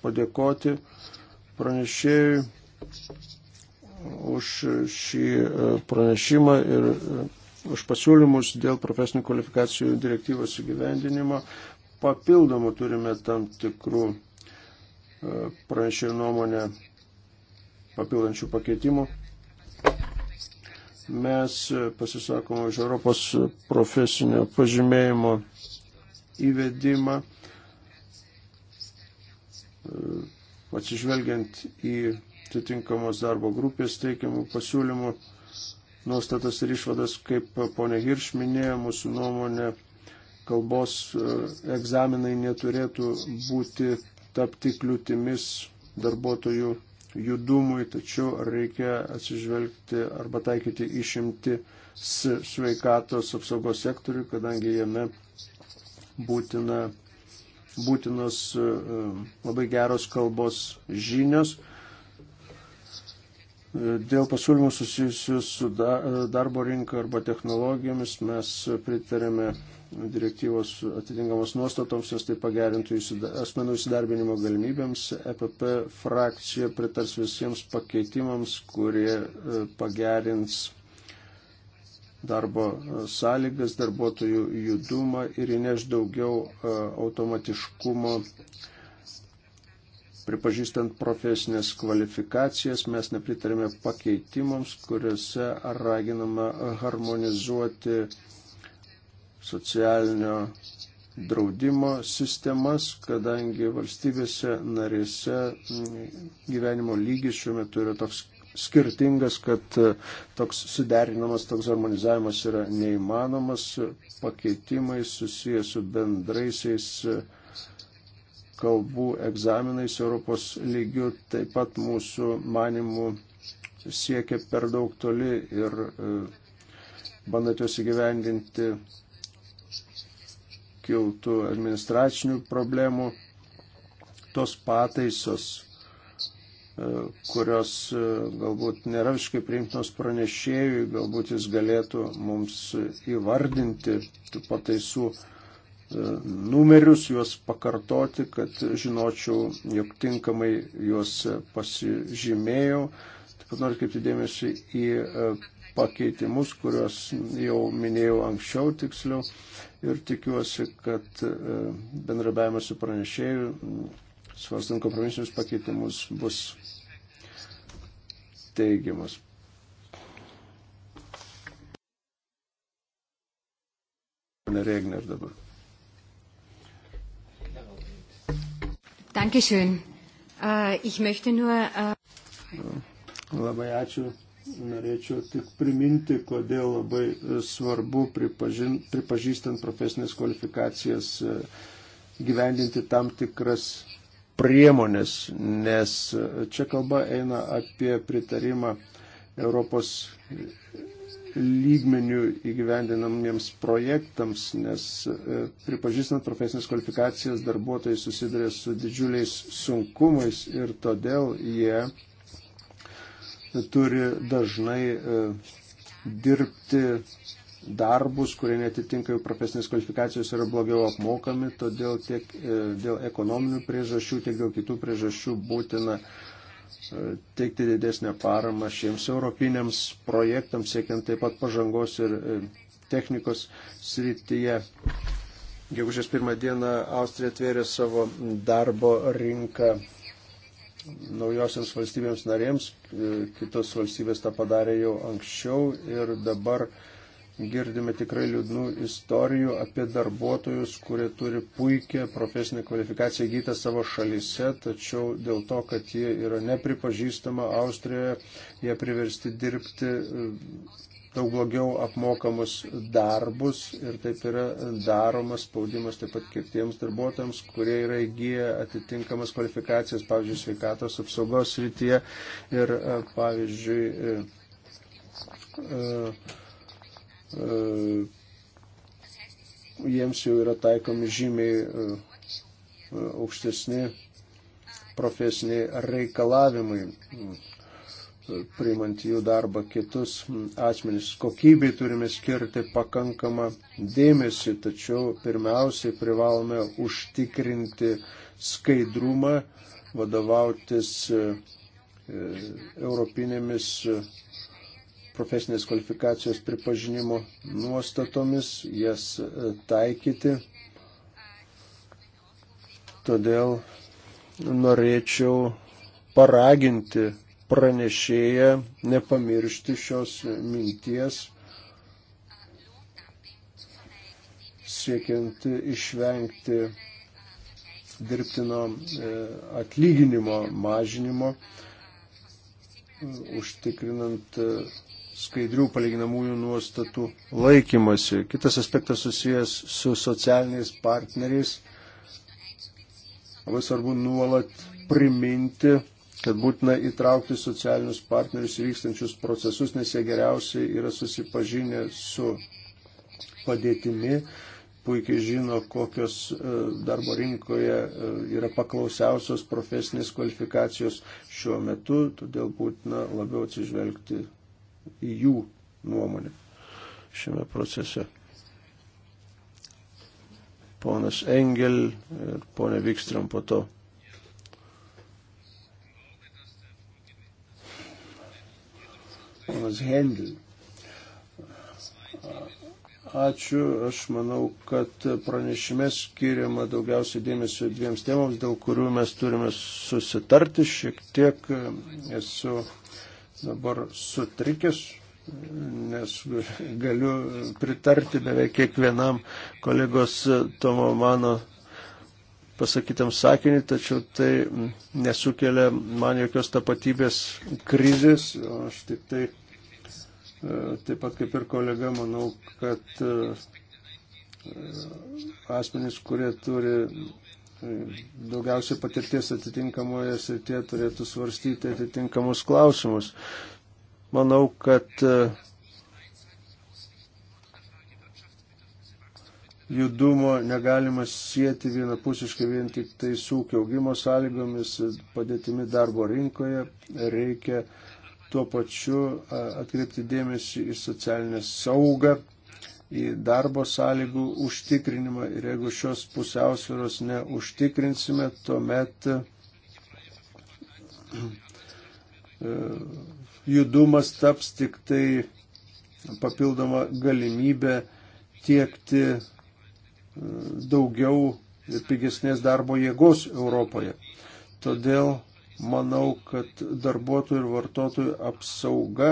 padėkoti pranešėjui e, už šį pranešimą ir už pasiūlymus dėl profesinių kvalifikacijų direktyvos įgyvendinimo papildomų turime tam tikrų e, pranešėjų nuomonę papildančių pakeitimų. Mes e, pasisakome už Europos profesinio pažymėjimo įvedimą, e, atsižvelgiant į atitinkamos darbo grupės teikiamų pasiūlymų nuostatas ir išvadas, kaip ponė Hirš minėjo, mūsų nuomonė kalbos e, egzaminai neturėtų būti tapti kliūtimis darbuotojų judumui, tačiau reikia atsižvelgti arba taikyti išimti sveikatos apsaugos sektoriui, kadangi jame būtina, būtinos e, e, labai geros kalbos žinios. Dėl pasiūlymų susijusių su darbo rinka arba technologijomis mes pritarėme direktyvos atitinkamos nuostatoms, jos tai pagerintų asmenų įsidarbinimo galimybėms. EPP frakcija pritars visiems pakeitimams, kurie e, pagerins darbo e, sąlygas, darbuotojų judumą ir įneš daugiau e, automatiškumo. Pripažįstant profesinės kvalifikacijas, mes nepritarėme pakeitimams, kuriuose raginama harmonizuoti socialinio draudimo sistemas, kadangi valstybėse narėse gyvenimo lygis šiuo metu yra toks skirtingas, kad e, toks suderinamas, toks harmonizavimas yra neįmanomas, pakeitimai susijęs su bendraisiais e, kalbų egzaminais Europos lygių taip pat mūsų manimų siekia per daug toli ir e, bandat juos įgyvendinti kiltų administracinių problemų, tos pataisos, e, kurios e, galbūt nėra visiškai priimtinos pranešėjui, galbūt jis galėtų mums įvardinti tų pataisų e, numerius, juos pakartoti, kad žinočiau, jog tinkamai juos pasižymėjau. Taip pat noriu kaip įdėmėsi į pakeitimus, kuriuos jau minėjau anksčiau tiksliau ir tikiuosi, kad e, bendrabiavimas su pranešėju, svarstant kompromisinius pakeitimus, bus teigiamas. Pane Regner dabar. Dankeschön. Uh, ich möchte nur. Uh... Labai ačiū. Norėčiau tik priminti, kodėl labai e, svarbu pripažin, pripažįstant profesinės kvalifikacijas e, gyvendinti tam tikras priemonės, nes e, čia kalba eina apie pritarimą Europos lygmenių įgyvendinamiems projektams, nes pripažįstant profesinės kvalifikacijas darbuotojai susiduria su didžiuliais sunkumais ir todėl jie turi dažnai e, dirbti darbus, kurie netitinka jų profesinės kvalifikacijos yra blogiau apmokami, todėl tiek e, dėl ekonominių priežasčių, tiek dėl kitų priežasčių būtina e, teikti didesnę paramą šiems europiniams projektams, siekiant taip pat pažangos ir technikos srityje. Gegužės pirmą dieną Austrija atvėrė savo darbo rinką naujosiams valstybėms narėms, e, kitos valstybės tą padarė jau anksčiau ir dabar girdime tikrai liūdnų istorijų apie darbuotojus, kurie turi puikią profesinę kvalifikaciją įgytą savo šalyse, tačiau dėl to, kad jie yra nepripažįstama Austrijoje, jie priversti dirbti e, daug blogiau apmokamus darbus ir taip yra daromas spaudimas taip pat kitiems darbuotojams, kurie yra įgyję atitinkamas kvalifikacijas, pavyzdžiui, sveikatos apsaugos srityje ir, e, pavyzdžiui, e, e, jiems jau yra taikomi žymiai aukštesni profesiniai reikalavimai priimant jų darbą kitus asmenys. Kokybei turime skirti pakankamą dėmesį, tačiau pirmiausiai privalome užtikrinti skaidrumą, vadovautis e, europinėmis e, profesinės kvalifikacijos pripažinimo nuostatomis, jas e, taikyti. Todėl norėčiau paraginti pranešėją nepamiršti šios minties, siekiant išvengti dirbtino e, atlyginimo mažinimo, užtikrinant e, skaidrių palyginamųjų nuostatų laikymasi. Kitas aspektas susijęs su socialiniais partneriais. Labai svarbu nuolat priminti kad būtina įtraukti socialinius partnerius vykstančius procesus, nes jie geriausiai yra susipažinę su padėtimi, puikiai žino, kokios e, darbo rinkoje e, yra paklausiausios profesinės kvalifikacijos šiuo metu, todėl būtina labiau atsižvelgti į jų nuomonę šiame procese. Ponas Engel ir ponė Vikstram po to. Panas Hendel. Ačiū, aš manau, kad pranešime skiriama daugiausiai dėmesio dviems temams, dėl kurių mes turime susitarti. Šiek tiek esu dabar sutrikęs, nes galiu pritarti beveik kiekvienam kolegos Tomo mano pasakytam sakinį, tačiau tai nesukelia man jokios tapatybės krizės. Aš tik tai, e, taip pat kaip ir kolega, manau, kad e, asmenys, kurie turi e, daugiausiai patirties atitinkamoje srityje, turėtų svarstyti atitinkamus klausimus. Manau, kad judumo negalima sieti vienapusiškai vien tik tai su ūkio augimo sąlygomis, padėtimi darbo rinkoje. Reikia tuo pačiu atkreipti dėmesį į socialinę saugą, į darbo sąlygų užtikrinimą. Ir jeigu šios pusiausvėros neužtikrinsime, tuomet judumas taps tik tai papildoma galimybė tiekti daugiau pigesnės darbo jėgos Europoje. Todėl manau, kad darbuotojų ir vartotojų apsauga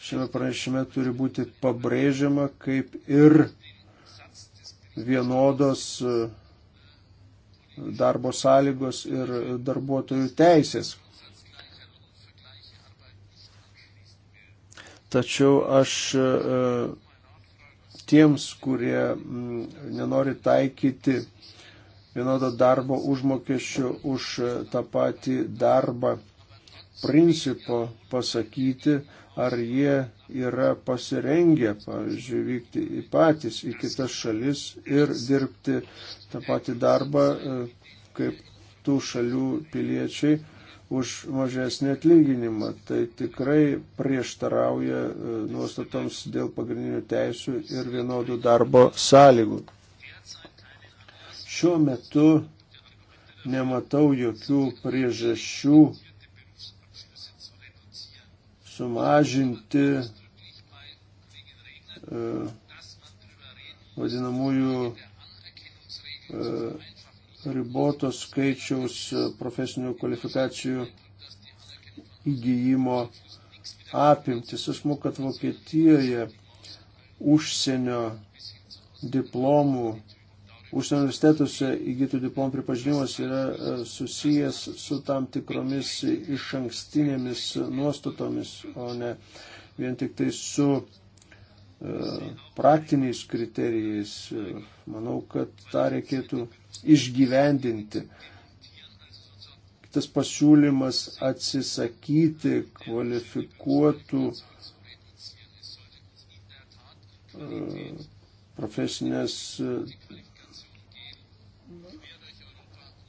šiame pranešime turi būti pabrėžiama kaip ir vienodos e, darbo sąlygos ir darbuotojų teisės. Tačiau aš e, tiems, kurie mm, nenori taikyti vienodo darbo užmokesčio už e, tą patį darbą principo pasakyti, ar jie yra pasirengę, pavyzdžiui, vykti į patys, į kitas šalis ir dirbti tą patį darbą e, kaip tų šalių piliečiai už mažesnį atlyginimą. Tai tikrai prieštarauja e, nuostatoms dėl pagrindinių teisų ir vienodų darbo sąlygų. Šiuo metu nematau jokių priežasčių sumažinti e, vadinamųjų e, ribotos skaičiaus profesinių kvalifikacijų įgyjimo apimtis. Aš manau, kad Vokietijoje užsienio diplomų, užsienio universitetuose įgytų diplomų pripažinimas yra e, susijęs su tam tikromis iš ankstinėmis nuostatomis, o ne vien tik tai su e, praktiniais kriterijais. Manau, kad tą reikėtų išgyvendinti. Tas pasiūlymas atsisakyti kvalifikuotų e, profesinės e,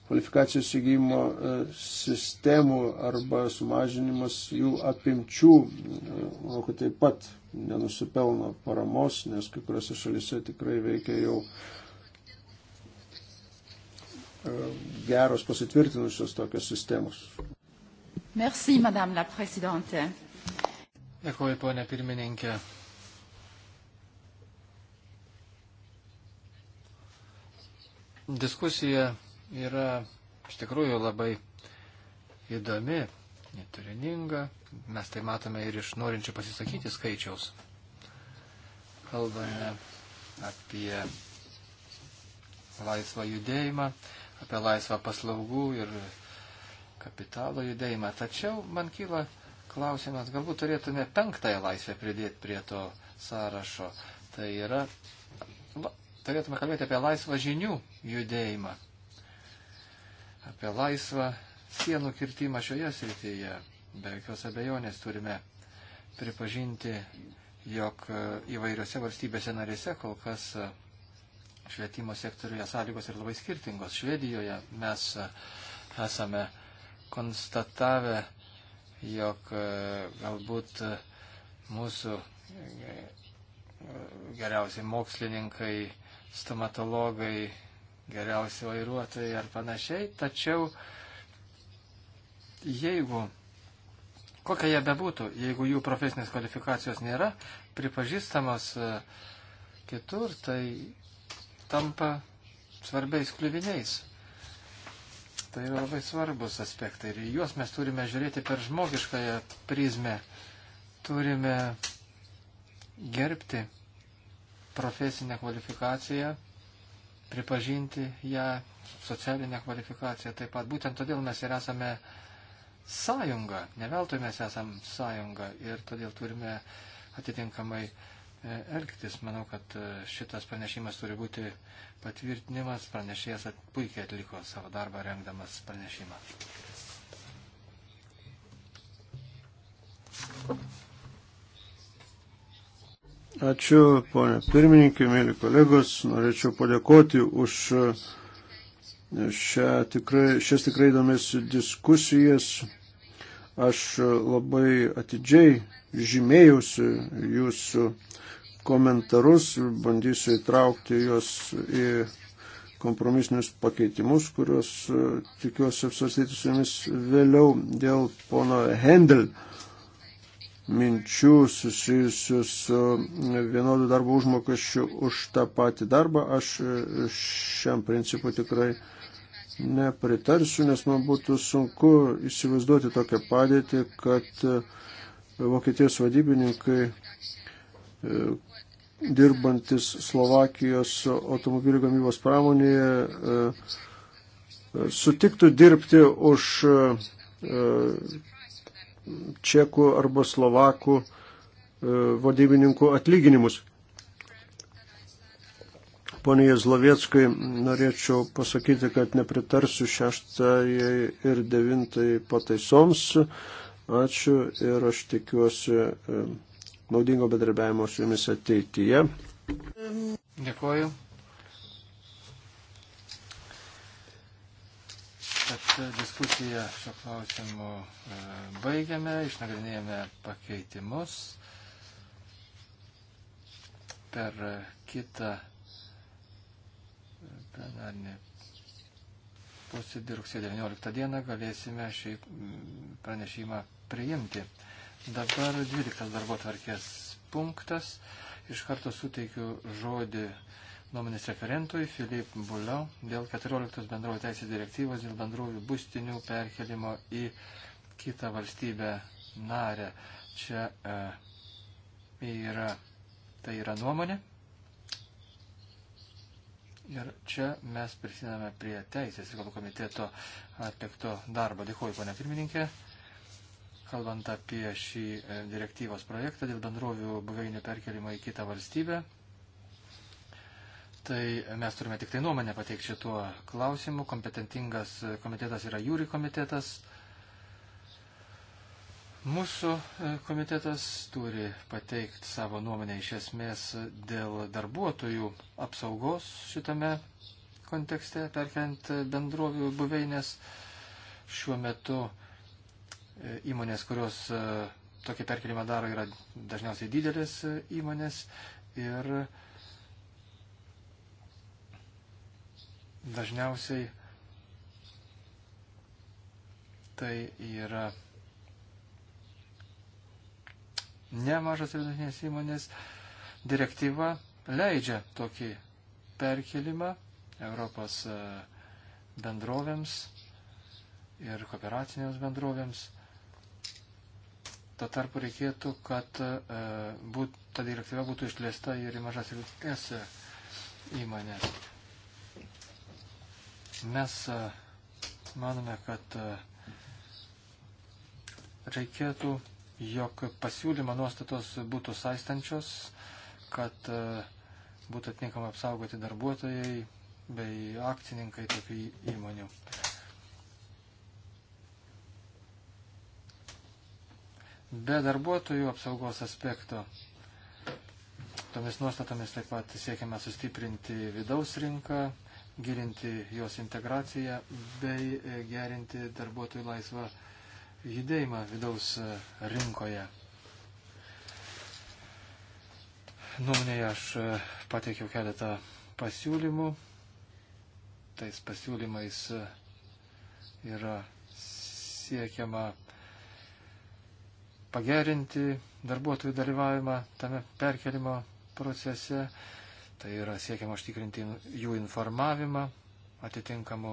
kvalifikacijos įgymo e, sistemų arba sumažinimas jų apimčių, manau, kad taip pat nenusipelno paramos, nes kai kuriuose šalise tikrai veikia jau uh, E, geros pasitvirtinusios tokios sistemos. Merci, Madame la Prezidente. Dėkuoju, ponė pirmininkė. Diskusija yra iš tikrųjų labai įdomi, neturininga. Mes tai matome ir iš norinčių pasisakyti skaičiaus. Kalbame apie laisvą judėjimą apie laisvą paslaugų ir kapitalo judėjimą. Tačiau man kyla klausimas, galbūt turėtume penktąją laisvę pridėti prie to sąrašo. Tai yra, la, turėtume kalbėti apie laisvą žinių judėjimą, apie laisvą sienų kirtimą šioje srityje. Be jokios abejonės turime pripažinti, jog e, įvairiose valstybėse narėse kol kas e, švietimo sektoriuje sąlygos yra labai skirtingos. Švedijoje mes e, esame konstatavę, jog e, galbūt e, mūsų geriausiai mokslininkai, stomatologai, geriausi vairuotojai ar panašiai, tačiau jeigu, kokia jie bebūtų, jeigu jų profesinės kvalifikacijos nėra pripažįstamos kitur, tai tampa svarbiais kliuviniais. Tai yra labai svarbus aspektai ir juos mes turime žiūrėti per žmogiškąją prizmę. Turime gerbti profesinę kvalifikaciją, pripažinti ją socialinę kvalifikaciją taip pat. Būtent todėl mes ir esame sąjunga, ne veltui mes esame sąjunga ir todėl turime atitinkamai E, elgtis. Manau, kad e, šitas pranešimas turi būti patvirtinimas. Pranešėjas puikiai atliko savo darbą rengdamas pranešimą. Ačiū, ponė pirmininkė, mėly kolegos. Norėčiau padėkoti už e, šią tikrai, šias tikrai įdomias diskusijas. Aš labai atidžiai žymėjusi jūsų komentarus, bandysiu įtraukti juos į kompromisinius pakeitimus, kuriuos e, tikiuosi apsvarstyti su jumis vėliau dėl pono Hendel minčių susijusių su vienodu darbo užmokesčiu už tą patį darbą. Aš e, šiam principu tikrai nepritarsiu, nes man būtų sunku įsivaizduoti tokią padėtį, kad uh, Vokietijos vadybininkai e, dirbantis Slovakijos automobilių gamybos pramonėje e, e, sutiktų dirbti už čekų arba slovakų vadybininkų atlyginimus. Pone Jezlovieckai, norėčiau pasakyti, kad nepritarsiu šeštai ir devintai pataisoms. Ačiū ir aš tikiuosi naudingo bedarbiavimo su jumis ateityje. Dėkuoju. Tad diskusiją šio klausimu e, baigiame, išnagrinėjame pakeitimus per kitą plenarinį posėdį rugsėjo 19 dieną galėsime šį pranešimą priimti. Dabar 12 darbo tvarkės punktas. Iš karto suteikiu žodį nuomonės referentui Filip Buliau dėl 14 bendrojo teisės direktyvos dėl bendrovių būstinių perkelimo į kitą valstybę narę. Čia e, yra, tai yra nuomonė. Ir čia mes prisidame prie Teisės reikalų komiteto atlikto darbo. Dėkuoju, ponia pirmininkė kalbant apie šį e, direktyvos projektą dėl bendrovių buveinių perkelimo į kitą valstybę. Tai mes turime tik tai nuomonę pateikti šituo klausimu. Kompetentingas e, komitetas yra jūri komitetas. Mūsų e, komitetas turi pateikti savo nuomonę iš esmės dėl darbuotojų apsaugos šitame kontekste, perkeliant bendrovių buveinės. Šiuo metu Įmonės, kurios e, tokį perkelimą daro, yra dažniausiai didelės e, įmonės ir dažniausiai tai yra nemažas ir vidutinės įmonės. Direktyva leidžia tokį perkelimą Europos e, bendrovėms ir kooperacinėms bendrovėms. Tuo tarpu reikėtų, kad e, būt, ta direktyva būtų išplėsta ir į mažas ir vidutinės įmonės. Mes e, manome, kad e, reikėtų, jog pasiūlymo nuostatos būtų saistančios, kad būtų atninkama apsaugoti darbuotojai bei akcininkai tokių įmonių. be darbuotojų apsaugos aspekto. Tomis nuostatomis taip pat siekiame sustiprinti vidaus rinką, gilinti jos integraciją bei e, gerinti darbuotojų laisvą judėjimą vidaus e, rinkoje. Nuomonėje aš e, pateikiau keletą pasiūlymų. Tais pasiūlymais yra siekiama pagerinti darbuotojų dalyvavimą tame perkelimo procese. Tai yra siekiama užtikrinti jų informavimą atitinkamu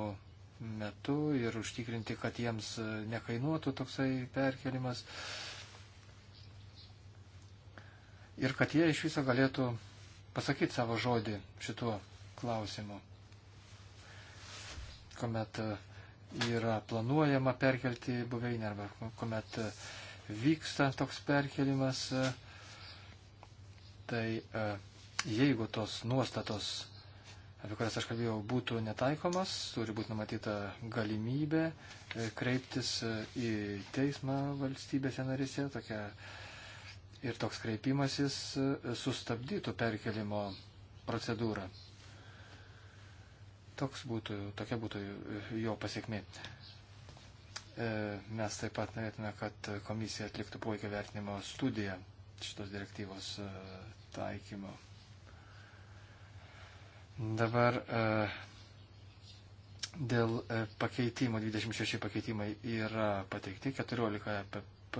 metu ir užtikrinti, kad jiems nekainuotų toksai perkelimas. Ir kad jie iš viso galėtų pasakyti savo žodį šituo klausimu. Komet yra planuojama perkelti buveinę arba kuomet vyksta toks perkelimas, e, tai e, jeigu tos nuostatos, apie kurias aš kalbėjau, būtų netaikomas, turi būti numatyta galimybė e, kreiptis į teismą valstybėse narėse, tokia ir toks kreipimasis sustabdytų perkelimo procedūrą. Toks būtų, tokia būtų jo pasiekmė. E, mes taip pat norėtume, kad komisija atliktų poveikio vertinimo studiją šitos direktyvos e, taikymo. Dabar e, dėl pakeitimų, 26 pakeitimai yra pateikti, 14 APP.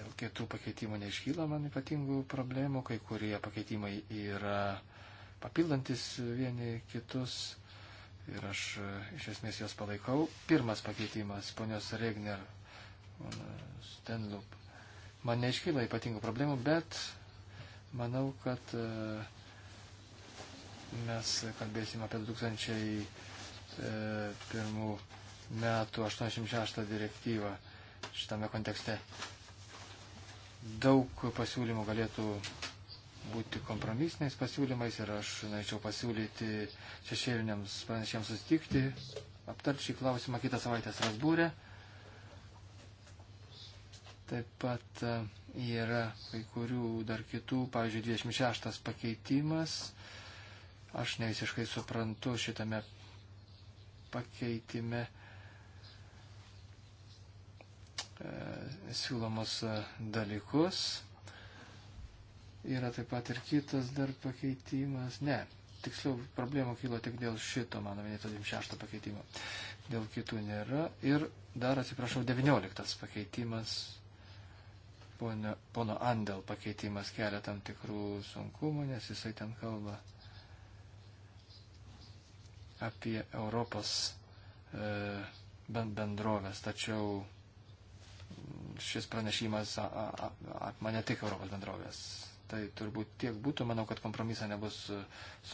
Dėl kitų pakeitimų neiškyla man ypatingų problemų, kai kurie pakeitimai yra papildantis vieni kitus ir aš e, iš esmės jos palaikau. Pirmas pakeitimas, ponios Regner, e, Stenlup. Man neiškyla ypatingų problemų, bet manau, kad e, mes kalbėsim apie 2001 metų 86 direktyvą šitame kontekste. Daug pasiūlymų galėtų būti kompromisiniais pasiūlymais ir aš norėčiau pasiūlyti šešėliniams pranešėjams susitikti, aptarti šį klausimą kitą savaitę Strasbūrė. Taip pat e, yra kai kurių dar kitų, pavyzdžiui, 26 pakeitimas. Aš ne visiškai suprantu šitame pakeitime e, siūlomus e, dalykus. Yra taip pat ir kitas dar pakeitimas. Ne, tiksliau problemų kilo tik dėl šito, mano minėto 26 pakeitimo. Dėl kitų nėra. Ir dar atsiprašau, 19 pakeitimas. Pono, pono Andel pakeitimas kelia tam tikrų sunkumų, nes jisai ten kalba apie Europos e, bendrovės, tačiau šis pranešimas apima ne tik Europos bendrovės Tai turbūt tiek būtų. Manau, kad kompromisą nebus e,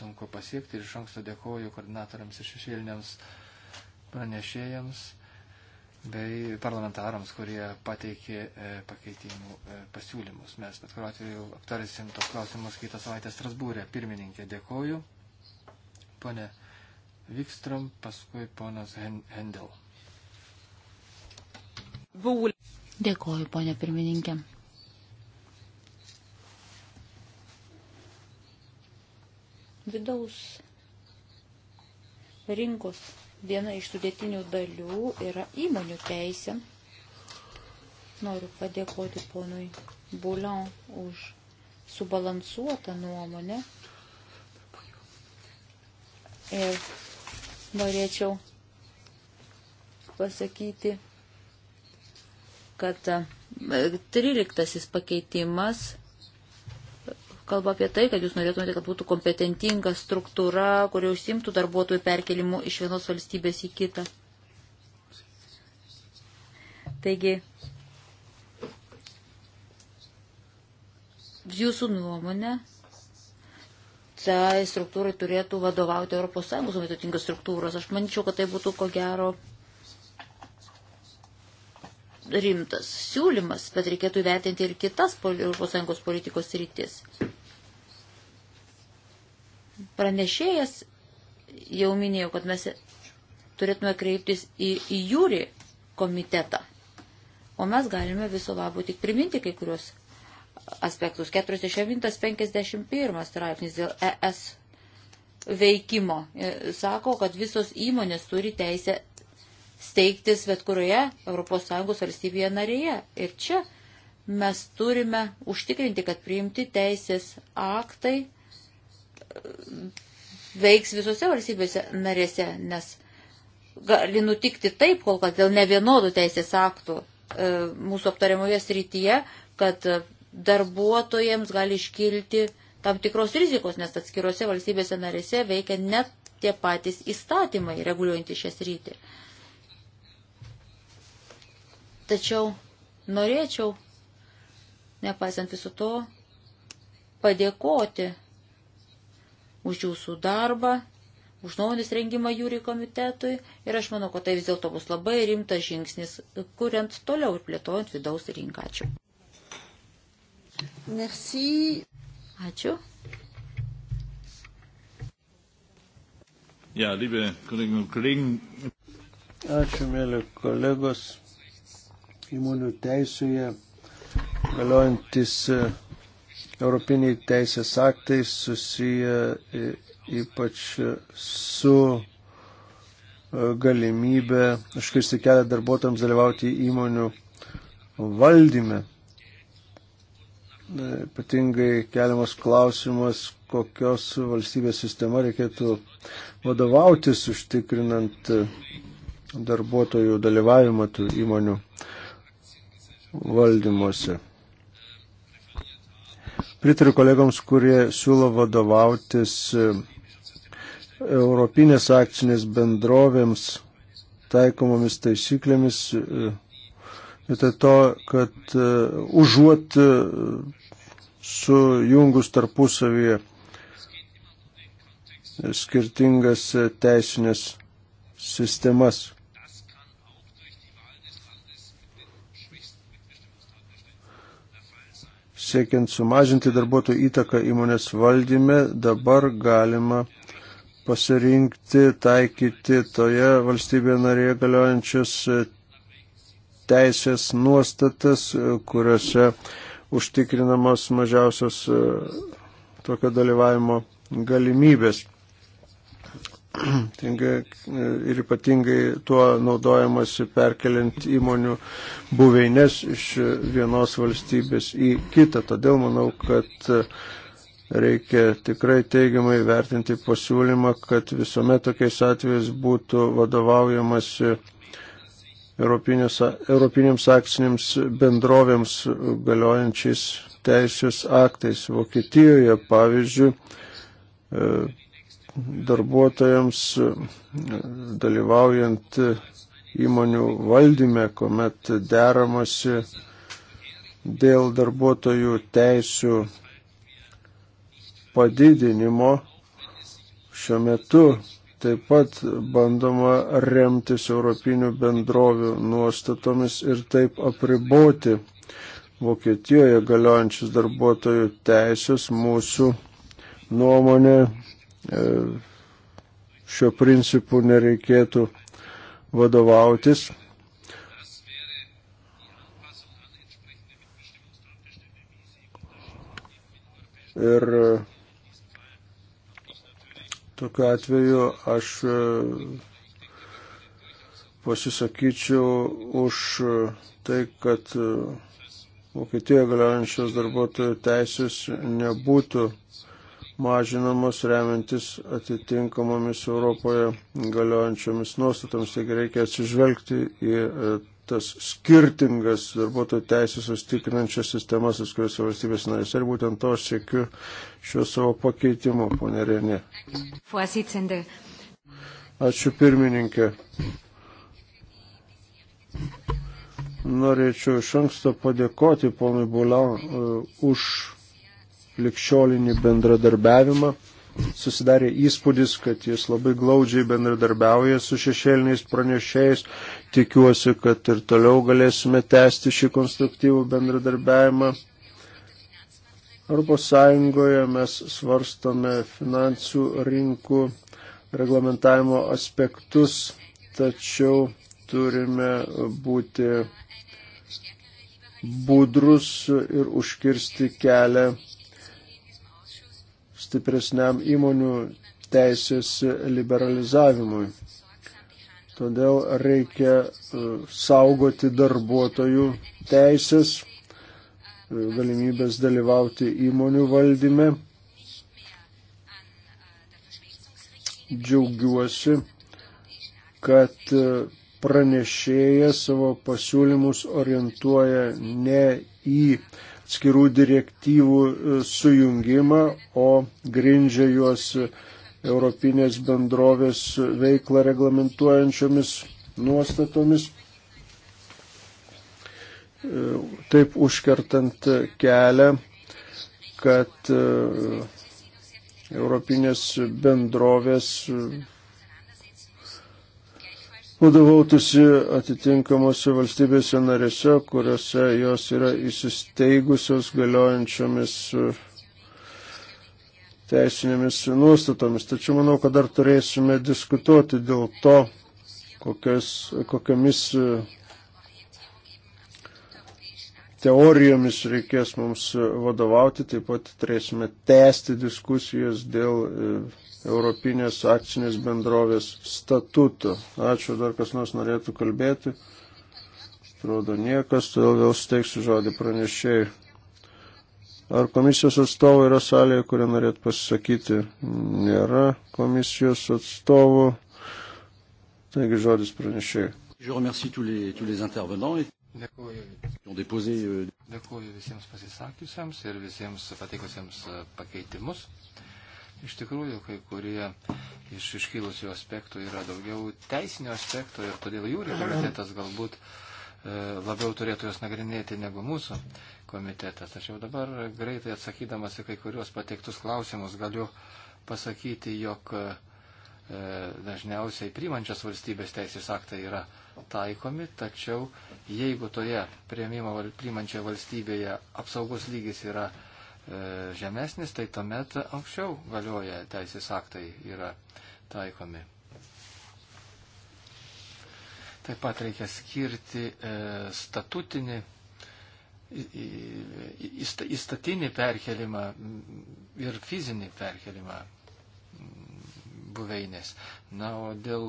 sunku pasiekti. Ir iš anksto dėkoju koordinatoriams ir šešėliniams pranešėjams bei parlamentarams, kurie pateikė e, pakeitimų e, pasiūlymus. Mes bet kuriuo atveju aptarysim tos klausimus kitą savaitę Strasbūrė. Pirmininkė, dėkoju. Pone Vikstrom, paskui ponas Hendel. Dėkoju, ponė pirmininkė. Vidaus rinkos viena iš sudėtinių dalių yra įmonių teisė. Noriu padėkoti ponui Bulion už subalansuotą nuomonę. Ir norėčiau pasakyti, kad 13 e, pakeitimas kalba apie tai, kad jūs norėtumėte, kad būtų kompetentinga struktūra, kurio užsimtų darbuotojų perkelimu iš vienos valstybės į kitą. Taigi, jūsų nuomonė, tai struktūrai turėtų vadovauti ES kompetentingas struktūros. Aš manyčiau, kad tai būtų ko gero rimtas siūlymas, bet reikėtų įvertinti ir kitas ES politikos rytis. Pranešėjas jau minėjau, kad mes turėtume kreiptis į, į jūrį komitetą. O mes galime viso labo tik priminti kai kurios aspektus. 49-51 straipsnis dėl ES veikimo e, sako, kad visos įmonės turi teisę steigtis bet kurioje ES valstybėje narėje. Ir čia mes turime užtikrinti, kad priimti teisės aktai veiks visose valstybėse narėse, nes gali nutikti taip, kol kas dėl ne vienodų teisės aktų e, mūsų aptariamoje srityje, kad darbuotojams gali iškilti tam tikros rizikos, nes atskiruose valstybėse narėse veikia net tie patys įstatymai reguliuojantys šią sritį. Tačiau norėčiau, nepaisant viso to, padėkoti už jūsų darbą, už nuomonės rengimą jūrį komitetui ir aš manau, kad tai vis dėlto bus labai rimtas žingsnis, kuriant toliau ir plėtojant vidaus rinką. Ačiū. Merci. Ačiū. Ja, liebe Kolleginnen und Kollegen. Ačiū, mėly kolegos. Įmonių teisėje galiojantis europiniai teisės aktai susiję e, ypač su e, galimybė užkirsti kelią darbuotojams dalyvauti įmonių valdyme. E, ypatingai keliamas klausimas, kokios valstybės sistema reikėtų vadovautis užtikrinant darbuotojų dalyvavimą tų įmonių valdymuose. Pritariu kolegoms, kurie siūlo vadovautis e, Europinės akcinės bendrovėms taikomomis taisyklėmis, e, vietoj to, kad e, užuot sujungus tarpusavyje skirtingas teisinės sistemas. siekiant sumažinti darbuotojų įtaką įmonės valdyme, dabar galima pasirinkti, taikyti toje valstybėje narėje galiojančias e, teisės nuostatas, e, kuriuose užtikrinamos mažiausios e, tokio dalyvavimo galimybės ir ypatingai tuo naudojamasi perkeliant įmonių buveinės iš vienos valstybės į kitą. Todėl manau, kad reikia tikrai teigiamai vertinti pasiūlymą, kad visuomet tokiais atvejais būtų vadovaujamasi Europinėms akcinėms bendrovėms galiojančiais teisės aktais. Vokietijoje, pavyzdžiui, e, darbuotojams dalyvaujant įmonių valdyme, kuomet deramasi dėl darbuotojų teisų padidinimo šiuo metu taip pat bandoma remtis europinių bendrovių nuostatomis ir taip apriboti Vokietijoje galiojančius darbuotojų teisės mūsų nuomonė E, šio principu nereikėtų vadovautis. Ir e, tokiu atveju aš e, pasisakyčiau už tai, kad Vokietijoje galiojančios darbuotojų teisės nebūtų mažinamos remiantis atitinkamomis Europoje galiojančiomis nuostatomis. Taigi reikia atsižvelgti į e, tas skirtingas darbuotojų teisės sustikrinančias sistemas atskiriuose valstybės narėse ir būtent to siekiu šiuo savo pakeitimu, ponė Renė. Ačiū pirmininkė. Norėčiau iš anksto padėkoti ponui Buliau uh, e, už likščiolinį bendradarbiavimą. Susidarė įspūdis, kad jis labai glaudžiai bendradarbiauja su šešėliniais pranešėjais. Tikiuosi, kad ir toliau galėsime tęsti šį konstruktyvų bendradarbiavimą. Europos Sąjungoje mes svarstome finansų rinkų reglamentavimo aspektus, tačiau turime būti budrus ir užkirsti kelią stipresniam įmonių teisės liberalizavimui. Todėl reikia e, saugoti darbuotojų teisės, e, galimybės dalyvauti įmonių valdyme. Džiaugiuosi, kad e, pranešėjas savo pasiūlymus orientuoja ne į skirų direktyvų e, sujungimą, o grindžia juos e, Europinės bendrovės veiklą reglamentuojančiomis nuostatomis, e, taip užkertant kelią, kad Europinės bendrovės vadovautųsi atitinkamose valstybėse narėse, kuriuose jos yra įsisteigusios galiojančiomis e, teisinėmis nuostatomis. Tačiau manau, kad dar turėsime diskutuoti dėl to, kokias, kokiamis e, teorijomis reikės mums vadovauti. Taip pat turėsime tęsti diskusijas dėl e, Europinės akcinės bendrovės statuto. Ačiū, dar kas nors norėtų kalbėti. Atrodo niekas, todėl vėl steiksiu žodį pranešėjai. Ar komisijos atstovų yra salėje, kurie norėtų pasisakyti? Nėra komisijos atstovų. Taigi žodis pranešėjai. Dėkuoju. Euh, Dėkuoju visiems pasisakiusiems ir visiems pateikusiems euh, pakeitimus. Iš tikrųjų, kai kurie iš iškilusių aspektų yra daugiau teisinio aspekto ir todėl jūrių komitetas galbūt e, labiau turėtų juos nagrinėti negu mūsų komitetas. Aš jau dabar greitai atsakydamas į kai kuriuos pateiktus klausimus galiu pasakyti, jog e, dažniausiai priimančios valstybės teisės aktai yra taikomi, tačiau jeigu toje priimančioje valstybėje apsaugos lygis yra E, žemesnis, tai tuomet aukščiau galioja teisės aktai yra taikomi. Taip pat reikia skirti e, statutinį, įst, įstatinį perkelimą ir fizinį perkelimą mm, buveinės. Na, o dėl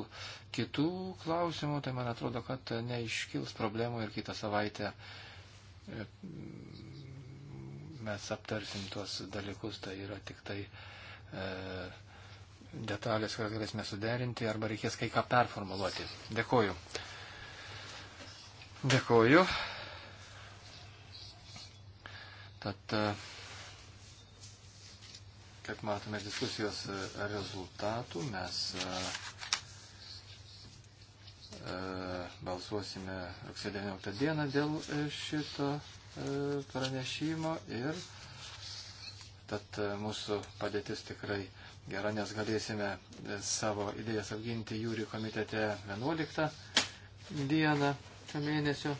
kitų klausimų, tai man atrodo, kad neiškils problemų ir kitą savaitę e, mes aptarsim tuos dalykus, tai yra tik tai e, detalės, kurias galėsime suderinti, arba reikės kai ką performuluoti. Dėkoju. Dėkoju. Tad, e, kaip matome, diskusijos rezultatų mes e, e, balsuosime rugsėjo 19 dieną dėl šito E, pranešimo ir tad e, mūsų padėtis tikrai gera, nes galėsime e, savo idėjas apginti jūrių komitete 11 dieną šio mėnesio.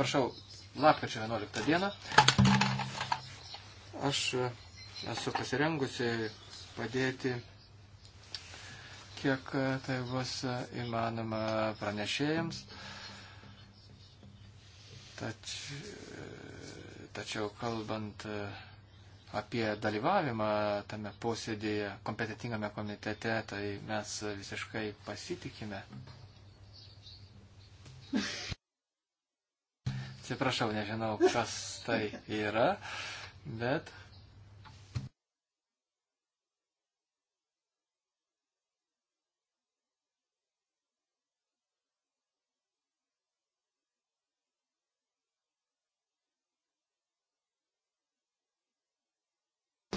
Prašau, lapkričio 11 dieną. Aš esu pasirengusi padėti kiek e, tai bus e, įmanoma pranešėjams. Tač, e, tačiau kalbant apie dalyvavimą tame posėdėje, kompetitingame komitete, tai mes visiškai pasitikime. Atsiprašau, nežinau, kas tai yra, bet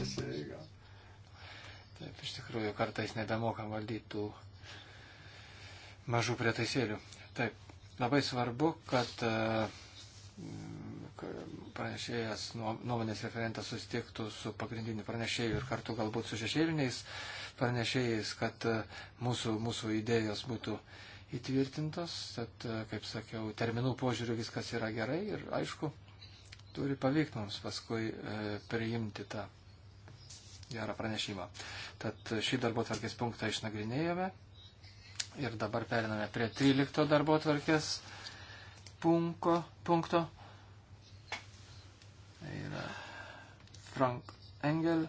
susirigo. Taip, iš tikrųjų, kartais nebemokam valdytų mažų prietaisėlių. Taip, labai svarbu, kad e, pranešėjas, nuomonės referentas susitiktų su pagrindiniu pranešėju ir kartu galbūt su šešėliniais pranešėjais, kad e, mūsų, mūsų idėjos būtų įtvirtintos. Tad, e, kaip sakiau, terminų požiūrių viskas yra gerai ir aišku, turi pavykti mums paskui priimti tą gerą pranešimą. Tad šį darbo tvarkės punktą išnagrinėjome ir dabar periname prie 13 darbo tvarkės punko, punkto. Tai yra Frank Engel.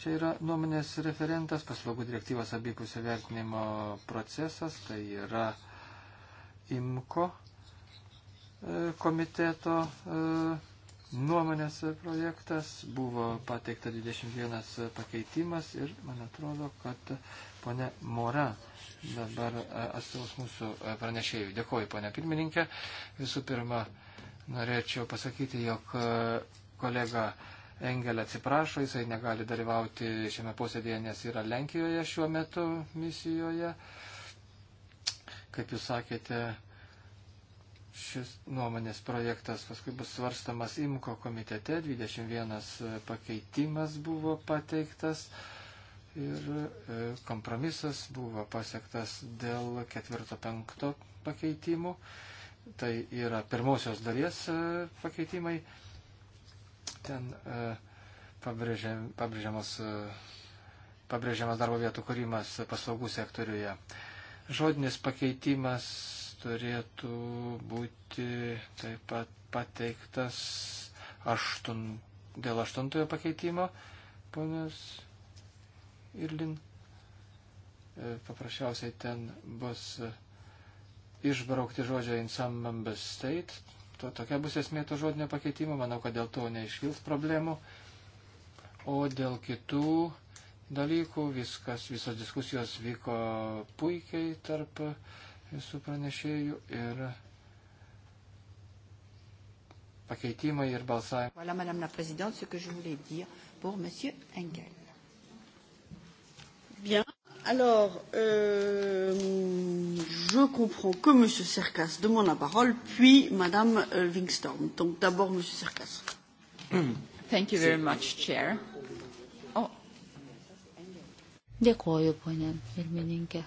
Čia yra nuomonės referentas, paslaugų direktyvos abipusio vertinimo procesas, tai yra IMKO e, komiteto. E, nuomonės projektas, buvo pateikta 21 pakeitimas ir man atrodo, kad ponia Mora dabar e, atstovaus mūsų e, pranešėjų. Dėkuoju, ponia pirmininkė. Visų pirma, norėčiau pasakyti, jog e, kolega Engelė atsiprašo, jisai negali dalyvauti šiame posėdėje, nes yra Lenkijoje šiuo metu misijoje. Kaip jūs sakėte, šis nuomonės projektas paskui bus svarstamas IMKO komitete, 21 e, pakeitimas buvo pateiktas ir e, kompromisas buvo pasiektas dėl ketvirto penkto pakeitimų. Tai yra pirmosios dalies e, pakeitimai. Ten pabrėžiamas, pabrėžiamas darbo vietų kūrimas paslaugų sektoriuje. Žodinis pakeitimas turėtų būti taip pat pateiktas aštun, dėl aštuntojo pakeitimo, ponas Irlin. E, paprasčiausiai ten bus išbraukti žodžiai in some member state. To, tokia bus esmė to žodinio pakeitimo. Manau, kad dėl to neiškils problemų. O dėl kitų dalykų viskas, visos diskusijos vyko puikiai tarp uh, visų pranešėjų ir pakeitimai ir balsavimai. Voilà, Madame la Présidente, ce que je voulais dire pour Monsieur Engel. Bien. Alors, euh, je comprends que M. Cercas demande la parole, puis Mme euh, Wingstorm. Donc d'abord M. Cercas. Thank you very much, Chair. Oh. Dėkoju, ponė pirmininkė.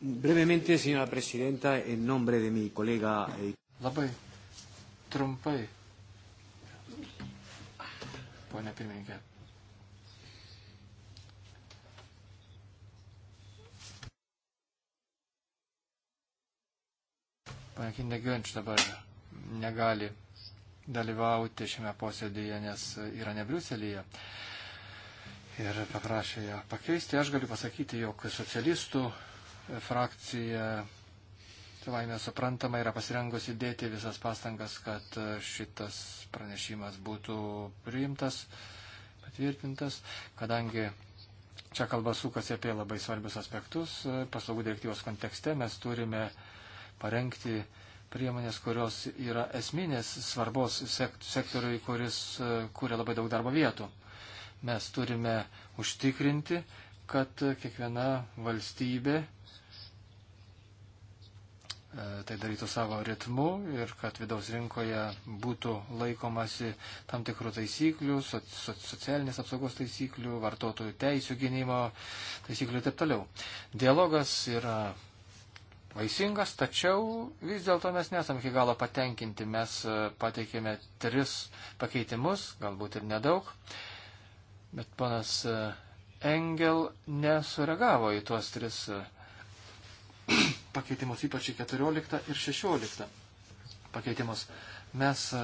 Brevemente, señora prezidenta, en nombre de mi kolega. Eh, Labai trumpai, ponia pirmininkė. Pankinė Gönč dabar negali dalyvauti šiame posėdėje, nes yra ne Briuselėje ir paprašė ją pakeisti. Aš galiu pasakyti, jog socialistų frakcija savaime suprantama yra pasirengusi dėti visas pastangas, kad šitas pranešimas būtų priimtas, patvirtintas, kadangi čia kalba sukasi apie labai svarbius aspektus. Paslaugų direktyvos kontekste mes turime parengti priemonės, kurios yra esminės svarbos sektoriui, kuris e, kūrė labai daug darbo vietų. Mes turime užtikrinti, kad kiekviena valstybė e, tai darytų savo ritmu ir kad vidaus rinkoje būtų laikomasi tam tikrų taisyklių, socialinės apsaugos taisyklių, vartotojų teisų gynimo taisyklių ir taip toliau. Dialogas yra vaisingas, tačiau vis dėlto mes nesam iki galo patenkinti. Mes e, pateikėme tris pakeitimus, galbūt ir nedaug. Uh, Bet panas e, Engel nesureagavo į tuos tris e, pakeitimus, ypač į 14 ir 16 pakeitimus. Mes e,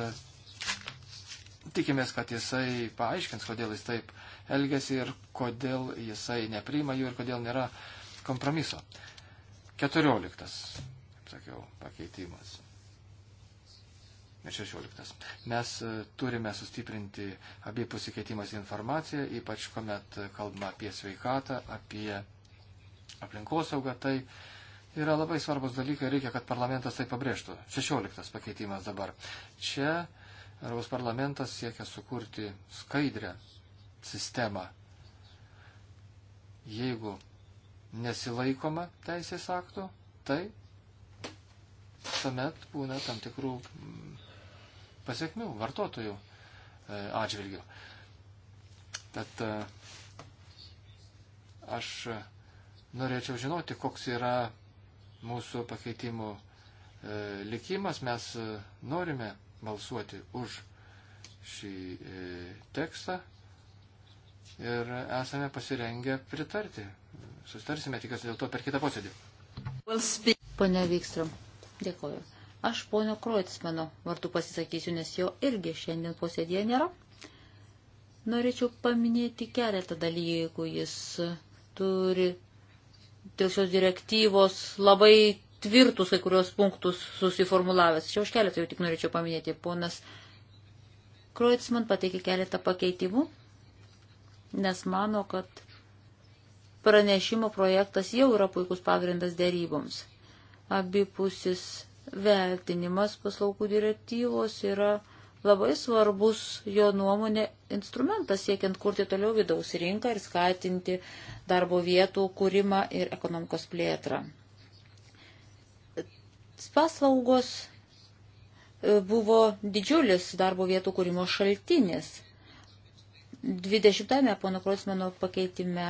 tikimės, kad jisai paaiškins, kodėl jis taip elgesi ir kodėl jisai nepriima jų ir kodėl nėra kompromiso. 14. Kaip sakiau, pakeitimas ir 16. Mes e, turime sustiprinti abipusį keitimas informaciją, ypač kuomet kalbame apie sveikatą, apie aplinkosaugą. Tai yra labai svarbus dalykai, reikia, kad parlamentas tai pabrėžtų. 16 pakeitimas dabar. Čia Europos parlamentas siekia sukurti skaidrę sistemą. Jeigu nesilaikoma teisės aktų, tai tuomet būna tam tikrų pasiekmių vartotojų e, atžvilgių. Tad e, aš norėčiau žinoti, koks yra mūsų pakeitimų e, likimas. Mes norime balsuoti už šį tekstą ir esame pasirengę pritarti. Sustarsime tikiuosi dėl to per kitą posėdį. Pone Vykstrom, dėkoju. Aš ponio Kroitsmeno vardu pasisakysiu, nes jo irgi šiandien posėdėje nėra. Norėčiau paminėti keletą dalykų. Jis turi dėl šios direktyvos labai tvirtus kai kurios punktus susiformulavęs. Čia už keletą jau tik norėčiau paminėti. Ponas Kroitsman pateikė keletą pakeitimų, nes mano, kad pranešimo projektas jau yra puikus pagrindas deryboms. Abipusis vertinimas paslaugų direktyvos yra labai svarbus jo nuomonė instrumentas siekiant kurti toliau vidaus rinką ir skatinti darbo vietų kūrimą ir ekonomikos plėtrą. Paslaugos e, buvo didžiulis darbo vietų kūrimo šaltinis. 20-ame pono Krosmano pakeitime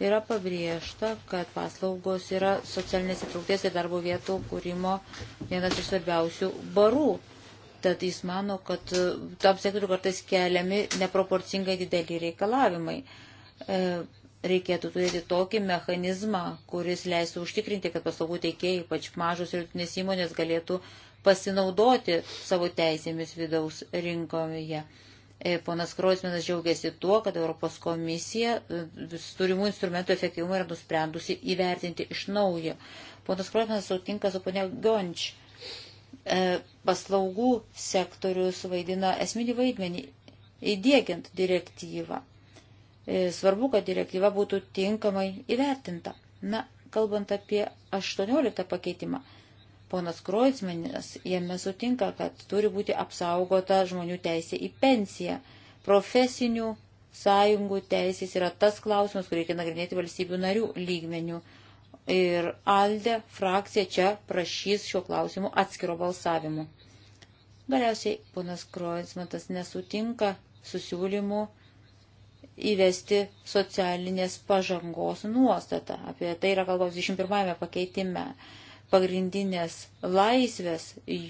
yra pabrėžta, kad paslaugos yra socialinės įtraukties ir darbo vietų kūrimo vienas iš svarbiausių barų. Tad jis mano, kad e, tam sektoriu kartais keliami neproporcingai dideli reikalavimai. E, reikėtų turėti tokį mechanizmą, kuris leistų užtikrinti, kad paslaugų teikėjai, ypač mažos ir rutinės įmonės, galėtų pasinaudoti savo teisėmis vidaus rinkoje. Ja E, ponas Kroisminas džiaugiasi tuo, kad Europos komisija e, turimų instrumentų efektyvumą yra nusprendusi įvertinti iš naujo. Ponas Kroisminas sutinka su ponia Gonč. E, paslaugų sektorius vaidina esminį vaidmenį įdėgiant direktyvą. Svarbu, kad direktyva būtų tinkamai įvertinta. Na, kalbant apie 18 pakeitimą, Ponas Kroicmenis jame sutinka, kad turi būti apsaugota žmonių teisė į pensiją. Profesinių sąjungų teisės yra tas klausimas, kurį reikia nagrinėti valstybių narių lygmenių. Ir Alde frakcija čia prašys šiuo klausimu atskiro balsavimu. Galiausiai ponas Kroicmantas nesutinka susiūlymu įvesti socialinės pažangos nuostatą. Apie tai yra kalba 21 pakeitime pagrindinės laisvės,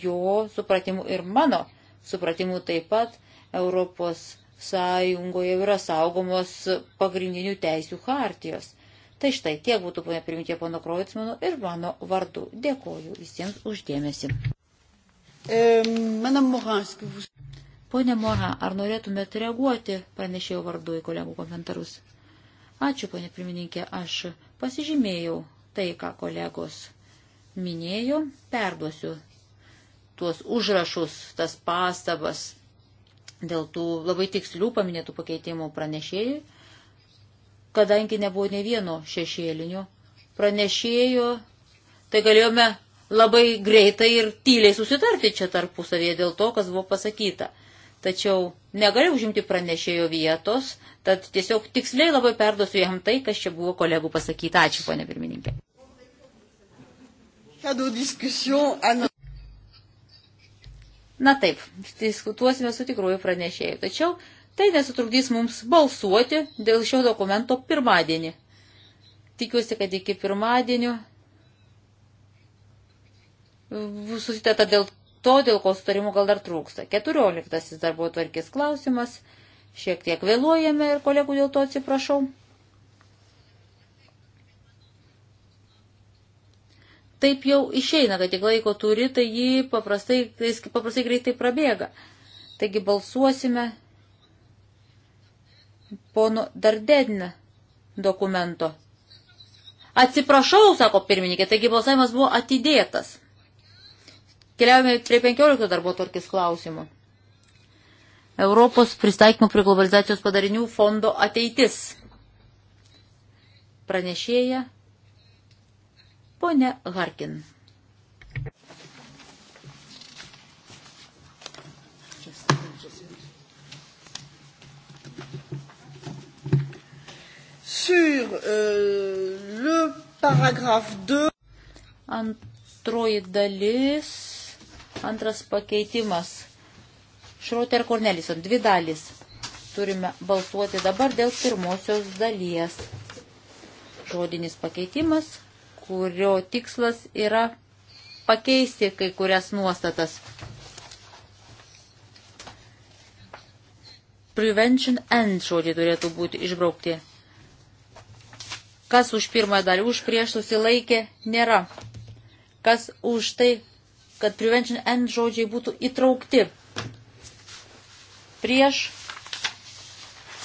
jo supratimu ir mano supratimu taip pat Europos Sąjungoje yra saugomos pagrindinių teisių hartijos. Tai štai tiek būtų, ponia pirmintė, pono Kroicmano ir mano vardu. Dėkoju visiems uždėmesi. Pone Moha, ar norėtumėt reaguoti pranešėjo vardu į kolegų komentarus? Ačiū, ponė pirmininkė, aš pasižymėjau tai, ką kolegos minėjo, perduosiu tuos užrašus, tas pastabas dėl tų labai tikslių paminėtų pakeitimų pranešėjų, kadangi nebuvo ne vieno šešėlinio pranešėjo, tai galėjome labai greitai ir tyliai susitarti čia tarpusavėje dėl to, kas buvo pasakyta. Tačiau negaliu užimti pranešėjo vietos, tad tiesiog tiksliai labai perduosiu jam tai, kas čia buvo kolegų pasakyta. Ačiū, ponė pirmininkė. Na taip, diskutuosime su tikruoju pranešėju, tačiau tai nesutrukdys mums balsuoti dėl šio dokumento pirmadienį. Tikiuosi, kad iki pirmadienio susitata dėl to, dėl ko sutarimų gal dar trūksta. Keturioliktasis darbo tvarkės klausimas. Šiek tiek vėluojame ir kolegų dėl to atsiprašau. taip jau išeina, kad tik laiko turi, tai jį paprastai, jis paprastai greitai prabėga. Taigi balsuosime pono Dardedinę dokumento. Atsiprašau, sako pirmininkė, taigi balsavimas buvo atidėtas. Keliaujame prie 15 darbo tvarkės klausimų. Europos pristaikymo prie globalizacijos padarinių fondo ateitis. Pranešėja Pone Harkin. Sur euh, le paragraphe 2. Antroji dalis, antras pakeitimas. Šrauter Kornelison, dvi dalis. Turime balsuoti dabar dėl pirmosios dalies. Žodinis pakeitimas kurio tikslas yra pakeisti kai kurias nuostatas. Prevention and žodžiai turėtų būti išbraukti. Kas už pirmąją dalį, už prieš susilaikė, nėra. Kas už tai, kad prevention and žodžiai būtų įtraukti. Prieš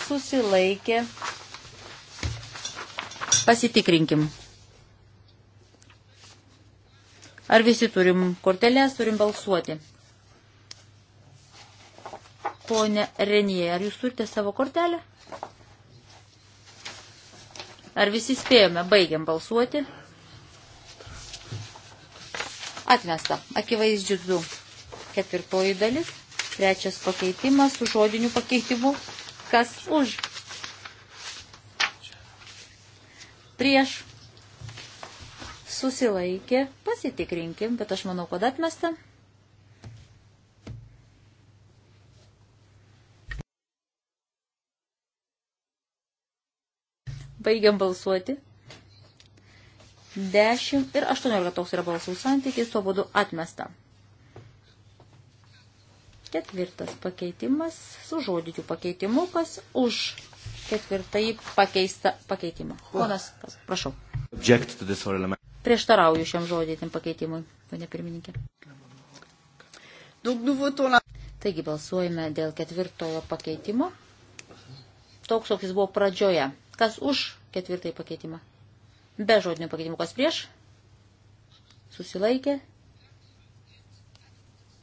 susilaikė. Pasitikrinkim. Ar visi turim kortelės, turim balsuoti? Pone Renie, ar jūs turite savo kortelę? Ar visi spėjome? Baigiam balsuoti. Atmesta. Akivaizdžių du. Ketvirtoji dalis. Trečias pakeitimas su žodiniu pakeitimu. Kas už? Prieš susilaikė, pasitikrinkim, bet aš manau, kad atmesta. Baigiam balsuoti. 10 ir 18 toks yra balsų santykis, tuo būdu atmesta. Ketvirtas pakeitimas su žodiniu pakeitimu, kas už ketvirtąjį pakeistą pakeitimą. Ponas, prašau. Prieštarauju šiam žodėtim pakeitimui, ponė pirmininkė. Taigi balsuojame dėl ketvirtojo pakeitimo. Toks, koks jis buvo pradžioje. Kas už ketvirtąjį pakeitimą? Be žodinių pakeitimų. Kas prieš? Susilaikė.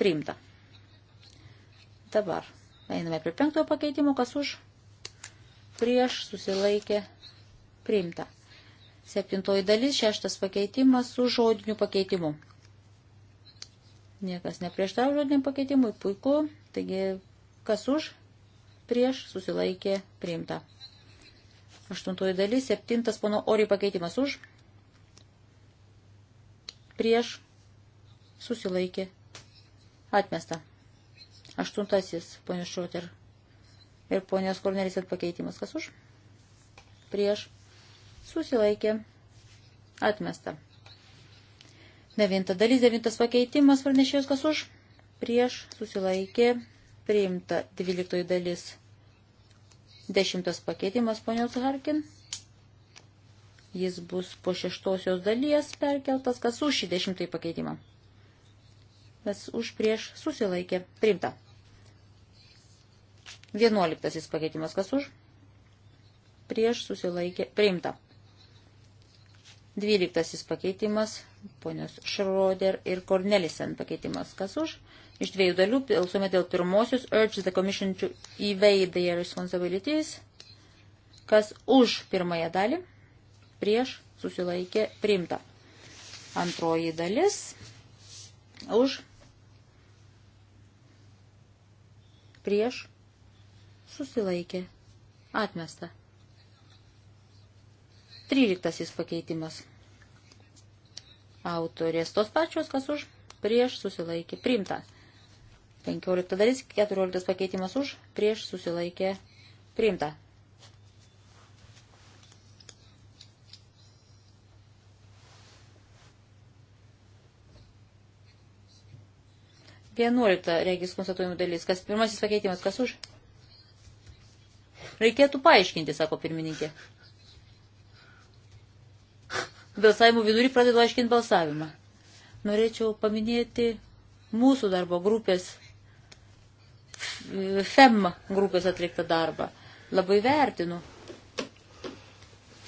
Priimta. Dabar einame prie penktojo pakeitimo. Kas už? Prieš susilaikė. Priimta. Septintoji dalis, šeštas pakeitimas su žodiniu pakeitimu. Niekas neprieštaravo žodiniam pakeitimui, puiku. Taigi, kas už, prieš, susilaikė, priimta. Aštuntoji dalis, septintas pono Ori pakeitimas už, prieš, susilaikė, atmesta. Aštuntasis, ponios Šoter ir ponios Kornelis pakeitimas, kas už, prieš, susilaikė susilaikė, atmesta. Devinta dalis, devintas pakeitimas, pranešėjus kas už, prieš, susilaikė, priimta. Dvyliktoji dalis, dešimtas pakeitimas, ponios Harkin. Jis bus po šeštosios dalies perkeltas, kas už šį dešimtąjį pakeitimą. Mes už prieš susilaikė, priimta. Vienuoliktasis pakeitimas, kas už, prieš susilaikė, priimta. Dvyliktasis pakeitimas, ponios Schroeder ir Cornelisen pakeitimas. Kas už? Iš dviejų dalių, balsuome dėl pirmosios, urges the commission to evade their responsibilities. Kas už pirmąją dalį? Prieš susilaikė primta. Antroji dalis už prieš susilaikė atmesta. 13 pakeitimas. Autorės tos pačios, kas už, prieš susilaikė, priimta. 15 dalis, 14 pakeitimas už, prieš susilaikė, priimta. Vienuolikta regis konstatuojimų dalis. Kas pirmasis pakeitimas, kas už? Reikėtų paaiškinti, sako pirmininkė balsavimo vidurį pradedu aiškinti balsavimą. Norėčiau paminėti mūsų darbo grupės, FEM grupės atliktą darbą. Labai vertinu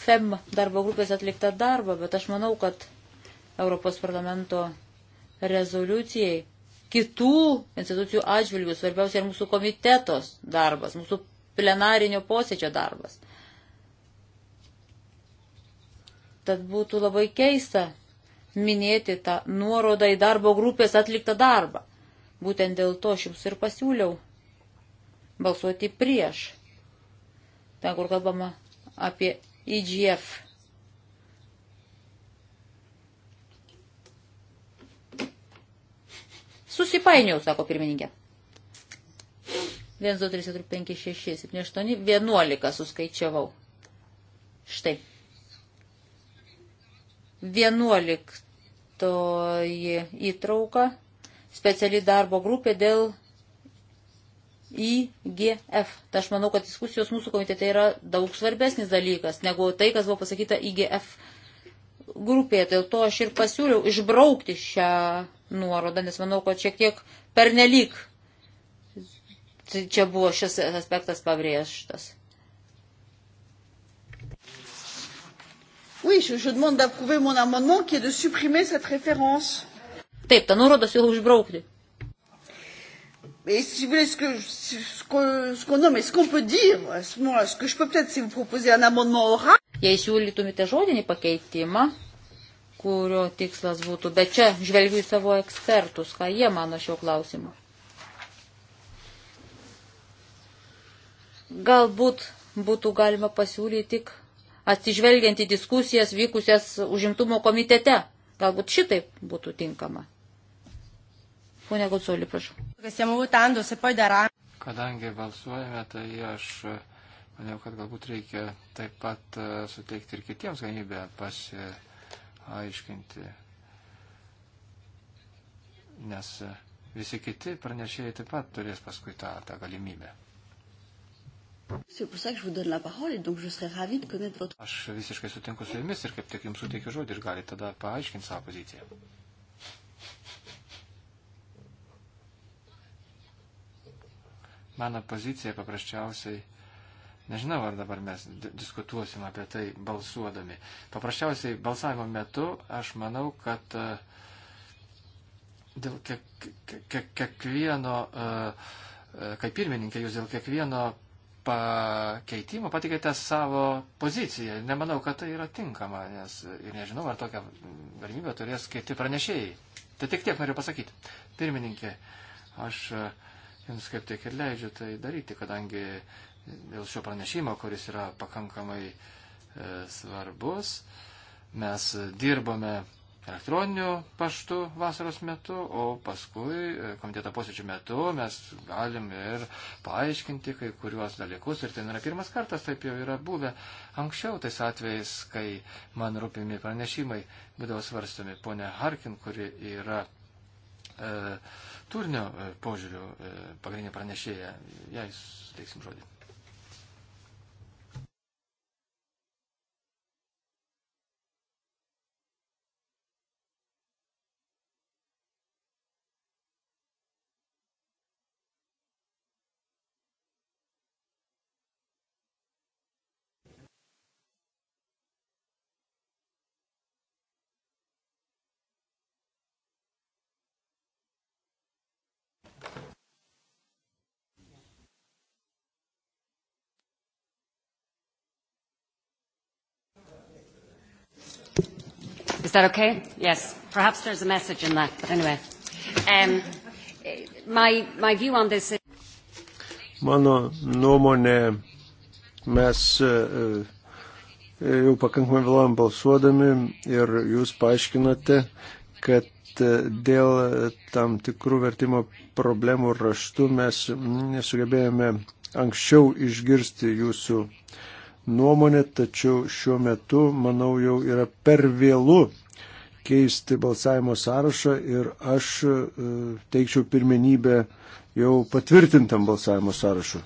FEM darbo grupės atliktą darbą, bet aš manau, kad Europos parlamento rezoliucijai kitų institucijų atžvilgių svarbiausia ir mūsų komitetos darbas, mūsų plenarinio posėdžio darbas. Tad būtų labai keista minėti tą nuorodą į darbo grupės atliktą darbą. Būtent dėl to aš jums ir pasiūliau balsuoti prieš. Ten, kur kalbama apie IGF. E Susipainiau, sako pirmininkė. 1, 2, 3, 4, 5, 6, 7, 8, 11 suskaičiavau. Štai. Vienuoliktoji įtrauka speciali darbo grupė dėl IGF. Tai aš manau, kad diskusijos mūsų komitete yra daug svarbesnis dalykas negu tai, kas buvo pasakyta IGF grupėje. Dėl to aš ir pasiūliau išbraukti šią nuorodą, nes manau, kad šiek tiek pernelyg čia buvo šis aspektas pabrėžtas. Oui, je, je demande d'approuver mon amendement qui est de supprimer cette référence. Taip, ta nuoroda siūlau išbraukti. Mais si vous voulez ce que ce qu'on qu nomme, est-ce qu'on peut dire à ce moment-là, ce que je peux peut-être si vous proposez un amendement oral. Jei siūlytumėte žodinį pakeitimą, kurio tikslas būtų, bet čia žvelgiu į savo ekspertus, ką jie mano šio klausimu. Galbūt būtų galima pasiūlyti tik atsižvelgiant į diskusijas vykusias užimtumo komitete. Galbūt šitaip būtų tinkama. Pone Gutsoli, prašau. Kadangi balsuojame, tai aš e, maniau, kad galbūt reikia taip pat e, suteikti ir kitiems galimybę pasiaiškinti. Nes e, visi kiti pranešėjai taip pat turės paskui tą, tą galimybę. Aš visiškai sutinku su jumis ir kaip tik jums suteikiu žodį ir galite tada paaiškinti savo poziciją. Mano pozicija paprasčiausiai, nežinau ar dabar mes diskutuosim apie tai balsuodami. Paprasčiausiai balsavimo metu aš manau, kad e, dėl kiek, kiek, kiekvieno, e, e, kaip pirmininkė, jūs dėl kiekvieno pakeitimų patikėte savo poziciją. Nemanau, kad tai yra tinkama, nes ir nežinau, ar tokią galimybę turės kiti pranešėjai. Tai tik tiek noriu pasakyti. Pirmininkė, aš e, jums kaip tik ir leidžiu tai daryti, kadangi dėl šio pranešimo, kuris yra pakankamai e, svarbus, mes dirbome elektroniniu paštu vasaros metu, o paskui e, komiteto posėdžių metu mes galim ir paaiškinti kai kuriuos dalykus. Ir tai nėra pirmas kartas, taip jau yra buvę anksčiau tais atvejais, kai man rūpimi pranešimai būdavo svarstomi. Pone Harkin, kuri yra e, turinio e, požiūrių e, pagrindinė pranešėja, jai suteiksim žodį. that okay? Yes. Perhaps there's a message in that, but anyway. Um, my, my view on this is... Mano nuomonė, mes e, e, jau pakankamai vėluojam balsuodami ir jūs paaiškinote, kad e, dėl tam tikrų vertimo problemų raštų mes nesugebėjome anksčiau išgirsti jūsų nuomonę, tačiau šiuo metu, manau, jau yra per vėlų keisti balsavimo sąrašą ir aš e, teikčiau pirmenybę jau patvirtintam balsavimo sąrašu.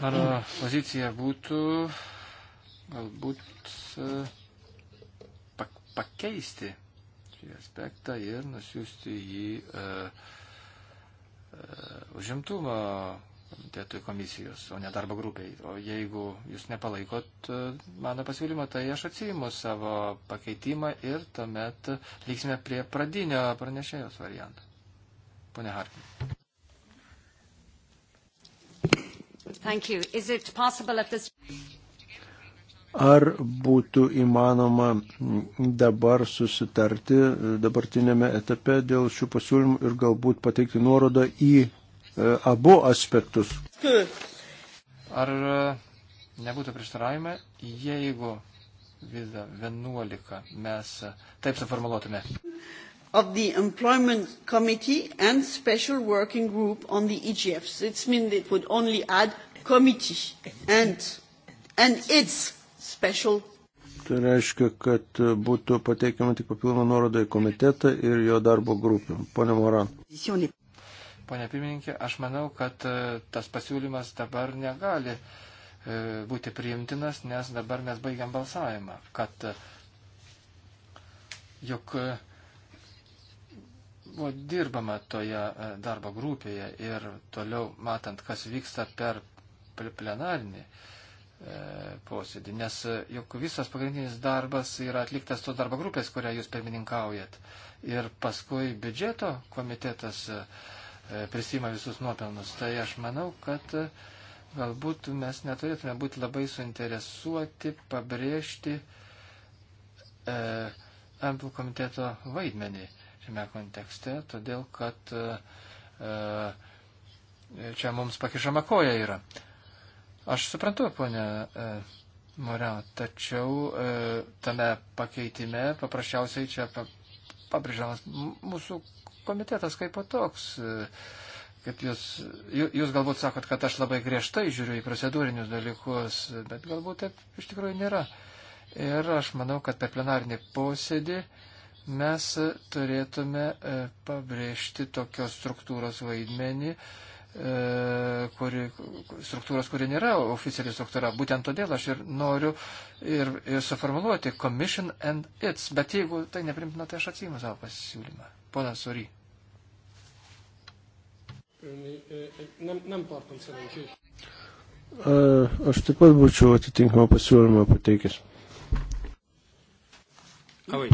Mano pozicija būtų galbūt e, pakeisti šį aspektą ir nusiųsti jį uh, uh, užimtumo komitetui komisijos, o ne darbo grupiai. O jeigu jūs nepalaikot e, mano pasiūlymo, tai aš atsijimu savo pakeitimą ir tuomet liksime prie pradinio pranešėjos varianto. Pone Harkin. This... Ar būtų įmanoma dabar susitarti dabartinėme etape dėl šių pasiūlymų ir galbūt pateikti nuorodą į E, abu aspektus. Ar e, nebūtų prieštaravime, jeigu vizą 11 mes taip suformuluotume? of the Employment Committee and Special Working Group on the EGFs. It means it would only add committee and, and its special. Tai reiškia, kad būtų pateikiama tik papildoma nuoroda į komitetą ir jo darbo grupę. Pone Moran. Pone pirmininkė, aš manau, kad e, tas pasiūlymas dabar negali e, būti priimtinas, nes dabar mes baigiam balsavimą, kad e, juk buvo dirbama toje darbo grupėje ir toliau matant, kas vyksta per plenarinį posėdį, nes juk visas pagrindinis darbas yra atliktas to darbo grupės, kurią jūs pirmininkaujat. Ir paskui biudžeto komitetas uh, E, prisima visus nuopelnus. Tai aš manau, kad e, galbūt mes neturėtume būti labai suinteresuoti pabrėžti e, amplų komiteto vaidmenį šiame kontekste, todėl kad e, e, čia mums pakišama koja yra. Aš suprantu, ponia e, Morel, tačiau e, tame pakeitime paprasčiausiai čia pa, pabrėžiamas mūsų komitetas kaip po toks. E, kad jūs, jūs galbūt sakot, kad aš labai griežtai žiūriu į procedūrinius dalykus, bet galbūt taip iš tikrųjų nėra. Ir aš manau, kad per plenarinį posėdį mes turėtume e, pabrėžti tokios struktūros vaidmenį, e, kuri, struktūros, kuri nėra oficiali struktūra. Būtent todėl aš ir noriu ir, ir suformuluoti commission and its, bet jeigu tai neprimtina, tai aš atsijimu savo pasiūlymą. Ponas Sory. Aš taip pat būčiau atitinkamą pasiūlymą pateikęs. Ah, oui.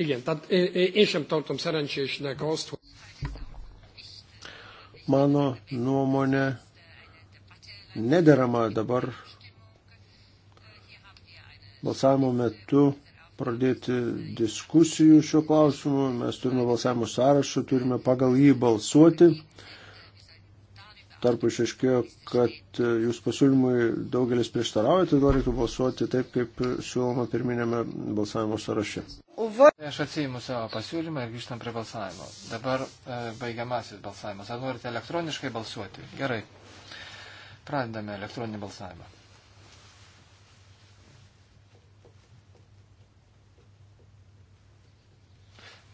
Igen, tehát én sem tartom szerencsésnek azt, hogy... Mano nuomonė nederama dabar balsavimo metu pradėti diskusijų šiuo klausimu. Mes turime balsavimo sąrašą, turime pagal jį balsuoti. Tarpu išaiškėjo, kad jūs pasiūlymui daugelis prieštarauja, todėl reiktų balsuoti taip, kaip siūloma pirminėme balsavimo sąraše. Tai aš atsijimu savo pasiūlymą ir grįžtam prie balsavimo. Dabar e, baigiamasis balsavimas. Ar norite elektroniškai balsuoti? Gerai. Pradedame elektroninį balsavimą.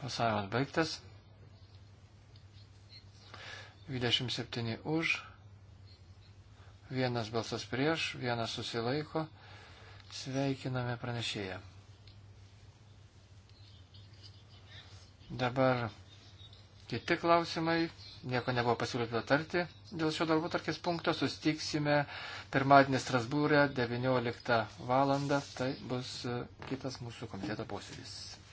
Pasavimas baigtas. 27 už, vienas balsas prieš, vienas susilaiko. Sveikiname pranešėją. Dabar kiti klausimai. Nieko nebuvo pasiūlyta tarti dėl šio darbo tarkės punkto. Sustiksime pirmadienį Strasbūrę 19 val. Tai bus kitas mūsų komiteto posėdis.